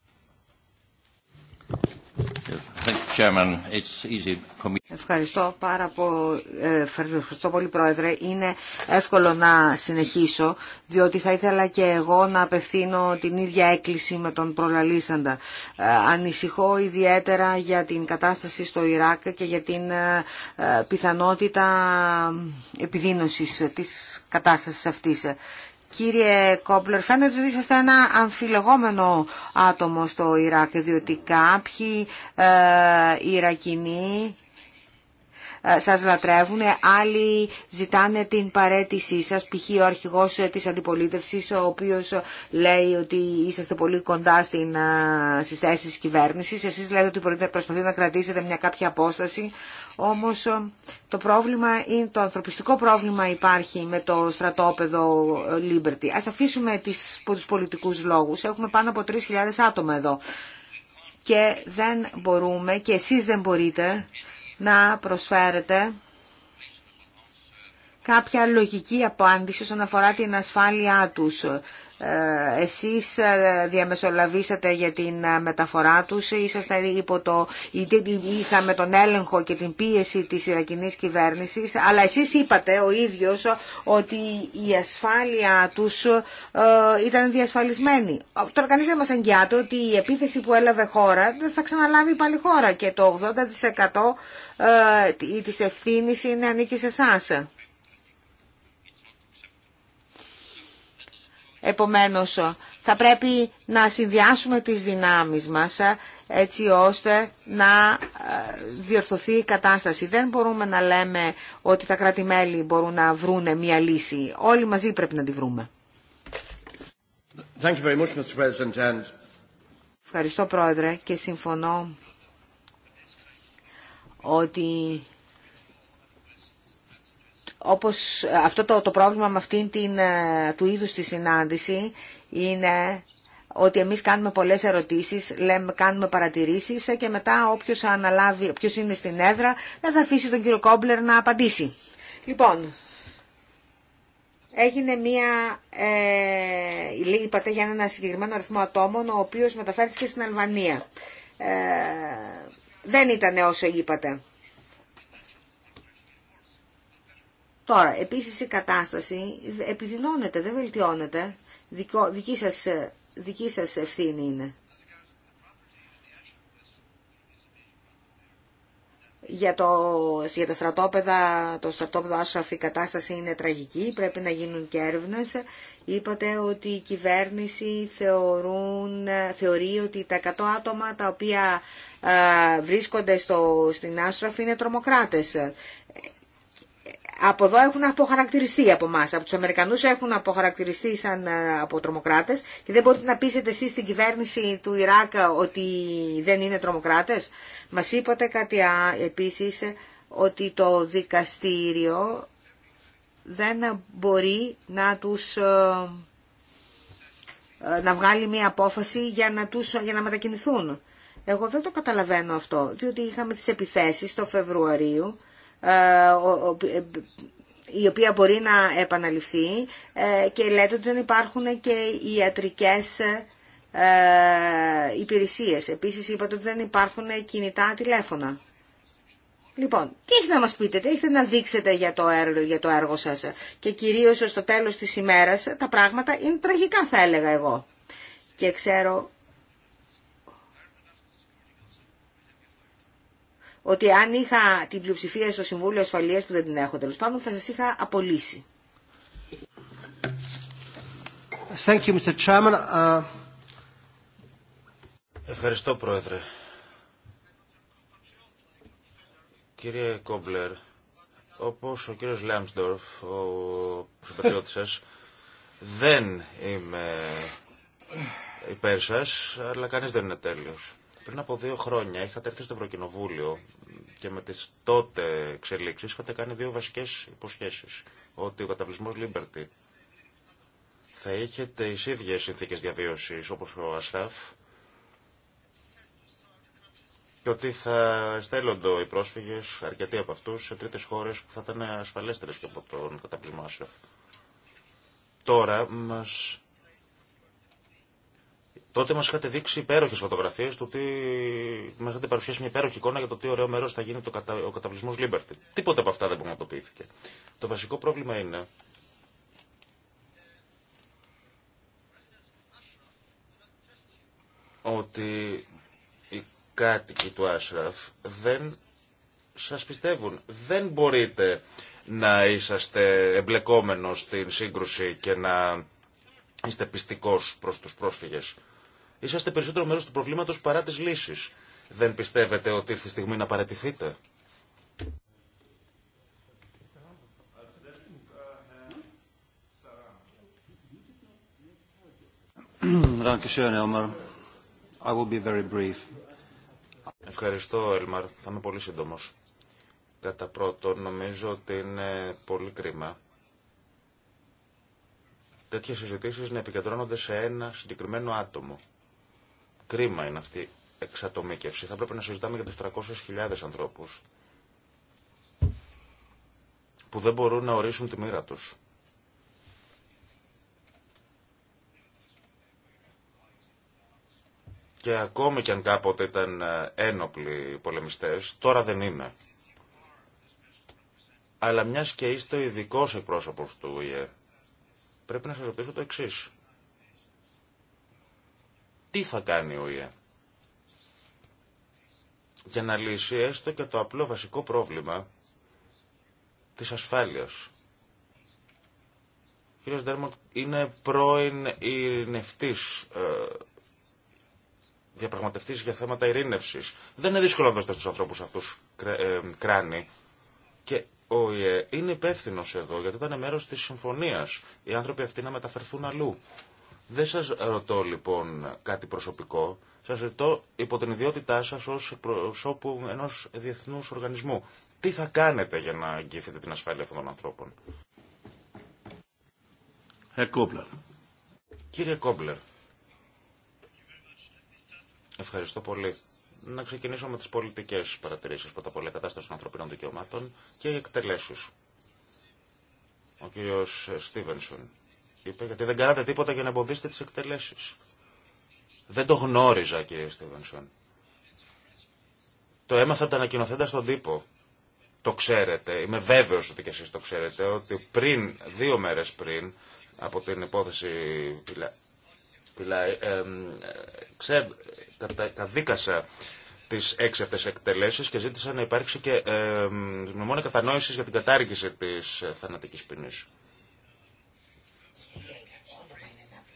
Ευχαριστώ πάρα πολύ, ε, ευχαριστώ πολύ Πρόεδρε. Είναι εύκολο να συνεχίσω, διότι θα ήθελα και εγώ να απευθύνω την ίδια έκκληση με τον προλαλήσαντα. Ε, ανησυχώ ιδιαίτερα για την κατάσταση στο Ιράκ και για την ε, πιθανότητα επιδίνωσης της κατάστασης αυτής. Κύριε Κόμπλερ, φαίνεται ότι είσαστε ένα αμφιλεγόμενο άτομο στο Ιράκ, διότι κάποιοι ε, Ιρακινοί ε, σας λατρεύουν, ε, άλλοι ζητάνε την παρέτησή σας, π.χ. ο αρχηγός ε, της αντιπολίτευσης, ο οποίος λέει ότι είσαστε πολύ κοντά στην, στις θέσεις της κυβέρνησης, εσείς λέτε ότι μπορείτε, προσπαθείτε να κρατήσετε μια κάποια απόσταση, όμως το πρόβλημα είναι, το ανθρωπιστικό πρόβλημα υπάρχει με το στρατόπεδο Liberty. Ας αφήσουμε τις, τους πολιτικούς λόγους, έχουμε πάνω από 3.000 άτομα εδώ και δεν μπορούμε και εσείς δεν μπορείτε να προσφέρετε κάποια λογική απάντηση όσον αφορά την ασφάλειά τους. Ε, εσείς ε, διαμεσολαβήσατε για την ε, μεταφορά τους, Είσαστε υπό το, είχαμε τον έλεγχο και την πίεση της Ιρακινής κυβέρνησης, αλλά εσείς είπατε ο ίδιος ότι η ασφάλεια τους ήταν διασφαλισμένη. Τώρα κανείς δεν μας αγγιάται ότι η επίθεση που έλαβε χώρα δεν θα ξαναλάβει πάλι χώρα και το 80% ή ε, της ευθύνης είναι ανήκει σε εσά. Επομένως, θα πρέπει να συνδυάσουμε τις δυνάμεις μας ε, έτσι ώστε να ε, διορθωθεί η κατάσταση. Δεν μπορούμε να λέμε ότι τα κράτη-μέλη μπορούν να βρούνε μια λύση. Όλοι μαζί πρέπει να τη βρούμε. Ευχαριστώ, Πρόεδρε, και συμφωνώ ότι όπως αυτό το, το πρόβλημα με αυτήν την, ε, του είδους τη συνάντηση είναι ότι εμείς κάνουμε πολλές ερωτήσεις, λέμε, κάνουμε παρατηρήσεις και μετά όποιος, αναλάβει, όποιος είναι στην έδρα δεν θα αφήσει τον κύριο Κόμπλερ να απαντήσει. Λοιπόν, έγινε μία, ε, είπατε για ένα συγκεκριμένο αριθμό ατόμων ο οποίος μεταφέρθηκε στην Αλβανία. Ε, δεν ήταν όσο είπατε. Τώρα, επίσης η κατάσταση επιδεινώνεται, δεν βελτιώνεται. Δικό, δική, σας, δική σας ευθύνη είναι. Για, το, για τα στρατόπεδα, το στρατόπεδο Άσραφ η κατάσταση είναι τραγική, πρέπει να γίνουν και έρευνες Είπατε ότι η κυβέρνηση θεωρούν, θεωρεί ότι τα 100 άτομα τα οποία βρίσκονται στο, στην Άστραφη είναι τρομοκράτες. Από εδώ έχουν αποχαρακτηριστεί από εμά. Από του Αμερικανού έχουν αποχαρακτηριστεί σαν από τρομοκράτε και δεν μπορείτε να πείσετε εσεί στην κυβέρνηση του Ιράκ ότι δεν είναι τρομοκράτε. Μα είπατε κάτι επίση ότι το δικαστήριο δεν μπορεί να τους ε, ε, να βγάλει μια απόφαση για να, τους, για να μετακινηθούν. Εγώ δεν το καταλαβαίνω αυτό, διότι είχαμε τις επιθέσεις το Φεβρουαρίου, ε, η οποία μπορεί να επαναληφθεί και λέτε ότι δεν υπάρχουν και οι ιατρικές υπηρεσίες. Επίσης είπατε ότι δεν υπάρχουν κινητά τηλέφωνα. Λοιπόν, τι έχετε να μας πείτε, τι έχετε να δείξετε για το, έργο, για το έργο σας και κυρίως στο τέλος της ημέρας τα πράγματα είναι τραγικά θα έλεγα εγώ. Και ξέρω ότι αν είχα την πλειοψηφία στο Συμβούλιο Ασφαλείας που δεν την έχω τέλος πάντων θα σας είχα απολύσει. Thank you, Mr. Chairman. Uh, Ευχαριστώ Πρόεδρε. Κύριε Κόμπλερ, όπως ο κύριος Λάμσντορφ, ο συμπατριώτης σας, δεν είμαι υπέρ σας, αλλά κανείς δεν είναι τέλειος. Πριν από δύο χρόνια είχατε έρθει στο Ευρωκοινοβούλιο και με τις τότε εξελίξεις είχατε κάνει δύο βασικές υποσχέσεις. Ότι ο καταβλισμός Λίμπερτι θα είχε τις ίδιες συνθήκες διαβίωσης όπως ο Ασράφ και ότι θα στέλνονται οι πρόσφυγες, αρκετοί από αυτούς, σε τρίτες χώρες που θα ήταν ασφαλέστερε και από τον καταπλημάσιο. Τώρα μα. Τότε μας είχατε δείξει υπέροχε φωτογραφίες του Μας είχατε παρουσιάσει μια υπέροχη εικόνα για το τι ωραίο μέρος θα γίνει το κατα... ο καταπλησμό Λίμπερτι. Τίποτα από αυτά δεν πραγματοποιήθηκε. Το βασικό πρόβλημα είναι ότι κάτοικοι του Άσραφ δεν σας πιστεύουν. Δεν μπορείτε να είσαστε εμπλεκόμενος στην σύγκρουση και να είστε πιστικός προς τους πρόσφυγες. Είσαστε περισσότερο μέρος του προβλήματος παρά της λύσης. Δεν πιστεύετε ότι ήρθε η στιγμή να παρατηθείτε. I will be very brief. Ευχαριστώ, Έλμαρ. Θα είμαι πολύ σύντομο. Κατά πρώτον, νομίζω ότι είναι πολύ κρίμα τέτοιες συζητήσεις να επικεντρώνονται σε ένα συγκεκριμένο άτομο. Κρίμα είναι αυτή η εξατομίκευση. Θα πρέπει να συζητάμε για τους 300.000 ανθρώπους που δεν μπορούν να ορίσουν τη μοίρα τους. και ακόμη και αν κάποτε ήταν ε, ένοπλοι πολεμιστές, τώρα δεν είναι. Αλλά μιας και είστε ο ειδικό εκπρόσωπος του ΙΕ, πρέπει να σας ρωτήσω το εξής. Τι θα κάνει ο ΙΕ για να λύσει έστω και το απλό βασικό πρόβλημα της ασφάλειας. Ο κύριος Ντέρμοντ είναι πρώην ειρηνευτής ε, διαπραγματευτεί για θέματα ειρήνευση. Δεν είναι δύσκολο να δώσετε στου ανθρώπου αυτού ε, κράνη. Και ο ΙΕ είναι υπεύθυνο εδώ, γιατί ήταν μέρο τη συμφωνία. Οι άνθρωποι αυτοί να μεταφερθούν αλλού. Δεν σα ρωτώ λοιπόν κάτι προσωπικό. Σα ρωτώ υπό την ιδιότητά σα ω προσώπου ενό διεθνού οργανισμού. Τι θα κάνετε για να αγγίθετε την ασφάλεια αυτών των ανθρώπων. Κύριε Κόμπλερ, Ευχαριστώ πολύ. Να ξεκινήσω με τις πολιτικές παρατηρήσεις πρώτα απ' όλα κατάσταση των ανθρωπίνων δικαιωμάτων και οι εκτελέσεις. Ο κύριος Στίβενσον είπε γιατί δεν κάνατε τίποτα για να εμποδίσετε τις εκτελέσεις. Δεν το γνώριζα κύριε Στίβενσον. Το έμαθα τα ανακοινοθέντα στον τύπο. Το ξέρετε, είμαι βέβαιο ότι και εσεί το ξέρετε, ότι πριν, δύο μέρε πριν, από την υπόθεση ε, ε, ξε, καταδίκασα τι έξι αυτέ εκτελέσει και ζήτησα να υπάρξει και ε, μνημόνια κατανόηση για την κατάργηση τη ε, θανατική ποινή.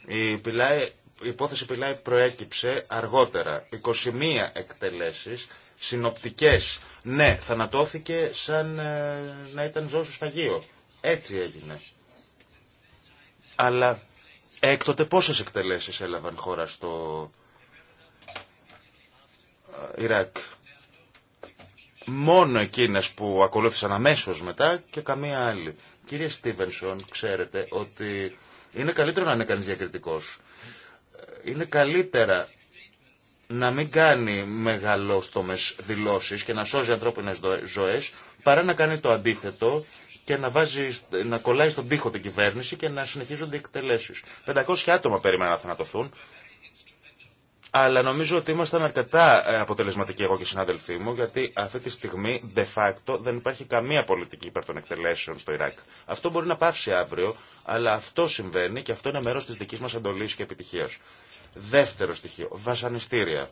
Η, η υπόθεση Πιλάη προέκυψε αργότερα. 21 εκτελέσεις, συνοπτικές. Ναι, θανατώθηκε σαν ε, να ήταν ζώο σφαγείο. Έτσι έγινε. Αλλά Έκτοτε πόσες εκτελέσεις έλαβαν χώρα στο ε, Ιράκ. Μόνο εκείνες που ακολούθησαν αμέσως μετά και καμία άλλη. Κύριε Στίβενσον, ξέρετε ότι είναι καλύτερο να είναι κανείς διακριτικός. Ε, είναι καλύτερα να μην κάνει μεγαλόστομες δηλώσεις και να σώζει ανθρώπινες ζωές, παρά να κάνει το αντίθετο και να, βάζει, να κολλάει στον τοίχο την κυβέρνηση και να συνεχίζονται οι εκτελέσεις. 500 άτομα περίμεναν να θανατωθούν. Αλλά νομίζω ότι ήμασταν αρκετά ε, αποτελεσματικοί εγώ και οι συνάδελφοί μου, γιατί αυτή τη στιγμή, de facto, δεν υπάρχει καμία πολιτική υπέρ των εκτελέσεων στο Ιράκ. Αυτό μπορεί να πάψει αύριο, αλλά αυτό συμβαίνει και αυτό είναι μέρο τη δική μα εντολή και επιτυχία. Δεύτερο στοιχείο, βασανιστήρια.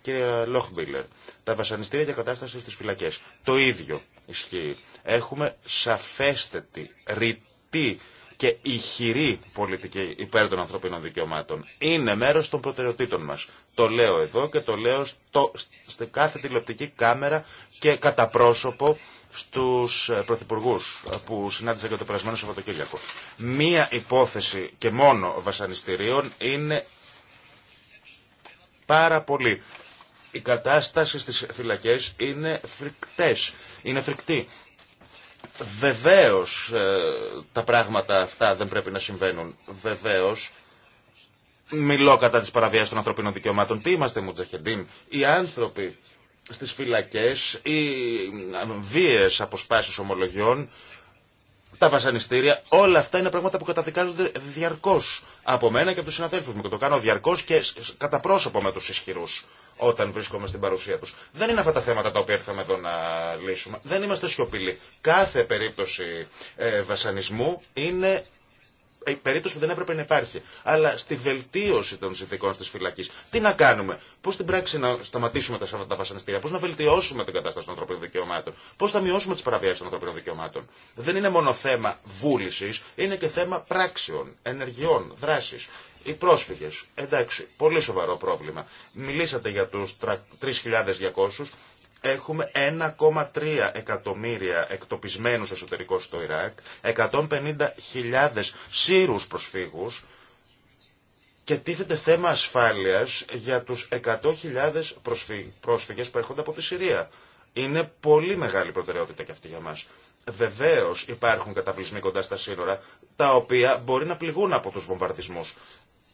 Κύριε Λόχμπιλερ, τα βασανιστήρια για κατάσταση στι φυλακέ. Το ίδιο ισχύει. Έχουμε σαφέστατη, ρητή και ηχηρή πολιτική υπέρ των ανθρωπίνων δικαιωμάτων. Είναι μέρος των προτεραιοτήτων μας. Το λέω εδώ και το λέω στο, κάθε τηλεοπτική κάμερα και κατά πρόσωπο στους πρωθυπουργούς που συνάντησα και το περασμένο Σαββατοκύριακο. Μία υπόθεση και μόνο βασανιστήριων είναι πάρα πολύ η κατάσταση στις φυλακές είναι φρικτές, είναι φρικτή. Βεβαίως ε, τα πράγματα αυτά δεν πρέπει να συμβαίνουν. Βεβαίως μιλώ κατά της παραβιάσης των ανθρωπίνων δικαιωμάτων. Τι είμαστε μου Μουτζαχεντίν. Οι άνθρωποι στις φυλακές, οι ε, βίες αποσπάσεις ομολογιών, τα βασανιστήρια, όλα αυτά είναι πράγματα που καταδικάζονται διαρκώς από μένα και από τους συναδέλφους μου και το κάνω διαρκώς και κατά πρόσωπο με τους ισχυρούς όταν βρίσκομαι στην παρουσία του. Δεν είναι αυτά τα θέματα τα οποία ήρθαμε εδώ να λύσουμε. Δεν είμαστε σιωπηλοί. Κάθε περίπτωση ε, βασανισμού είναι η ε, περίπτωση που δεν έπρεπε να υπάρχει. Αλλά στη βελτίωση των συνθήκων τη φυλακή. Τι να κάνουμε, πώ στην πράξη να σταματήσουμε τα, βασανιστήρια, πώ να βελτιώσουμε την κατάσταση των ανθρωπίνων δικαιωμάτων, πώ θα μειώσουμε τι παραβιάσει των ανθρωπίνων δικαιωμάτων. Δεν είναι μόνο θέμα βούληση, είναι και θέμα πράξεων, ενεργειών, δράση. Οι πρόσφυγες, εντάξει, πολύ σοβαρό πρόβλημα. Μιλήσατε για τους 3.200 έχουμε 1,3 εκατομμύρια εκτοπισμένους εσωτερικώς στο Ιράκ, 150.000 Σύρους προσφύγους και τίθεται θέμα ασφάλειας για τους 100.000 πρόσφυγες που έρχονται από τη Συρία. Είναι πολύ μεγάλη προτεραιότητα και αυτή για μας. Βεβαίως υπάρχουν καταβλισμοί κοντά στα σύνορα, τα οποία μπορεί να πληγούν από τους βομβαρδισμούς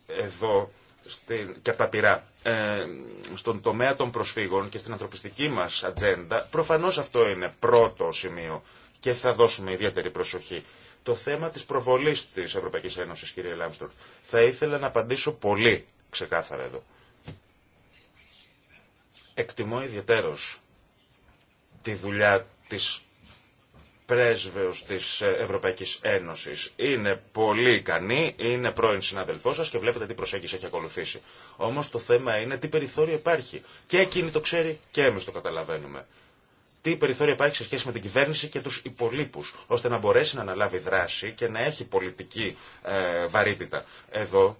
εδώ στην, και από τα πειρά ε, στον τομέα των προσφύγων και στην ανθρωπιστική μας ατζέντα, προφανώς αυτό είναι πρώτο σημείο και θα δώσουμε ιδιαίτερη προσοχή. Το θέμα της προβολής της Ευρωπαϊκής Ένωσης, κύριε θα ήθελα να απαντήσω πολύ ξεκάθαρα εδώ. Εκτιμώ ιδιαίτερος τη δουλειά της πρέσβεως της ε, Ευρωπαϊκής Ένωσης. Είναι πολύ ικανή, είναι πρώην συναδελφός σας και βλέπετε τι προσέγγιση έχει ακολουθήσει. Όμως το θέμα είναι τι περιθώριο υπάρχει. Και εκείνη το ξέρει και εμείς το καταλαβαίνουμε. Τι περιθώριο υπάρχει σε σχέση με την κυβέρνηση και τους υπολείπους, ώστε να μπορέσει να αναλάβει δράση και να έχει πολιτική ε, βαρύτητα. Εδώ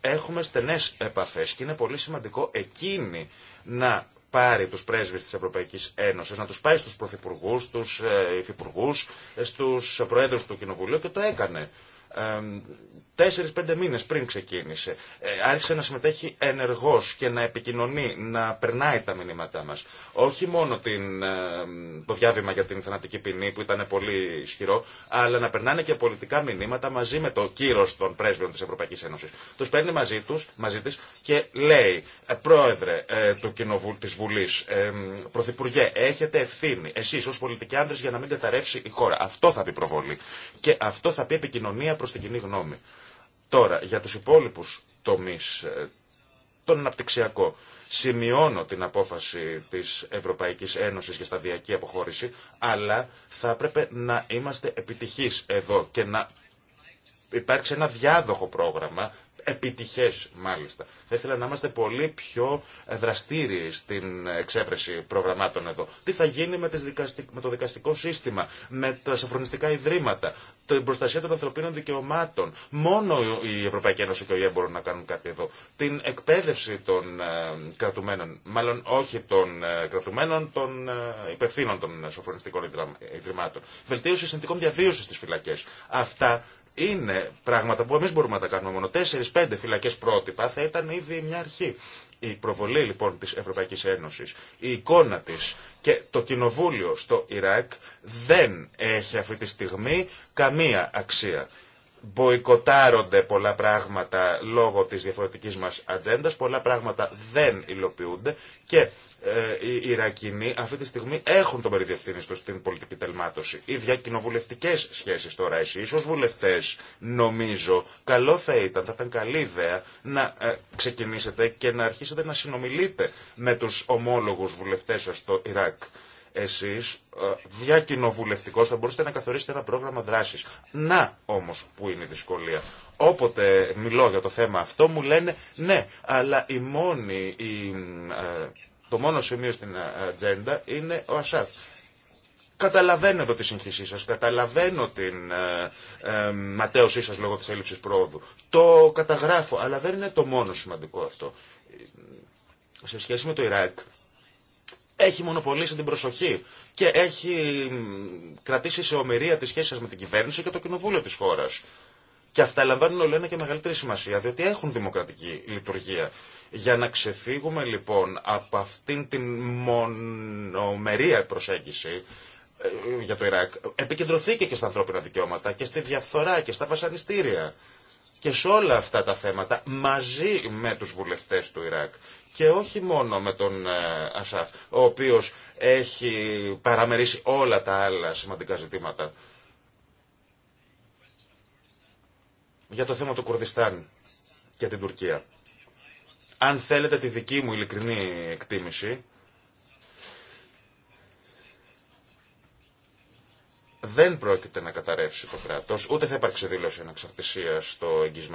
έχουμε στενές επαφές και είναι πολύ σημαντικό εκείνη να πάρει τους πρέσβεις της Ευρωπαϊκής Ένωσης, να τους πάει στους πρωθυπουργούς, στους ε, υφυπουργούς, ε, στους προέδρους του Κοινοβουλίου και το έκανε. Τέσσερι-πέντε μήνε πριν ξεκίνησε, ε, άρχισε να συμμετέχει ενεργώ και να επικοινωνεί, να περνάει τα μηνύματά μα. Όχι μόνο την, το διάβημα για την θανατική ποινή που ήταν πολύ ισχυρό, αλλά να περνάνε και πολιτικά μηνύματα μαζί με το κύρος των πρέσβειων της Ευρωπαϊκή Ένωση. Τους παίρνει μαζί, τους, μαζί της και λέει, «Ε, πρόεδρε ε, του κοινοβου, της Βουλής, πρωθυπουργέ, έχετε ευθύνη εσείς ως πολιτικοί άνδρες για να μην καταρρεύσει η χώρα. Αυτό θα πει προβολή. Και αυτό θα πει επικοινωνία Προ την κοινή γνώμη. Τώρα, για τους υπόλοιπου τομεί. Ε, τον αναπτυξιακό, σημειώνω την απόφαση της Ευρωπαϊκής Ένωσης για σταδιακή αποχώρηση, αλλά θα έπρεπε να είμαστε επιτυχεί εδώ και να υπάρξει ένα διάδοχο πρόγραμμα Επιτυχέ μάλιστα. Θα ήθελα να είμαστε πολύ πιο δραστήριοι στην εξέβρεση προγραμμάτων εδώ. Τι θα γίνει με, τις με το δικαστικό σύστημα, με τα σαφρονιστικά ιδρύματα, την προστασία των ανθρωπίνων δικαιωμάτων. Μόνο η Ευρωπαϊκή Ένωση και ο ΙΕ μπορούν να κάνουν κάτι εδώ. Την εκπαίδευση των ε, κρατουμένων, μάλλον όχι των ε, κρατουμένων, των ε, υπευθύνων των σοφρονιστικών ιδρυμάτων. Βελτίωση συνθηκών διαβίωση στι φυλακέ. Αυτά είναι πράγματα που εμεί μπορούμε να τα κάνουμε μόνο. Τέσσερι-πέντε φυλακέ πρότυπα θα ήταν ήδη μια αρχή. Η προβολή λοιπόν της Ευρωπαϊκής Ένωσης, η εικόνα της και το κοινοβούλιο στο Ιράκ δεν έχει αυτή τη στιγμή καμία αξία. Μποϊκοτάρονται πολλά πράγματα λόγω της διαφορετικής μας ατζέντα, πολλά πράγματα δεν υλοποιούνται και ε, οι Ιρακινοί αυτή τη στιγμή έχουν τον περιδιευθύνη του στην πολιτική τελμάτωση. Οι διακοινοβουλευτικέ σχέσει τώρα, εσύ ίσω βουλευτέ, νομίζω, καλό θα ήταν, θα ήταν καλή ιδέα να ε, ξεκινήσετε και να αρχίσετε να συνομιλείτε με του ομόλογου βουλευτέ σα στο Ιράκ. Εσεί, ε, διακοινοβουλευτικό, θα μπορούσατε να καθορίσετε ένα πρόγραμμα δράση. Να όμω που είναι η δυσκολία όποτε μιλώ για το θέμα αυτό μου λένε ναι, αλλά η μόνη η, το μόνο σημείο στην ε, ατζέντα είναι ο Ασάφ. Καταλαβαίνω εδώ τη συγχύσή σα, καταλαβαίνω την ε, ε, ματέωσή σα λόγω τη έλλειψη πρόοδου. Το καταγράφω, αλλά δεν είναι το μόνο σημαντικό αυτό. Σε σχέση με το Ιράκ, έχει μονοπολίσει την προσοχή και έχει κρατήσει σε ομοιρία τη σχέση σα με την κυβέρνηση και το κοινοβούλιο τη χώρα. Και αυτά λαμβάνουν όλο ένα και μεγαλύτερη σημασία, διότι έχουν δημοκρατική λειτουργία. Για να ξεφύγουμε λοιπόν από αυτήν την μονομερία προσέγγιση ε, για το Ιράκ, επικεντρωθήκε και στα ανθρώπινα δικαιώματα και στη διαφθορά και στα βασανιστήρια και σε όλα αυτά τα θέματα μαζί με τους βουλευτές του Ιράκ και όχι μόνο με τον ε, Ασάφ, ο οποίος έχει παραμερίσει όλα τα άλλα σημαντικά ζητήματα για το θέμα του Κουρδιστάν και την Τουρκία. Αν θέλετε τη δική μου ειλικρινή εκτίμηση, δεν πρόκειται να καταρρεύσει το κράτος, ούτε θα υπάρξει δήλωση αναξαρτησίας στο εγγύς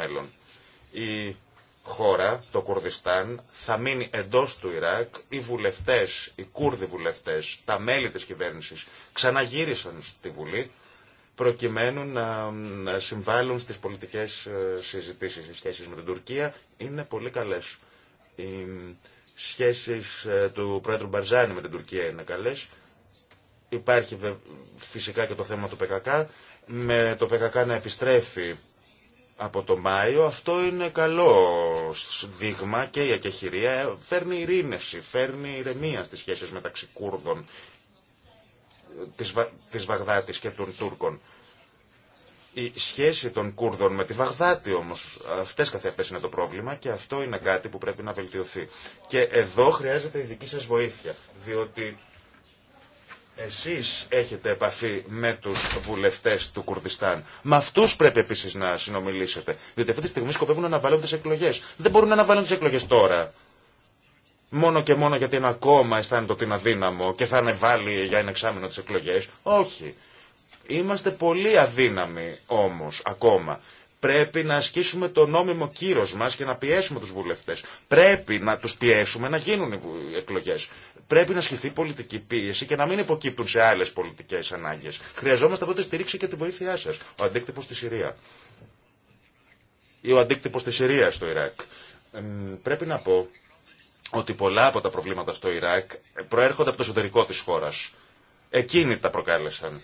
Η χώρα, το Κουρδιστάν, θα μείνει εντός του Ιράκ. Οι βουλευτές, οι Κούρδοι βουλευτές, τα μέλη της κυβέρνησης ξαναγύρισαν στη Βουλή προκειμένου να συμβάλλουν στις πολιτικές ε, συζητήσεις. Οι σχέσεις με την Τουρκία είναι πολύ καλές. Οι σχέσεις ε, του πρόεδρου Μπαρζάνη με την Τουρκία είναι καλές. Υπάρχει φυσικά και το θέμα του ΠΚΚ. Με το ΠΚΚ να επιστρέφει από το Μάιο, αυτό είναι καλό δείγμα και η ακεχηρία ε, φέρνει ειρήνευση, φέρνει ηρεμία στις σχέσεις μεταξύ Κούρδων της, Βα... Βαγδάτης και των Τούρκων. Η σχέση των Κούρδων με τη Βαγδάτη όμως, αυτές αυτές είναι το πρόβλημα και αυτό είναι κάτι που πρέπει να βελτιωθεί. Και εδώ χρειάζεται η δική σας βοήθεια, διότι εσείς έχετε επαφή με τους βουλευτές του Κουρδιστάν. Με αυτούς πρέπει επίσης να συνομιλήσετε, διότι αυτή τη στιγμή σκοπεύουν να αναβάλουν τις εκλογές. Δεν μπορούν να αναβάλουν τις εκλογές τώρα μόνο και μόνο γιατί είναι ακόμα αισθάνεται ότι είναι αδύναμο και θα ανεβάλει για ένα εξάμεινο τις εκλογέ. Όχι. Είμαστε πολύ αδύναμοι όμω ακόμα. Πρέπει να ασκήσουμε το νόμιμο κύρος μας και να πιέσουμε τους βουλευτές. Πρέπει να τους πιέσουμε να γίνουν οι εκλογές. Πρέπει να ασκηθεί πολιτική πίεση και να μην υποκύπτουν σε άλλες πολιτικές ανάγκες. Χρειαζόμαστε εδώ τη στηρίξη και τη βοήθειά σας. Ο αντίκτυπος στη Συρία. Ή ο αντίκτυπο τη Συρία στο Ιράκ. Ε, πρέπει να πω ότι πολλά από τα προβλήματα στο Ιράκ προέρχονται από το εσωτερικό της χώρας. Εκείνοι τα προκάλεσαν.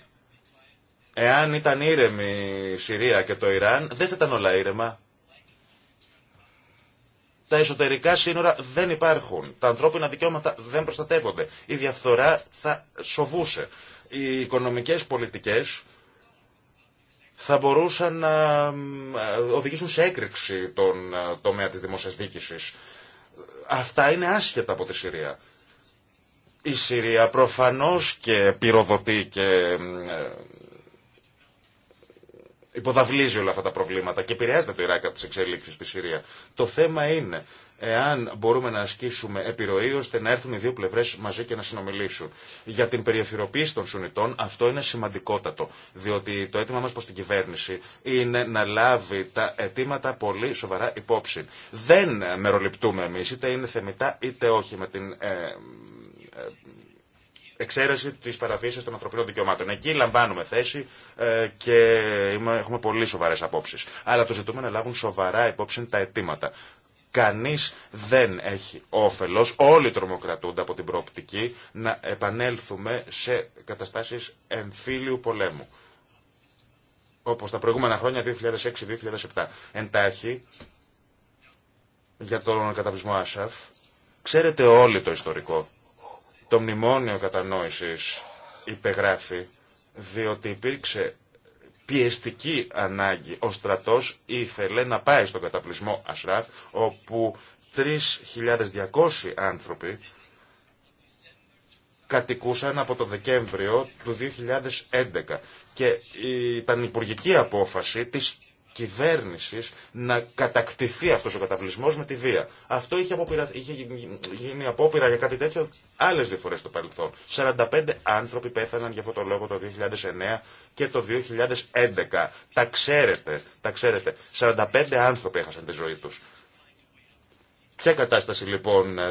Εάν ήταν ήρεμη η Συρία και το Ιράν, δεν θα ήταν όλα ήρεμα. Τα εσωτερικά σύνορα δεν υπάρχουν. Τα ανθρώπινα δικαιώματα δεν προστατεύονται. Η διαφθορά θα σοβούσε. Οι οικονομικές πολιτικές θα μπορούσαν να οδηγήσουν σε έκρηξη τον ε, τομέα της δημόσιας αυτά είναι άσχετα από τη Συρία. Η Συρία προφανώς και πυροδοτεί και ε, υποδαβλίζει όλα αυτά τα προβλήματα και επηρεάζεται το Ιράκ από τις εξελίξεις στη Συρία. Το θέμα είναι εάν μπορούμε να ασκήσουμε επιρροή ώστε να έρθουν οι δύο πλευρέ μαζί και να συνομιλήσουν. Για την περιεφηροποίηση των Σουνιτών αυτό είναι σημαντικότατο, διότι το αίτημα μα προ την κυβέρνηση είναι να λάβει τα αιτήματα πολύ σοβαρά υπόψη. Δεν μεροληπτούμε εμεί, είτε είναι θεμητά είτε όχι με την. Ε, ε, εξαίρεση τη παραβίαση των ανθρωπίνων δικαιωμάτων. Εκεί λαμβάνουμε θέση ε, και έχουμε πολύ σοβαρέ απόψει. Αλλά το ζητούμε να λάβουν σοβαρά υπόψη τα αιτήματα. Κανείς δεν έχει όφελος, όλοι τρομοκρατούνται από την προοπτική να επανέλθουμε σε καταστάσεις εμφύλιου πολέμου. Όπως τα προηγούμενα χρόνια 2006-2007. Εντάχει, για τον καταπλησμό Άσαφ, ξέρετε όλοι το ιστορικό. Το μνημόνιο κατανόησης υπεγράφει διότι υπήρξε πιεστική ανάγκη. Ο στρατός ήθελε να πάει στον καταπλησμό Ασράφ, όπου 3.200 άνθρωποι κατοικούσαν από το Δεκέμβριο του 2011 και ήταν υπουργική απόφαση της κυβέρνηση να κατακτηθεί αυτός ο καταβλισμό με τη βία. Αυτό είχε, απόπειρα, είχε γίνει απόπειρα για κάτι τέτοιο άλλες δύο φορές στο παρελθόν. 45 άνθρωποι πέθαναν για αυτό το λόγο το 2009 και το 2011. Τα ξέρετε, τα ξέρετε. 45 άνθρωποι έχασαν τη ζωή τους. Ποια κατάσταση λοιπόν ε,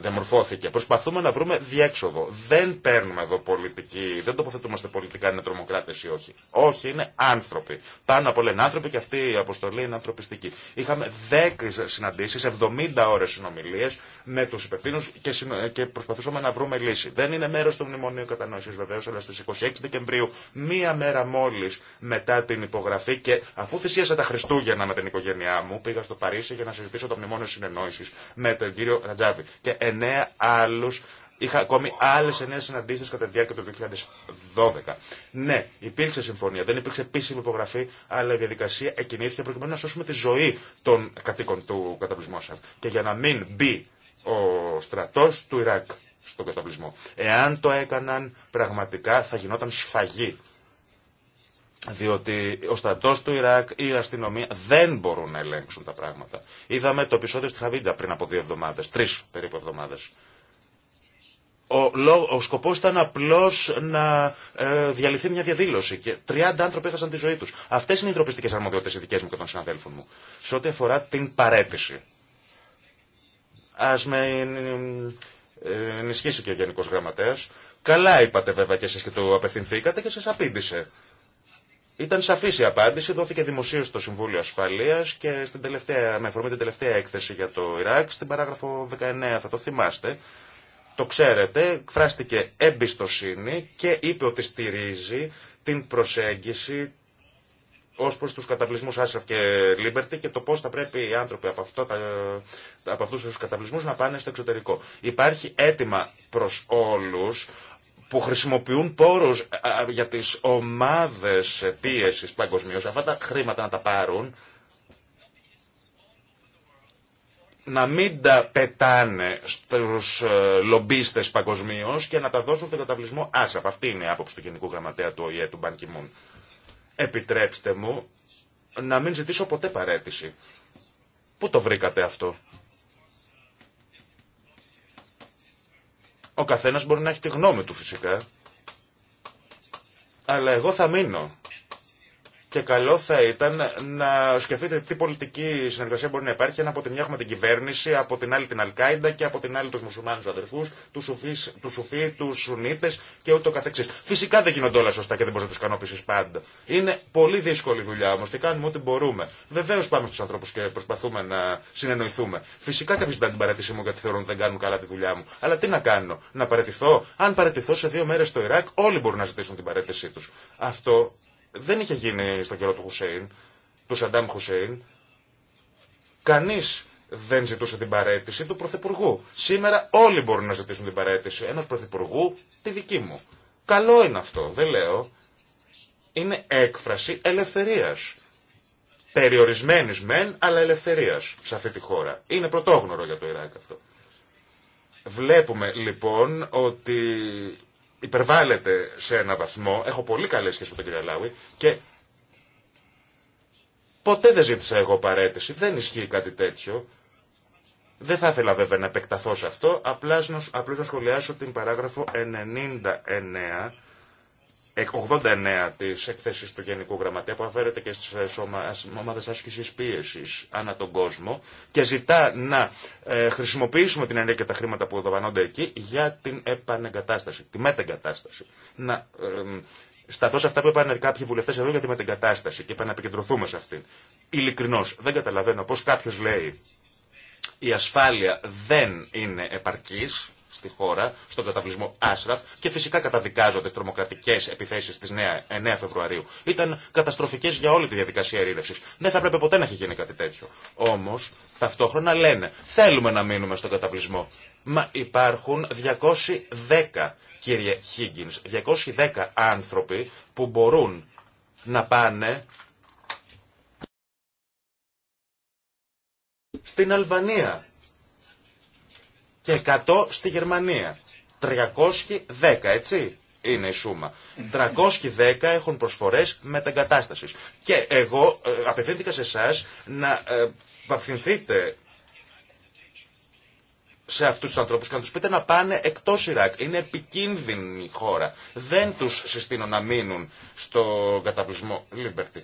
διαμορφώθηκε. Προσπαθούμε να βρούμε διέξοδο. Δεν παίρνουμε εδώ πολιτική, δεν τοποθετούμαστε πολιτικά είναι τρομοκράτε ή όχι. Όχι, είναι άνθρωποι. Πάνω από όλα είναι άνθρωποι και αυτή η αποστολή είναι ανθρωπιστική. Είχαμε 10 συναντήσει, 70 ώρε συνομιλίε με του υπευθύνου και προσπαθούσαμε να βρούμε λύση. Δεν είναι μέρο του μνημονίου κατανόηση βεβαίω, αλλά στι 26 Δεκεμβρίου, μία μέρα μόλι μετά την υπογραφή και αφού θυσίασα τα Χριστούγεννα με την οικογένειά μου, πήγα στο Παρίσι για να συζητήσω το μνημόνιο συνεννόηση με τον κύριο Ρατζάβη και εννέα άλλου Είχα ακόμη άλλε εννέα συναντήσει κατά τη διάρκεια του 2012. Ναι, υπήρξε συμφωνία, δεν υπήρξε επίσημη υπογραφή, αλλά η διαδικασία εκκινήθηκε προκειμένου να σώσουμε τη ζωή των κατοίκων του καταπλησμού Και για να μην μπει ο στρατό του Ιράκ στον καταπλησμό. Εάν το έκαναν, πραγματικά θα γινόταν σφαγή διότι ο στρατό του Ιράκ ή η αστυνομία δεν μπορούν να ελέγξουν τα πράγματα. Είδαμε το επεισόδιο στη Χαβίντα πριν από δύο εβδομάδε, τρει περίπου εβδομάδε. Ο, ο σκοπό ήταν απλώ να ε, διαλυθεί μια διαδήλωση και 30 άνθρωποι έχασαν τη ζωή του. Αυτέ είναι οι ανθρωπιστικέ αρμοδιότητε οι δικέ μου και των συναδέλφων μου. Σε ό,τι αφορά την παρέτηση. Α με ε, ενισχύσει και ο Γενικό Γραμματέα. Καλά είπατε βέβαια και εσεί και το απευθυνθήκατε και σα απήντησε. Ήταν σαφή η απάντηση, δόθηκε δημοσίω στο Συμβούλιο Ασφαλεία και στην τελευταία, με αφορμή την τελευταία έκθεση για το Ιράκ, στην παράγραφο 19, θα το θυμάστε. Το ξέρετε, εκφράστηκε εμπιστοσύνη και είπε ότι στηρίζει την προσέγγιση ω προ του καταβλισμού Άσραφ και Λίμπερτι και το πώ θα πρέπει οι άνθρωποι από, από αυτού του καταβλισμού να πάνε στο εξωτερικό. Υπάρχει αίτημα προ όλου που χρησιμοποιούν πόρους ε, ε, για τις ομάδες πίεση παγκοσμίω, αυτά τα χρήματα να τα πάρουν, να μην τα πετάνε στους ε, λομπίστε παγκοσμίω και να τα δώσουν στον καταβλισμό ΑΣΑΦ, Αυτή είναι η άποψη του Γενικού Γραμματέα του ΟΗΕ, του Μπανκιμούν. Επιτρέψτε μου να μην ζητήσω ποτέ παρέτηση. Πού το βρήκατε αυτό. Ο καθένας μπορεί να έχει τη γνώμη του φυσικά. Αλλά εγώ θα μείνω και καλό θα ήταν να σκεφτείτε τι πολιτική συνεργασία μπορεί να υπάρχει αν από τη μια έχουμε την κυβέρνηση, από την άλλη την Αλκάιντα και από την άλλη του μουσουλμάνου αδερφού, του τους Σουφί, του Σουνίτε και ούτω καθεξή. Φυσικά δεν γίνονται όλα σωστά και δεν μπορεί να του ικανοποιήσει πάντα. Είναι πολύ δύσκολη δουλειά όμω και κάνουμε ό,τι μπορούμε. Βεβαίω πάμε στου ανθρώπου και προσπαθούμε να συνεννοηθούμε. Φυσικά κάποιοι ζητάνε την παρατησή μου γιατί θεωρούν ότι δεν κάνουν καλά τη δουλειά μου. Αλλά τι να κάνω, να παρατηθώ. Αν παρατηθώ σε δύο μέρε στο Ιράκ, όλοι μπορούν να ζητήσουν την παρέτησή του. Αυτό δεν είχε γίνει στον καιρό του Χουσέιν, του Σαντάμ Χουσέιν. Κανείς δεν ζητούσε την παρέτηση του Πρωθυπουργού. Σήμερα όλοι μπορούν να ζητήσουν την παρέτηση ενό Πρωθυπουργού, τη δική μου. Καλό είναι αυτό, δεν λέω. Είναι έκφραση ελευθερίας. Περιορισμένης μεν, αλλά ελευθερίας σε αυτή τη χώρα. Είναι πρωτόγνωρο για το Ιράκ αυτό. Βλέπουμε λοιπόν ότι υπερβάλλεται σε ένα βαθμό. Έχω πολύ καλέ σχέσει με τον κύριο Λάουι και ποτέ δεν ζήτησα εγώ παρέτηση. Δεν ισχύει κάτι τέτοιο. Δεν θα ήθελα βέβαια να επεκταθώ σε αυτό. Απλά να σχολιάσω την παράγραφο 99 89 της εκθέση του Γενικού Γραμματέα που αφαίρεται και στις ε, ομάδε άσκηση πίεση ανά τον κόσμο και ζητά να ε, χρησιμοποιήσουμε την ενέργεια και τα χρήματα που δοπανώνται εκεί για την επανεγκατάσταση, τη μετεγκατάσταση. Να σταθώ σε αυτά που είπαν κάποιοι βουλευτέ εδώ για τη μετεγκατάσταση και επαναπικεντρωθούμε σε αυτήν. Ειλικρινώ, δεν καταλαβαίνω πώ κάποιο λέει η ασφάλεια δεν είναι επαρκής στη χώρα, στον καταβλισμό Άσραφ και φυσικά καταδικάζονται τι τρομοκρατικέ επιθέσει τη 9 Φεβρουαρίου. Ήταν καταστροφικέ για όλη τη διαδικασία ερήρευση. Δεν θα έπρεπε ποτέ να έχει γίνει κάτι τέτοιο. Όμω, ταυτόχρονα λένε, θέλουμε να μείνουμε στον καταβλισμό. Μα υπάρχουν 210, κύριε Χίγκινς, 210 άνθρωποι που μπορούν να πάνε στην Αλβανία και 100 στη Γερμανία. 310, έτσι είναι η σούμα. 310 έχουν προσφορές μεταγκατάστασης. Και εγώ ε, απευθύνθηκα σε εσά να ε, σε αυτούς τους ανθρώπους και να τους πείτε να πάνε εκτός Ιράκ. Είναι επικίνδυνη η χώρα. Δεν τους συστήνω να μείνουν στο καταβλισμό Liberty.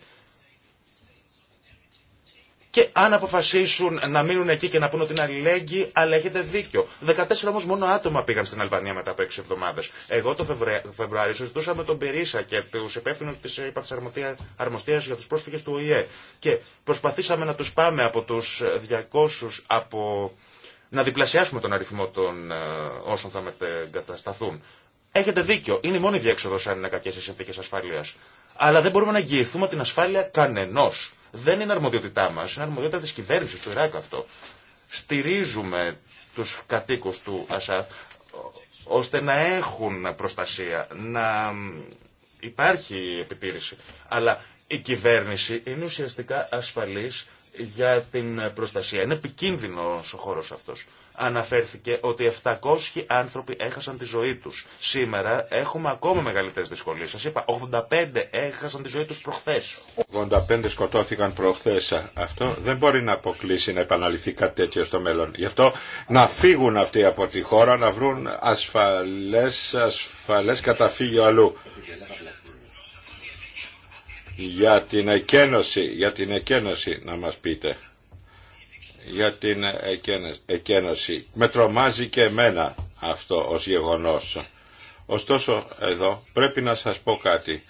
Και αν αποφασίσουν να μείνουν εκεί και να πούν ότι είναι αλληλέγγυοι, αλλά έχετε δίκιο. 14 όμω μόνο άτομα πήγαν στην Αλβανία μετά από 6 εβδομάδε. Εγώ το Φεβρουάριο συζητούσα με τον Περίσα και του υπεύθυνου τη ε, ΥΠΑΤΣ Αρμοστία για του πρόσφυγε του ΟΗΕ. Και προσπαθήσαμε να του πάμε από του 200 από. να διπλασιάσουμε τον αριθμό των ε, όσων θα μετεγκατασταθούν. Έχετε δίκιο. Είναι η μόνη διέξοδο αν είναι κακέ οι συνθήκε ασφάλεια. Αλλά δεν μπορούμε να εγγυηθούμε την ασφάλεια κανενό. Δεν είναι αρμοδιότητά μα, είναι αρμοδιότητα τη κυβέρνηση του Ιράκ αυτό. Στηρίζουμε του κατοίκου του Ασάφ ώστε να έχουν προστασία, να υπάρχει επιτήρηση. Αλλά η κυβέρνηση είναι ουσιαστικά ασφαλής για την προστασία. Είναι επικίνδυνος ο χώρος αυτός αναφέρθηκε ότι 700 άνθρωποι έχασαν τη ζωή τους. Σήμερα έχουμε ακόμα μεγαλύτερες δυσκολίες. Σας είπα, 85 έχασαν τη ζωή τους προχθές. 85 σκοτώθηκαν προχθές. Αυτό δεν μπορεί να αποκλείσει να επαναληφθεί κάτι τέτοιο στο μέλλον. Γι' αυτό να φύγουν αυτοί από τη χώρα, να βρουν ασφαλές, ασφαλές καταφύγιο αλλού για την εκένωση, για την εκένωση να μας πείτε για την εκένωση. Με τρομάζει και εμένα αυτό ως γεγονός. Ωστόσο εδώ πρέπει να σας πω κάτι.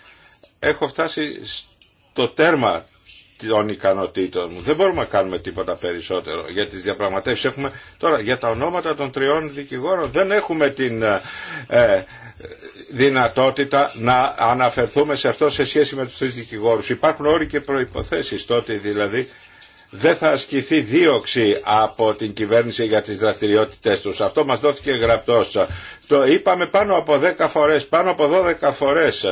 Έχω φτάσει στο τέρμα των ικανοτήτων μου. Δεν μπορούμε να κάνουμε τίποτα περισσότερο για τις διαπραγματεύσεις. Έχουμε, τώρα για τα ονόματα των τριών δικηγόρων δεν έχουμε την ε, ε δυνατότητα να αναφερθούμε σε αυτό σε σχέση με τους τρεις δικηγόρους. Υπάρχουν όροι και προϋποθέσεις τότε δηλαδή δεν θα ασκηθεί δίωξη από την κυβέρνηση για τις δραστηριότητες τους. Αυτό μας δόθηκε γραπτός. Το είπαμε πάνω από 10 φορές, πάνω από 12 φορές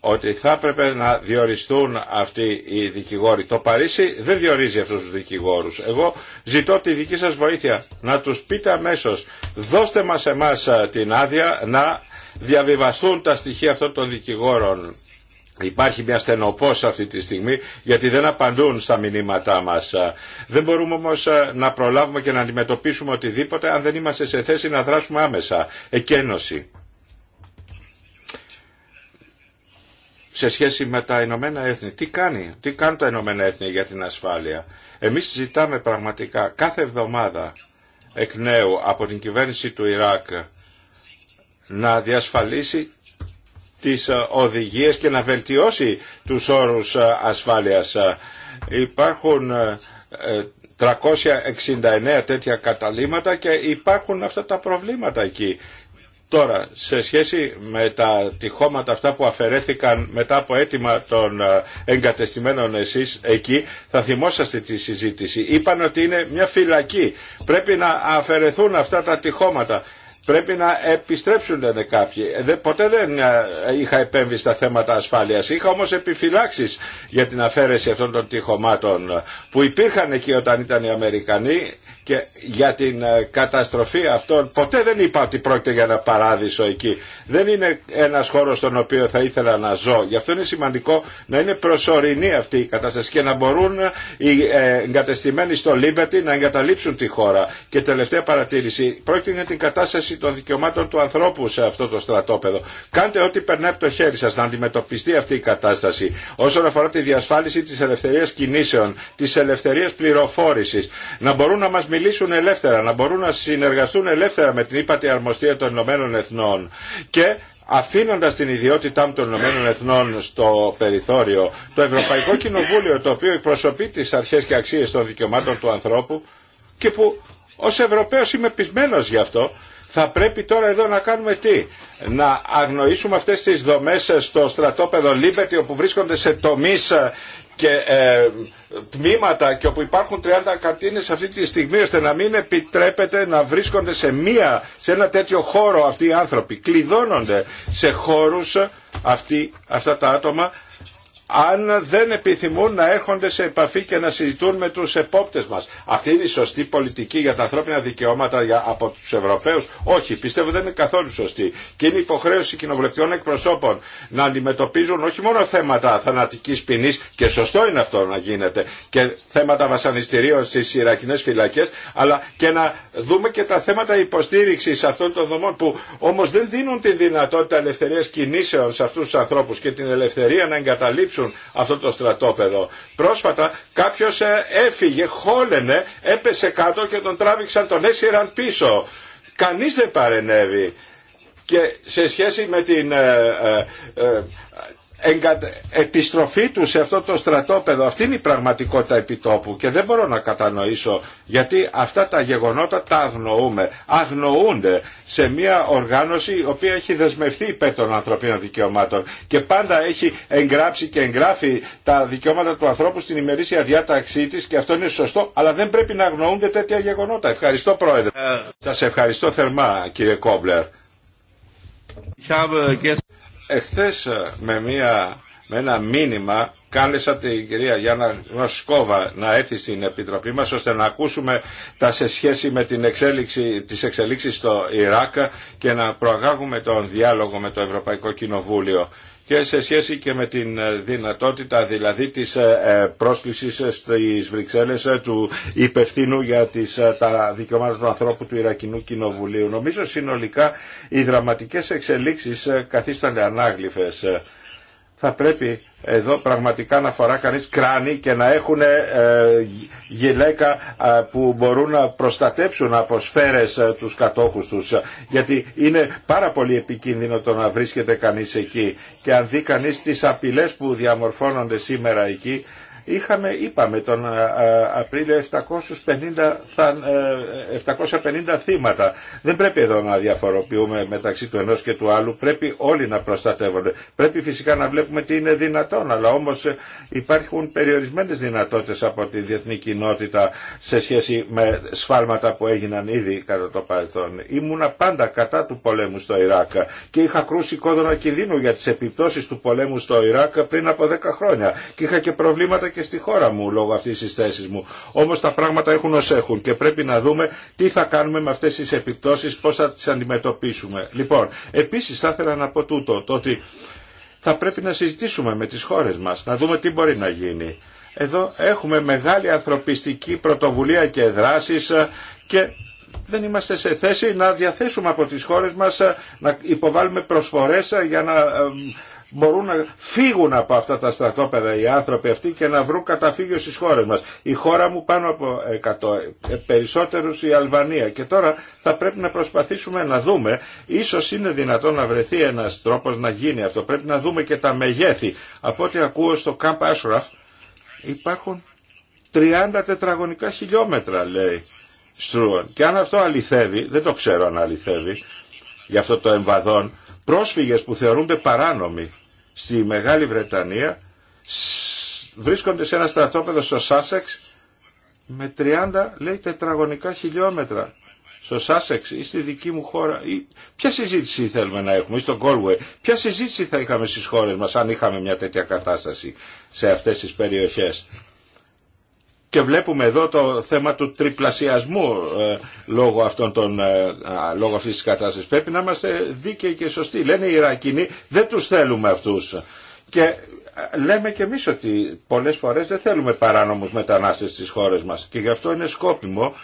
ότι θα έπρεπε να διοριστούν αυτοί οι δικηγόροι. Το Παρίσι δεν διορίζει αυτούς τους δικηγόρους. Εγώ ζητώ τη δική σας βοήθεια να τους πείτε αμέσως δώστε μας εμάς την άδεια να διαβιβαστούν τα στοιχεία αυτών των δικηγόρων Υπάρχει μια στενοπόσα αυτή τη στιγμή γιατί δεν απαντούν στα μηνύματά μας. Δεν μπορούμε όμως ε, να προλάβουμε και να αντιμετωπίσουμε οτιδήποτε αν δεν είμαστε σε θέση να δράσουμε άμεσα. Εκένωση. σε σχέση με τα Ηνωμένα Έθνη. Τι κάνει, τι κάνουν τα Ηνωμένα Έθνη για την ασφάλεια. Εμείς ζητάμε πραγματικά κάθε εβδομάδα εκ νέου από την κυβέρνηση του Ιράκ να διασφαλίσει τις ε, οδηγίες και να βελτιώσει τους όρους ε, ασφάλειας. Ε, υπάρχουν 369 τέτοια καταλήματα και υπάρχουν αυτά τα προβλήματα εκεί. Τώρα, σε σχέση με τα τυχώματα αυτά που αφαιρέθηκαν μετά από αίτημα των εγκατεστημένων εσείς εκεί, θα θυμόσαστε τη συζήτηση. Είπαν ότι είναι μια φυλακή. Πρέπει να αφαιρεθούν αυτά τα τυχώματα πρέπει να επιστρέψουν λένε κάποιοι. Ε, ποτέ δεν ε, είχα επέμβει στα θέματα ασφάλειας. Είχα όμως επιφυλάξεις για την αφαίρεση αυτών των τυχωμάτων που υπήρχαν εκεί όταν ήταν οι Αμερικανοί και για την ε, καταστροφή αυτών. Ποτέ δεν είπα ότι πρόκειται για ένα παράδεισο εκεί. Δεν είναι ένας χώρος στον οποίο θα ήθελα να ζω. Γι' αυτό είναι σημαντικό να είναι προσωρινή αυτή η κατάσταση και να μπορούν οι εγκατεστημένοι στο Λίμπερτι να εγκαταλείψουν τη χώρα. Και τελευταία παρατήρηση, πρόκειται για την κατάσταση των δικαιωμάτων του ανθρώπου σε αυτό το στρατόπεδο. Κάντε ό,τι περνάει από το χέρι σα να αντιμετωπιστεί αυτή η κατάσταση όσον αφορά τη διασφάλιση τη ελευθερία κινήσεων, τη ελευθερία πληροφόρηση, να μπορούν να μα μιλήσουν ελεύθερα, να μπορούν να συνεργαστούν ελεύθερα με την ύπατη αρμοστία των Ηνωμένων Εθνών και αφήνοντα την ιδιότητά μου των Ηνωμένων Εθνών στο περιθώριο, το Ευρωπαϊκό Κοινοβούλιο, το οποίο εκπροσωπεί τι αρχέ και αξίε των δικαιωμάτων του ανθρώπου και που ω Ευρωπαίο είμαι γι' αυτό, θα πρέπει τώρα εδώ να κάνουμε τι. Να αγνοήσουμε αυτές τις δομές στο στρατόπεδο Λίμπερτι όπου βρίσκονται σε τομείς ε, και ε, τμήματα και όπου υπάρχουν 30 καρτίνες αυτή τη στιγμή ώστε να μην επιτρέπεται να βρίσκονται σε, μία, σε ένα τέτοιο χώρο αυτοί οι άνθρωποι. Κλειδώνονται σε χώρους αυτοί, αυτά τα άτομα αν δεν επιθυμούν να έρχονται σε επαφή και να συζητούν με τους επόπτες μας. Αυτή είναι η σωστή πολιτική για τα ανθρώπινα δικαιώματα από τους Ευρωπαίους. Όχι, πιστεύω δεν είναι καθόλου σωστή. Και είναι υποχρέωση κοινοβουλευτικών εκπροσώπων να αντιμετωπίζουν όχι μόνο θέματα θανατικής ποινή και σωστό είναι αυτό να γίνεται και θέματα βασανιστήριων στις Ιρακινές φυλακές αλλά και να δούμε και τα θέματα υποστήριξης αυτών των δομών που όμως δεν δίνουν τη δυνατότητα ελευθερίας κινήσεων σε αυτούς τους ανθρώπους και την ελευθερία να εγκαταλείψουν αυτό το στρατόπεδο. Πρόσφατα κάποιο ε, έφυγε, χόλενε, έπεσε κάτω και τον τράβηξαν, τον έσυραν πίσω. Κανεί δεν παρενέβη. Και σε σχέση με την. Ε, ε, επιστροφή του σε αυτό το στρατόπεδο. Αυτή είναι η πραγματικότητα επιτόπου και δεν μπορώ να κατανοήσω γιατί αυτά τα γεγονότα τα αγνοούμε. Αγνοούνται σε μια οργάνωση η οποία έχει δεσμευτεί υπέρ των ανθρωπίνων δικαιωμάτων και πάντα έχει εγγράψει και εγγράφει τα δικαιώματα του ανθρώπου στην ημερήσια διάταξή τη και αυτό είναι σωστό, αλλά δεν πρέπει να αγνοούνται τέτοια γεγονότα. Ευχαριστώ Πρόεδρε. Ε, Σας ευχαριστώ θερμά κύριε Κόμπλερ. Εχθές ε, με, μια, με ένα μήνυμα κάλεσα την κυρία Γιάννα Γνωσκόβα να έρθει στην Επιτροπή μας ώστε να ακούσουμε τα σε σχέση με την εξέλιξη, τις εξελίξεις στο Ιράκ και να προαγάγουμε τον διάλογο με το Ευρωπαϊκό Κοινοβούλιο και σε σχέση και με την ε, δυνατότητα δηλαδή της ε, ε, πρόσκλησης στις Βρυξέλλες του υπευθύνου για τις, τα δικαιώματα του ανθρώπου του Ιρακινού Κοινοβουλίου. Νομίζω συνολικά οι δραματικές εξελίξεις καθίστανται ανάγλυφες θα πρέπει εδώ πραγματικά να φορά κανείς κράνη και να έχουν ε, γυλαίκα ε, που μπορούν να προστατέψουν από σφαίρες ε, τους κατόχους τους. Γιατί είναι πάρα πολύ επικίνδυνο το να βρίσκεται κανείς εκεί. Και αν δει κανείς τις απειλές που διαμορφώνονται σήμερα εκεί, είχαμε, είπαμε τον ε, ε, Απρίλιο 750, 750 ε, θύματα. Δεν πρέπει εδώ να διαφοροποιούμε μεταξύ του ενός και του άλλου, πρέπει όλοι να προστατεύονται. Πρέπει φυσικά να βλέπουμε τι είναι δυνατόν, αλλά όμως υπάρχουν περιορισμένες δυνατότητες από τη διεθνή κοινότητα σε σχέση με σφάλματα που έγιναν ήδη κατά το παρελθόν. Ήμουνα πάντα κατά του πολέμου στο Ιράκ και είχα κρούσει κόδωνα κινδύνου για τις επιπτώσεις του πολέμου στο Ιράκ πριν από 10 χρόνια και είχα και προβλήματα και στη χώρα μου λόγω αυτής της θέσης μου. Όμως τα πράγματα έχουν ως έχουν και πρέπει να δούμε τι θα κάνουμε με αυτές τις επιπτώσεις, πώς θα τις αντιμετωπίσουμε. Λοιπόν, επίσης θα ήθελα να πω τούτο, το ότι θα πρέπει να συζητήσουμε με τις χώρες μας, να δούμε τι μπορεί να γίνει. Εδώ έχουμε μεγάλη ανθρωπιστική πρωτοβουλία και δράσεις και δεν είμαστε σε θέση να διαθέσουμε από τις χώρες μας να υποβάλουμε προσφορές για να μπορούν να φύγουν από αυτά τα στρατόπεδα οι άνθρωποι αυτοί και να βρουν καταφύγιο στις χώρες μας. Η χώρα μου πάνω από 100, ε, περισσότερους η Αλβανία. Και τώρα θα πρέπει να προσπαθήσουμε να δούμε, ίσως είναι δυνατόν να βρεθεί ένας τρόπος να γίνει αυτό. Πρέπει να δούμε και τα μεγέθη. Από ό,τι ακούω στο Camp Ashraf υπάρχουν 30 τετραγωνικά χιλιόμετρα λέει. Στρούον. Και αν αυτό αληθεύει, δεν το ξέρω αν αληθεύει, γι' αυτό το εμβαδόν, πρόσφυγες που θεωρούνται παράνομοι στη Μεγάλη Βρετανία βρίσκονται σε ένα στρατόπεδο στο Σάσεξ με 30 λέει τετραγωνικά χιλιόμετρα στο Σάσεξ ή στη δική μου χώρα. Ή... Ποια συζήτηση θέλουμε να έχουμε, ή στο Γκόλουε, ποια συζήτηση θα είχαμε στις χώρες μας αν είχαμε μια τέτοια κατάσταση σε αυτές τις περιοχές και βλέπουμε εδώ το θέμα του τριπλασιασμού ε, λόγω, αυτών των, ε, λόγω αυτής της κατάστασης. Πρέπει να είμαστε δίκαιοι και σωστοί. Λένε οι Ιρακινοί δεν τους θέλουμε αυτούς. Και ε, λέμε και εμείς ότι πολλές φορές δεν θέλουμε παράνομους μετανάστες στις χώρες μας. Και γι' αυτό είναι σκόπιμο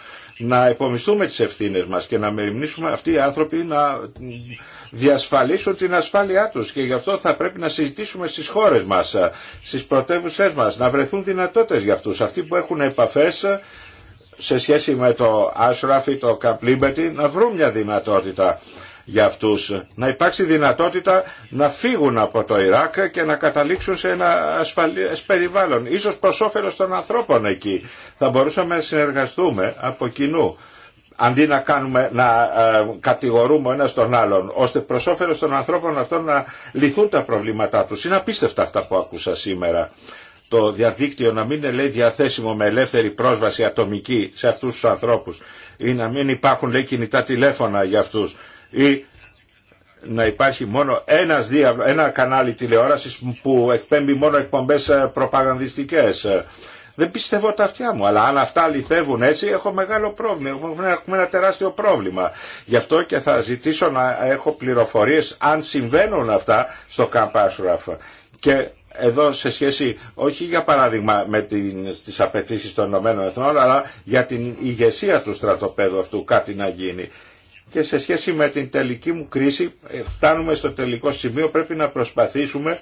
να επομιστούμε τις ευθύνες μας και να μεριμνήσουμε αυτοί οι άνθρωποι να διασφαλίσουν την ασφάλειά τους και γι' αυτό θα πρέπει να συζητήσουμε στις χώρες μας, στις πρωτεύουσές μας, να βρεθούν δυνατότητες για αυτούς. Αυτοί που έχουν επαφές σε σχέση με το ή το Cap Liberty, να βρουν μια δυνατότητα για αυτούς. Να υπάρξει δυνατότητα να φύγουν από το Ιράκ και να καταλήξουν σε ένα ασφαλές περιβάλλον. Ίσως προς όφελος των ανθρώπων εκεί. Θα μπορούσαμε να συνεργαστούμε από κοινού αντί να, κάνουμε, να ε, κατηγορούμε ο ένας τον άλλον, ώστε προς όφελος των ανθρώπων αυτών να λυθούν τα προβλήματά τους. Είναι απίστευτα αυτά που άκουσα σήμερα. Το διαδίκτυο να μην είναι λέει, διαθέσιμο με ελεύθερη πρόσβαση ατομική σε αυτούς τους ανθρώπους ή να μην υπάρχουν λέει, κινητά τηλέφωνα για αυτούς ή να υπάρχει μόνο ένας διά ένα κανάλι τηλεόρασης που εκπέμπει μόνο εκπομπές ε, προπαγανδιστικές. Δεν πιστεύω τα αυτιά μου, αλλά αν αυτά αληθεύουν έτσι έχω μεγάλο πρόβλημα, έχουμε ένα τεράστιο πρόβλημα. Γι' αυτό και θα ζητήσω να έχω πληροφορίες αν συμβαίνουν αυτά στο Καμπ Και εδώ σε σχέση όχι για παράδειγμα με την, τις απαιτήσεις των ΗΕ αλλά για την ηγεσία του στρατοπέδου αυτού κάτι να γίνει και σε σχέση με την τελική μου κρίση ε, φτάνουμε στο τελικό σημείο πρέπει να προσπαθήσουμε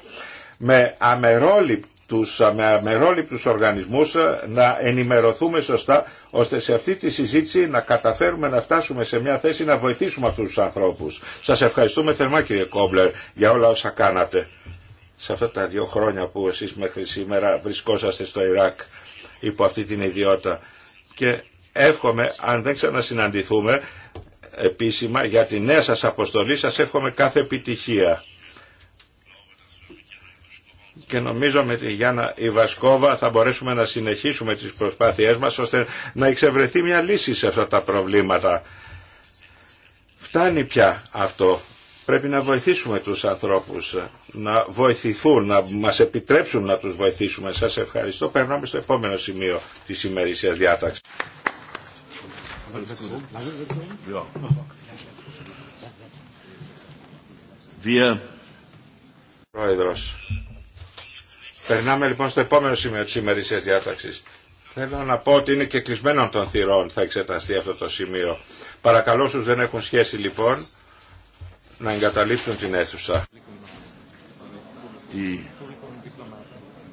με αμερόληπτη τους αμερόληπτους οργανισμούς ε, να ενημερωθούμε σωστά ώστε σε αυτή τη συζήτηση να καταφέρουμε να φτάσουμε σε μια θέση να βοηθήσουμε αυτούς τους ανθρώπους. Σας ευχαριστούμε θερμά κύριε Κόμπλερ για όλα όσα κάνατε σε αυτά τα δύο χρόνια που εσείς μέχρι σήμερα βρισκόσαστε στο Ιράκ υπό αυτή την ιδιότητα και εύχομαι αν δεν ξανασυναντηθούμε επίσημα για τη νέα σας αποστολή. Σας εύχομαι κάθε επιτυχία. Και νομίζω με τη Γιάννα Ιβασκόβα θα μπορέσουμε να συνεχίσουμε τις προσπάθειές μας ώστε να εξευρεθεί μια λύση σε αυτά τα προβλήματα. Φτάνει πια αυτό. Πρέπει να βοηθήσουμε τους ανθρώπους, να βοηθηθούν, να μας επιτρέψουν να τους βοηθήσουμε. Σας ευχαριστώ. Περνάμε στο επόμενο σημείο της ημερήσιας διάταξης. Πρόεδρος. Περνάμε λοιπόν στο επόμενο σημείο της ημερησίας διάταξης. Θέλω να πω ότι είναι και κλεισμένο των θυρών θα εξεταστεί αυτό το σημείο. Παρακαλώ όσους δεν έχουν σχέση λοιπόν να εγκαταλείψουν την αίθουσα.